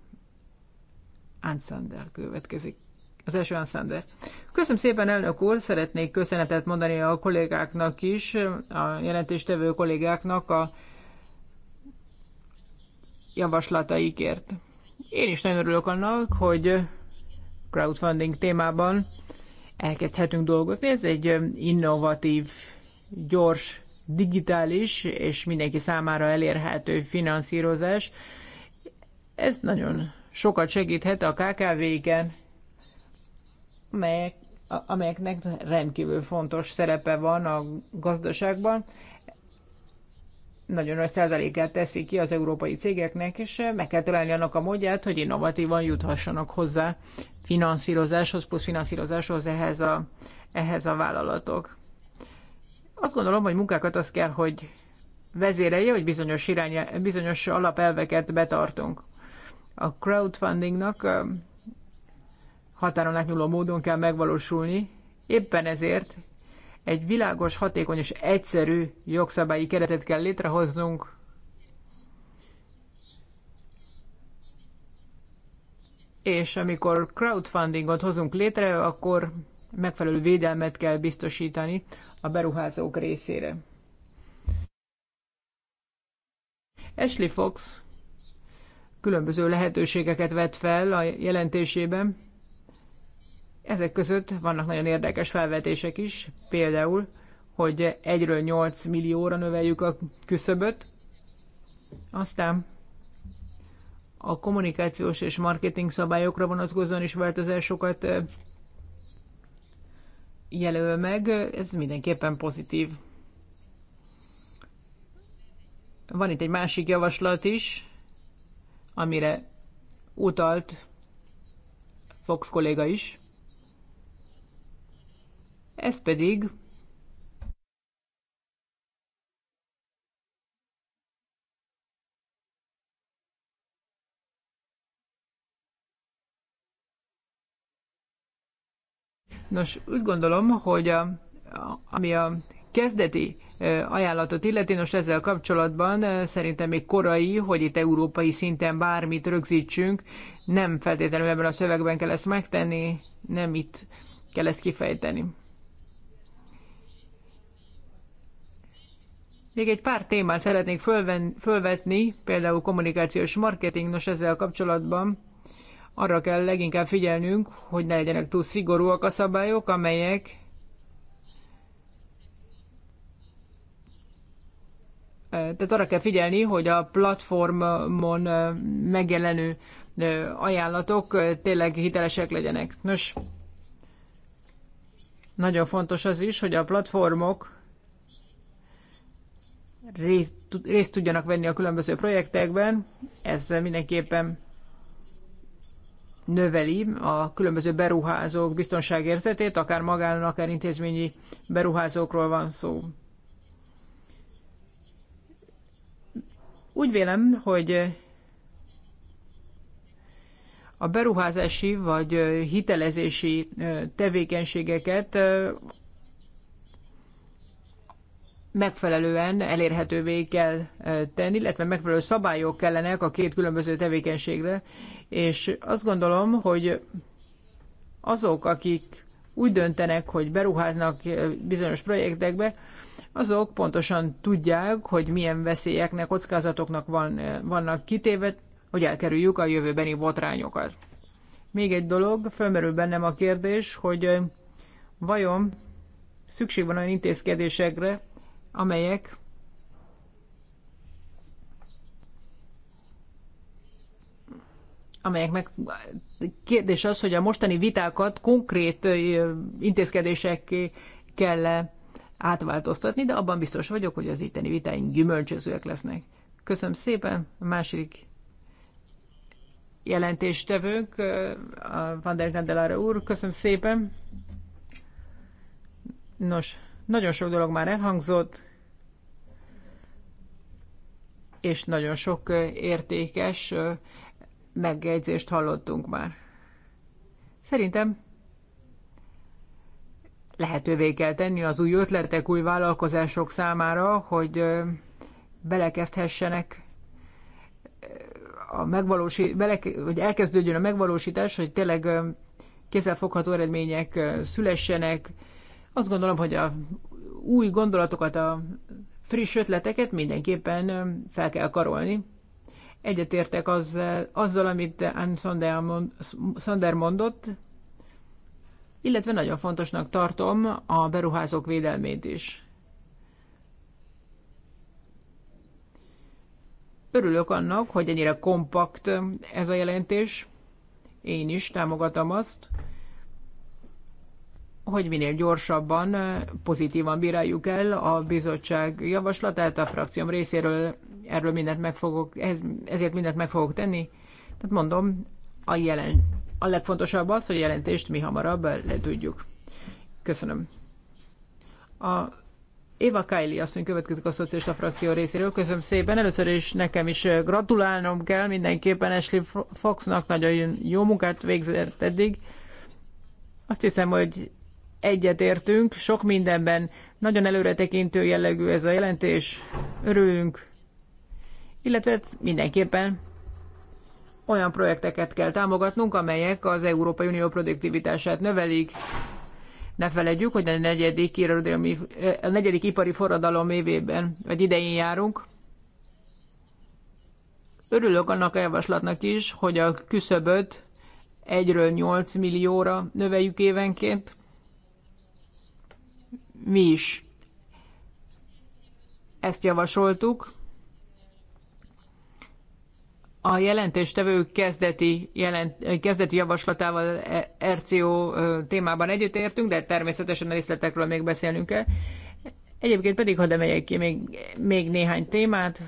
Ansander következik. Az első Ansander. Köszönöm szépen, elnök úr, szeretnék köszönetet mondani a kollégáknak is, a jelentéstevő kollégáknak a javaslataikért. Én is nagyon örülök annak, hogy crowdfunding témában elkezdhetünk dolgozni. Ez egy innovatív, gyors digitális és mindenki számára elérhető finanszírozás. Ez nagyon sokat segíthet a KKV-ken, amelyek, amelyeknek rendkívül fontos szerepe van a gazdaságban. Nagyon nagy százalékát teszi ki az európai cégeknek, és meg kell találni annak a módját, hogy innovatívan juthassanak hozzá finanszírozáshoz, plusz finanszírozáshoz ehhez a, ehhez a vállalatok. Azt gondolom, hogy munkákat az kell, hogy vezérelje, hogy bizonyos, irány, bizonyos alapelveket betartunk. A crowdfundingnak határon átnyúló módon kell megvalósulni, éppen ezért egy világos, hatékony és egyszerű jogszabályi keretet kell létrehoznunk, és amikor crowdfundingot hozunk létre, akkor megfelelő védelmet kell biztosítani a beruházók részére. Ashley Fox különböző lehetőségeket vett fel a jelentésében. Ezek között vannak nagyon érdekes felvetések is, például, hogy 1-ről 8 millióra növeljük a küszöböt, aztán a kommunikációs és marketing szabályokra vonatkozóan is változásokat jelöl meg, ez mindenképpen pozitív. Van itt egy másik javaslat is, amire utalt Fox kolléga is. Ez pedig Nos, úgy gondolom, hogy a, ami a kezdeti ajánlatot illeti, nos ezzel kapcsolatban szerintem még korai, hogy itt európai szinten bármit rögzítsünk, nem feltétlenül ebben a szövegben kell ezt megtenni, nem itt kell ezt kifejteni. Még egy pár témát szeretnék fölven, fölvetni, például kommunikációs marketing, nos ezzel kapcsolatban arra kell leginkább figyelnünk, hogy ne legyenek túl szigorúak a szabályok, amelyek Tehát arra kell figyelni, hogy a platformon megjelenő ajánlatok tényleg hitelesek legyenek. Nos, nagyon fontos az is, hogy a platformok részt tudjanak venni a különböző projektekben. Ez mindenképpen növeli a különböző beruházók biztonságérzetét, akár magán, akár intézményi beruházókról van szó. Úgy vélem, hogy a beruházási vagy hitelezési tevékenységeket megfelelően elérhetővé kell tenni, illetve megfelelő szabályok kellenek a két különböző tevékenységre, és azt gondolom, hogy azok, akik úgy döntenek, hogy beruháznak eh, bizonyos projektekbe, azok pontosan tudják, hogy milyen veszélyeknek, kockázatoknak van, eh, vannak kitéve, hogy elkerüljük a jövőbeni botrányokat. Még egy dolog, fölmerül bennem a kérdés, hogy eh, vajon szükség van olyan intézkedésekre, amelyek amelyek meg kérdés az, hogy a mostani vitákat konkrét intézkedésekké kell -e átváltoztatni, de abban biztos vagyok, hogy az itteni vitáink gyümölcsözőek lesznek. Köszönöm szépen. A második jelentéstevőnk, a Van der Candelara úr, köszönöm szépen. Nos, nagyon sok dolog már elhangzott, és nagyon sok értékes megjegyzést hallottunk már. Szerintem lehetővé kell tenni az új ötletek, új vállalkozások számára, hogy belekezdhessenek a megvalósi, bele, hogy elkezdődjön a megvalósítás, hogy tényleg kézzelfogható eredmények szülessenek. Azt gondolom, hogy a új gondolatokat, a friss ötleteket mindenképpen fel kell karolni. Egyetértek azzal, azzal amit Anne Sander, mond, Sander mondott, illetve nagyon fontosnak tartom a beruházók védelmét is. Örülök annak, hogy ennyire kompakt ez a jelentés. Én is támogatom azt, hogy minél gyorsabban pozitívan bíráljuk el a bizottság javaslatát. A frakcióm részéről erről mindent meg fogok, ez, ezért mindent meg fogok tenni. Tehát mondom, a, jelen, a legfontosabb az, hogy a jelentést mi hamarabb le tudjuk. Köszönöm. A Éva Kaili asszony következik a szocialista frakció részéről. Köszönöm szépen. Először is nekem is gratulálnom kell mindenképpen Ashley Foxnak. Nagyon jó munkát végzett eddig. Azt hiszem, hogy egyetértünk sok mindenben. Nagyon előretekintő jellegű ez a jelentés. Örülünk. Illetve hát mindenképpen olyan projekteket kell támogatnunk, amelyek az Európai Unió produktivitását növelik. Ne feledjük, hogy a negyedik, a negyedik ipari forradalom évében, vagy idején járunk. Örülök annak a javaslatnak is, hogy a küszöböt egyről 8 millióra növeljük évenként mi is ezt javasoltuk. A jelentéstevő kezdeti, jelent, kezdeti javaslatával e, RCO témában egyetértünk, de természetesen a részletekről még beszélnünk kell. Egyébként pedig, ha emeljek ki még, még néhány témát,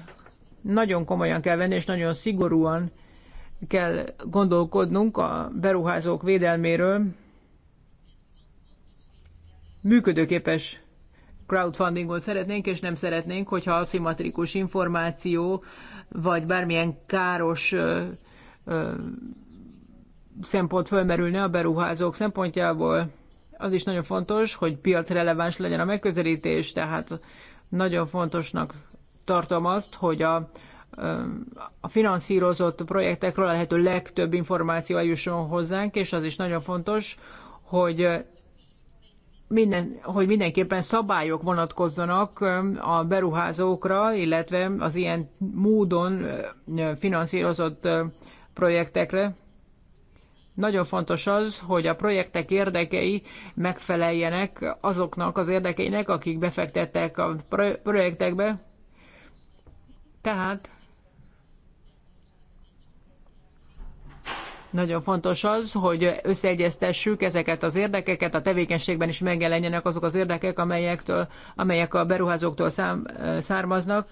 nagyon komolyan kell venni, és nagyon szigorúan kell gondolkodnunk a beruházók védelméről, működőképes crowdfundingot szeretnénk, és nem szeretnénk, hogyha aszimmetrikus információ, vagy bármilyen káros ö, ö, szempont fölmerülne a beruházók szempontjából. Az is nagyon fontos, hogy piacreleváns legyen a megközelítés, tehát nagyon fontosnak tartom azt, hogy a, a finanszírozott projektekről a lehető legtöbb információ eljusson hozzánk, és az is nagyon fontos, hogy minden, hogy mindenképpen szabályok vonatkozzanak a beruházókra, illetve az ilyen módon finanszírozott projektekre. Nagyon fontos az, hogy a projektek érdekei megfeleljenek azoknak az érdekeinek, akik befektettek a projektekbe. Tehát Nagyon fontos az, hogy összeegyeztessük ezeket az érdekeket, a tevékenységben is megjelenjenek azok az érdekek, amelyektől, amelyek a beruházóktól szám, származnak.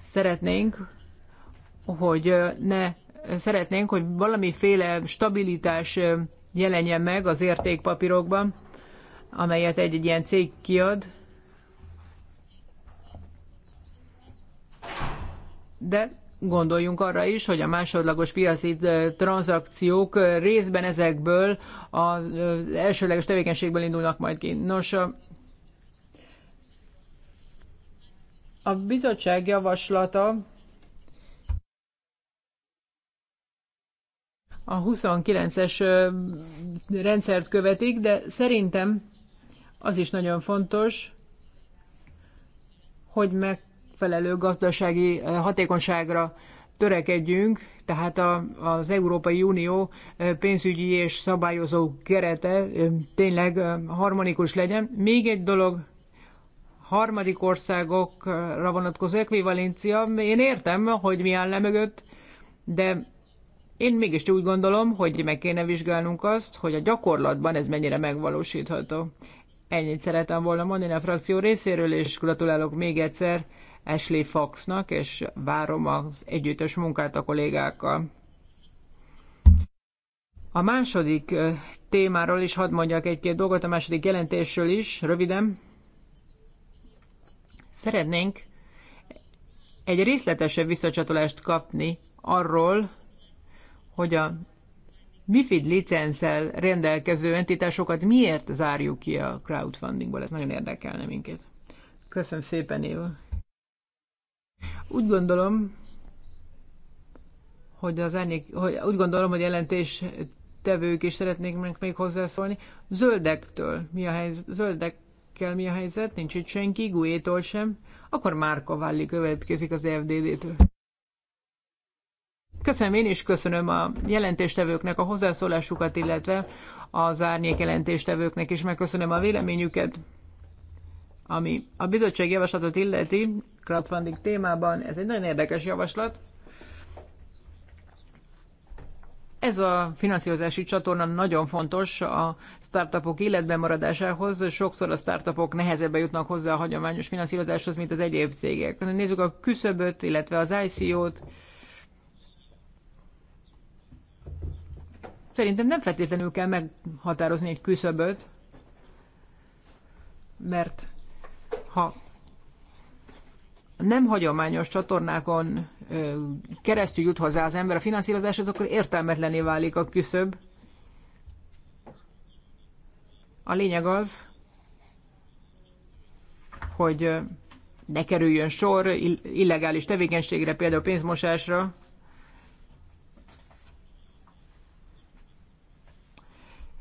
Szeretnénk, hogy ne szeretnénk, hogy valamiféle stabilitás jelenjen meg az értékpapírokban, amelyet egy, egy ilyen cég kiad. De gondoljunk arra is, hogy a másodlagos piaci tranzakciók részben ezekből az elsőleges tevékenységből indulnak majd ki. Nos, a bizottság javaslata a 29-es rendszert követik, de szerintem az is nagyon fontos, hogy meg megfelelő gazdasági eh, hatékonyságra törekedjünk, tehát a, az Európai Unió eh, pénzügyi és szabályozó kerete eh, tényleg harmonikus legyen. Még egy dolog, harmadik országokra vonatkozó ekvivalencia, én értem, hogy mi áll le mögött, de én mégis úgy gondolom, hogy meg kéne vizsgálnunk azt, hogy a gyakorlatban ez mennyire megvalósítható. Ennyit szeretem volna mondani a frakció részéről, és gratulálok még egyszer Ashley Foxnak, és várom az együttes munkát a kollégákkal. A második témáról is hadd mondjak egy-két dolgot, a második jelentésről is, röviden. Szeretnénk egy részletesebb visszacsatolást kapni arról, hogy a MIFID licenszel rendelkező entitásokat miért zárjuk ki a crowdfundingból. Ez nagyon érdekelne minket. Köszönöm szépen, Éva. Úgy gondolom, hogy az ennék, hogy úgy gondolom, hogy jelentés tevők is szeretnék még hozzászólni. Zöldektől mi a helyzet? Zöldekkel mi a helyzet? Nincs itt senki, Guétól sem. Akkor Márka Valli következik az FDD-től. Köszönöm, én is köszönöm a jelentéstevőknek a hozzászólásukat, illetve az árnyék jelentéstevőknek is megköszönöm a véleményüket. Ami a bizottság javaslatot illeti, crowdfunding témában. Ez egy nagyon érdekes javaslat. Ez a finanszírozási csatorna nagyon fontos a startupok életben maradásához. Sokszor a startupok nehezebben jutnak hozzá a hagyományos finanszírozáshoz, mint az egyéb cégek. Nézzük a küszöböt, illetve az ICO-t. Szerintem nem feltétlenül kell meghatározni egy küszöböt, mert ha nem hagyományos csatornákon keresztül jut hozzá az ember a finanszírozáshoz, akkor értelmetlené válik a küszöb. A lényeg az, hogy ne kerüljön sor illegális tevékenységre, például pénzmosásra.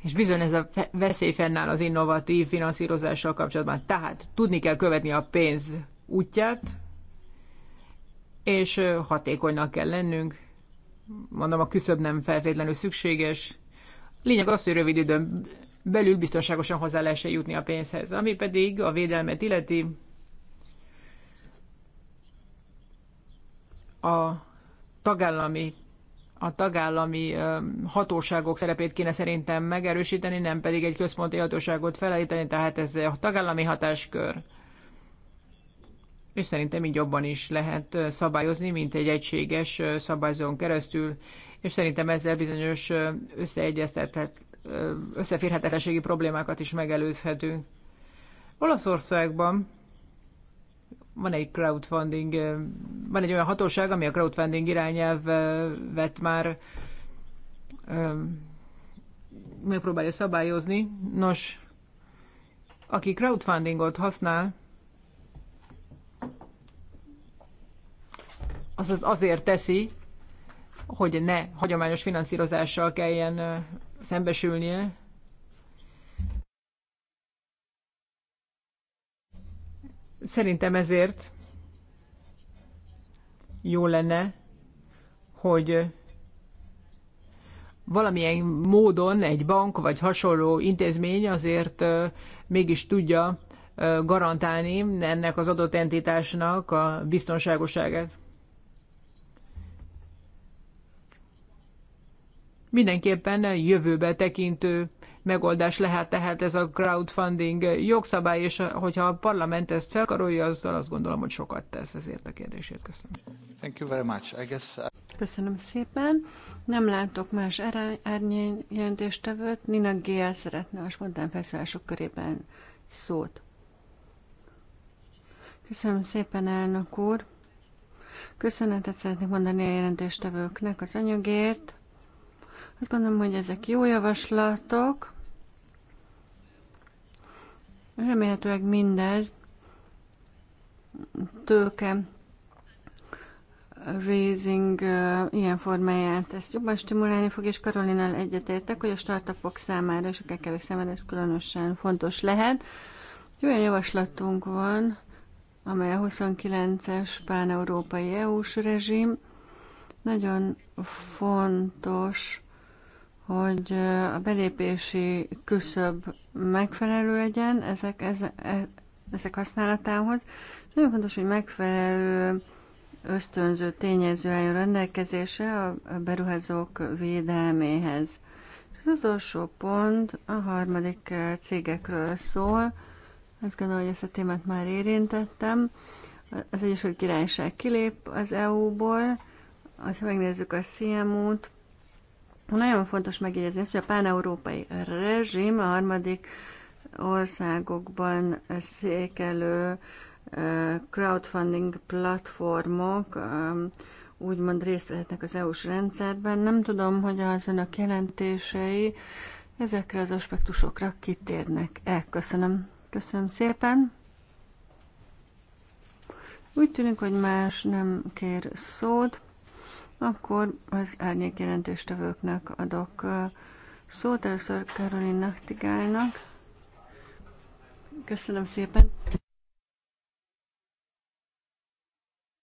És bizony ez a veszély fennáll az innovatív finanszírozással kapcsolatban. Tehát tudni kell követni a pénz útját, és hatékonynak kell lennünk. Mondom, a küszöb nem feltétlenül szükséges. Lényeg az, hogy rövid időn belül biztonságosan hozzá lehessen jutni a pénzhez. Ami pedig a védelmet illeti, a tagállami a tagállami hatóságok szerepét kéne szerintem megerősíteni, nem pedig egy központi hatóságot felállítani, tehát ez a tagállami hatáskör és szerintem így jobban is lehet szabályozni, mint egy egységes szabályzón keresztül, és szerintem ezzel bizonyos összeegyeztetett, összeférhetetlenségi problémákat is megelőzhetünk. Olaszországban van egy crowdfunding, van egy olyan hatóság, ami a crowdfunding irányelvet már megpróbálja szabályozni. Nos, aki crowdfundingot használ, azaz azért teszi, hogy ne hagyományos finanszírozással kelljen szembesülnie. Szerintem ezért jó lenne, hogy valamilyen módon egy bank vagy hasonló intézmény azért mégis tudja garantálni ennek az adott entitásnak a biztonságosságát. mindenképpen jövőbe tekintő megoldás lehet tehát ez a crowdfunding jogszabály, és hogyha a parlament ezt felkarolja, azzal azt gondolom, hogy sokat tesz ezért a kérdésért. Köszönöm. Thank you very much. I guess... Uh, Köszönöm szépen. Nem látok más árnyény jelentéstevőt. Nina Gél szeretne a spontán felszólások körében szót. Köszönöm szépen, elnök úr. Köszönetet szeretnék mondani a jelentéstevőknek az anyagért. Azt gondolom, hogy ezek jó javaslatok. Remélhetőleg mindez tőke raising uh, ilyen formáját ezt jobban stimulálni fog, és Karolinál egyetértek, hogy a startupok számára és a kekevek számára ez különösen fontos lehet. Egy olyan javaslatunk van, amely a 29-es pán-európai EU-s rezsim. Nagyon fontos hogy a belépési küszöb megfelelő legyen ezek, ezek ezek használatához. Nagyon fontos, hogy megfelelő ösztönző tényező álljon rendelkezésre a beruházók védelméhez. Az utolsó pont a harmadik cégekről szól. Azt gondolom, hogy ezt a témát már érintettem. Az Egyesült Királyság kilép az EU-ból. Ha megnézzük a CMU-t, nagyon fontos megjegyezni hogy a páneurópai rezsim a harmadik országokban székelő crowdfunding platformok úgymond részt vehetnek az EU-s rendszerben. Nem tudom, hogy az önök jelentései ezekre az aspektusokra kitérnek-e. Köszönöm. Köszönöm szépen. Úgy tűnik, hogy más nem kér szót. Akkor az árnyék jelentéstevőknek adok szót, először Karolin Nachtigálnak. Köszönöm szépen.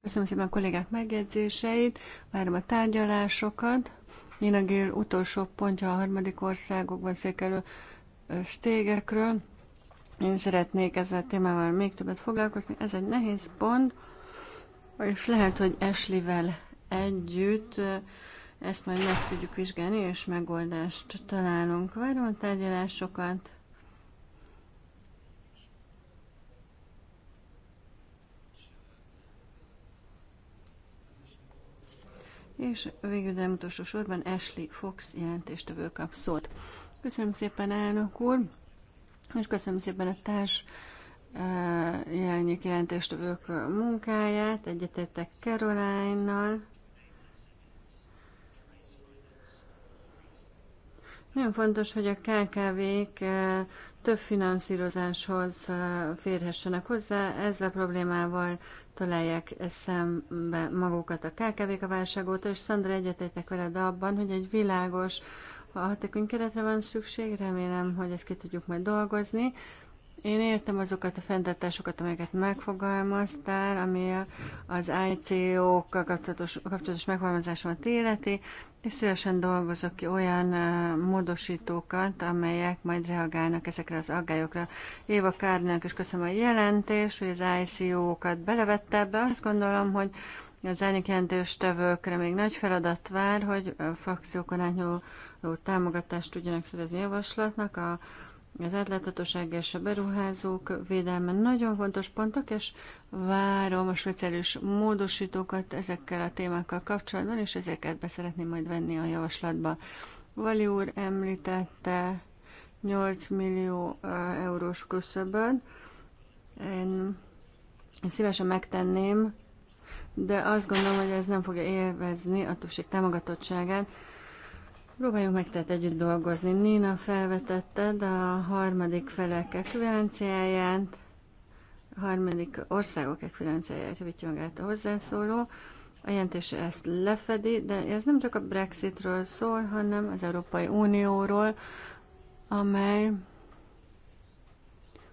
Köszönöm szépen a kollégák megjegyzéseit, várom a tárgyalásokat. a Gél utolsó pontja a harmadik országokban székelő stégekről. Én szeretnék ezzel a témával még többet foglalkozni. Ez egy nehéz pont, és lehet, hogy Eslivel együtt ezt majd meg tudjuk vizsgálni, és megoldást találunk. Várom a tárgyalásokat. És végül, de nem utolsó sorban Ashley Fox jelentéstevő kap szót. Köszönöm szépen, elnök úr, és köszönöm szépen a társ jelentőstövők munkáját, egyetértek Caroline-nal. Nagyon fontos, hogy a KKV-k eh, több finanszírozáshoz eh, férhessenek hozzá, ezzel a problémával találják szembe magukat a KKV-k a válság óta, és Szandra egyetértek veled abban, hogy egy világos, hatékony keretre van szükség, remélem, hogy ezt ki tudjuk majd dolgozni, én értem azokat a fenntartásokat, amelyeket megfogalmaztál, ami az ICO-kkal kapcsolatos, kapcsolatos megfogalmazásomat életi, és szívesen dolgozok ki olyan módosítókat, amelyek majd reagálnak ezekre az aggályokra. Éva Kárnak is köszönöm a jelentés, hogy az ICO-kat belevette ebbe. Azt gondolom, hogy az elnök tevőkre még nagy feladat vár, hogy a frakciókon átnyúló támogatást tudjanak szerezni javaslatnak. A az átláthatóság és a beruházók védelme nagyon fontos pontok, és várom a speciális módosítókat ezekkel a témákkal kapcsolatban, és ezeket be szeretném majd venni a javaslatba. Vali úr említette 8 millió eurós küszöbön. Én szívesen megtenném, de azt gondolom, hogy ez nem fogja élvezni a többség támogatottságát Próbáljunk meg tehát együtt dolgozni. Nina felvetetted a harmadik felek ekvivalenciáját, a harmadik országok ekvivalenciáját hogy magát a hozzászóló. A jelentés ezt lefedi, de ez nem csak a Brexitről szól, hanem az Európai Unióról, amely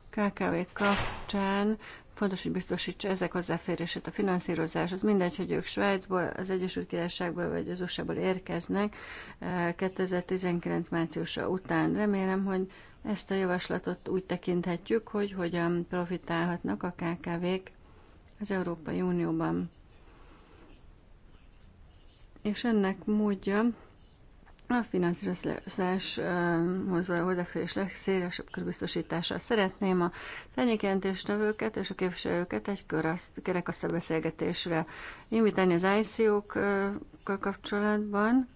KKV kapcsán Fontos, hogy biztosítsa ezek hozzáférését a finanszírozás az Mindegy, hogy ők Svájcból, az Egyesült Királyságból vagy az usa érkeznek 2019 eh, márciusa után. Remélem, hogy ezt a javaslatot úgy tekinthetjük, hogy hogyan profitálhatnak a KKV-k az Európai Unióban. És ennek módja a finanszírozáshoz való hozzáférés legszélesebb körbiztosítással szeretném a tevőket és a képviselőket egy kerekasztal beszélgetésre invitálni az ICO-kkal kapcsolatban,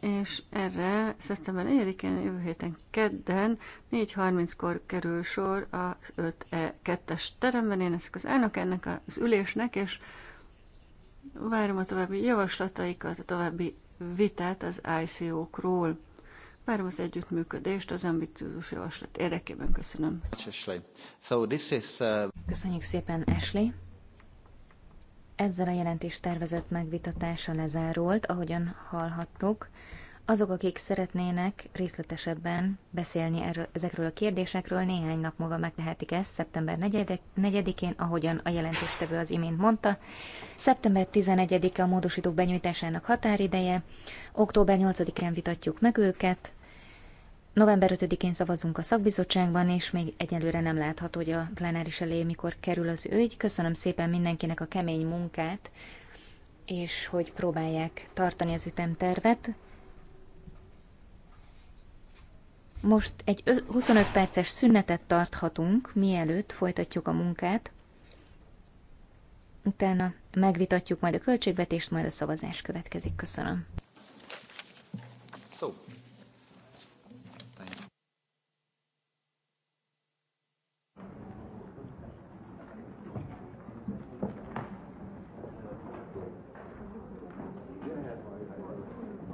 és erre szeptember 4-én, jövő héten kedden 4.30-kor kerül sor a 5E2-es teremben. Én ezek az elnök ennek az ülésnek, és várom a további javaslataikat, a további vitát az ICO-król. Várom az együttműködést az ambiciózus javaslat érdekében. Köszönöm. Uh, Köszönjük szépen, Ashley. Ezzel a jelentés tervezett megvitatása lezárult, ahogyan hallhattuk. Azok, akik szeretnének részletesebben beszélni erről, ezekről a kérdésekről, néhány nap múlva megtehetik ezt, szeptember 4-én, ahogyan a jelentéstevő az imént mondta. Szeptember 11-e a módosítók benyújtásának határideje, október 8-án vitatjuk meg őket, november 5-én szavazunk a szakbizottságban, és még egyelőre nem látható, hogy a plenáris elé mikor kerül az ügy. Köszönöm szépen mindenkinek a kemény munkát, és hogy próbálják tartani az ütemtervet. Most egy 25 perces szünetet tarthatunk, mielőtt folytatjuk a munkát. Utána megvitatjuk majd a költségvetést, majd a szavazás következik. Köszönöm. So.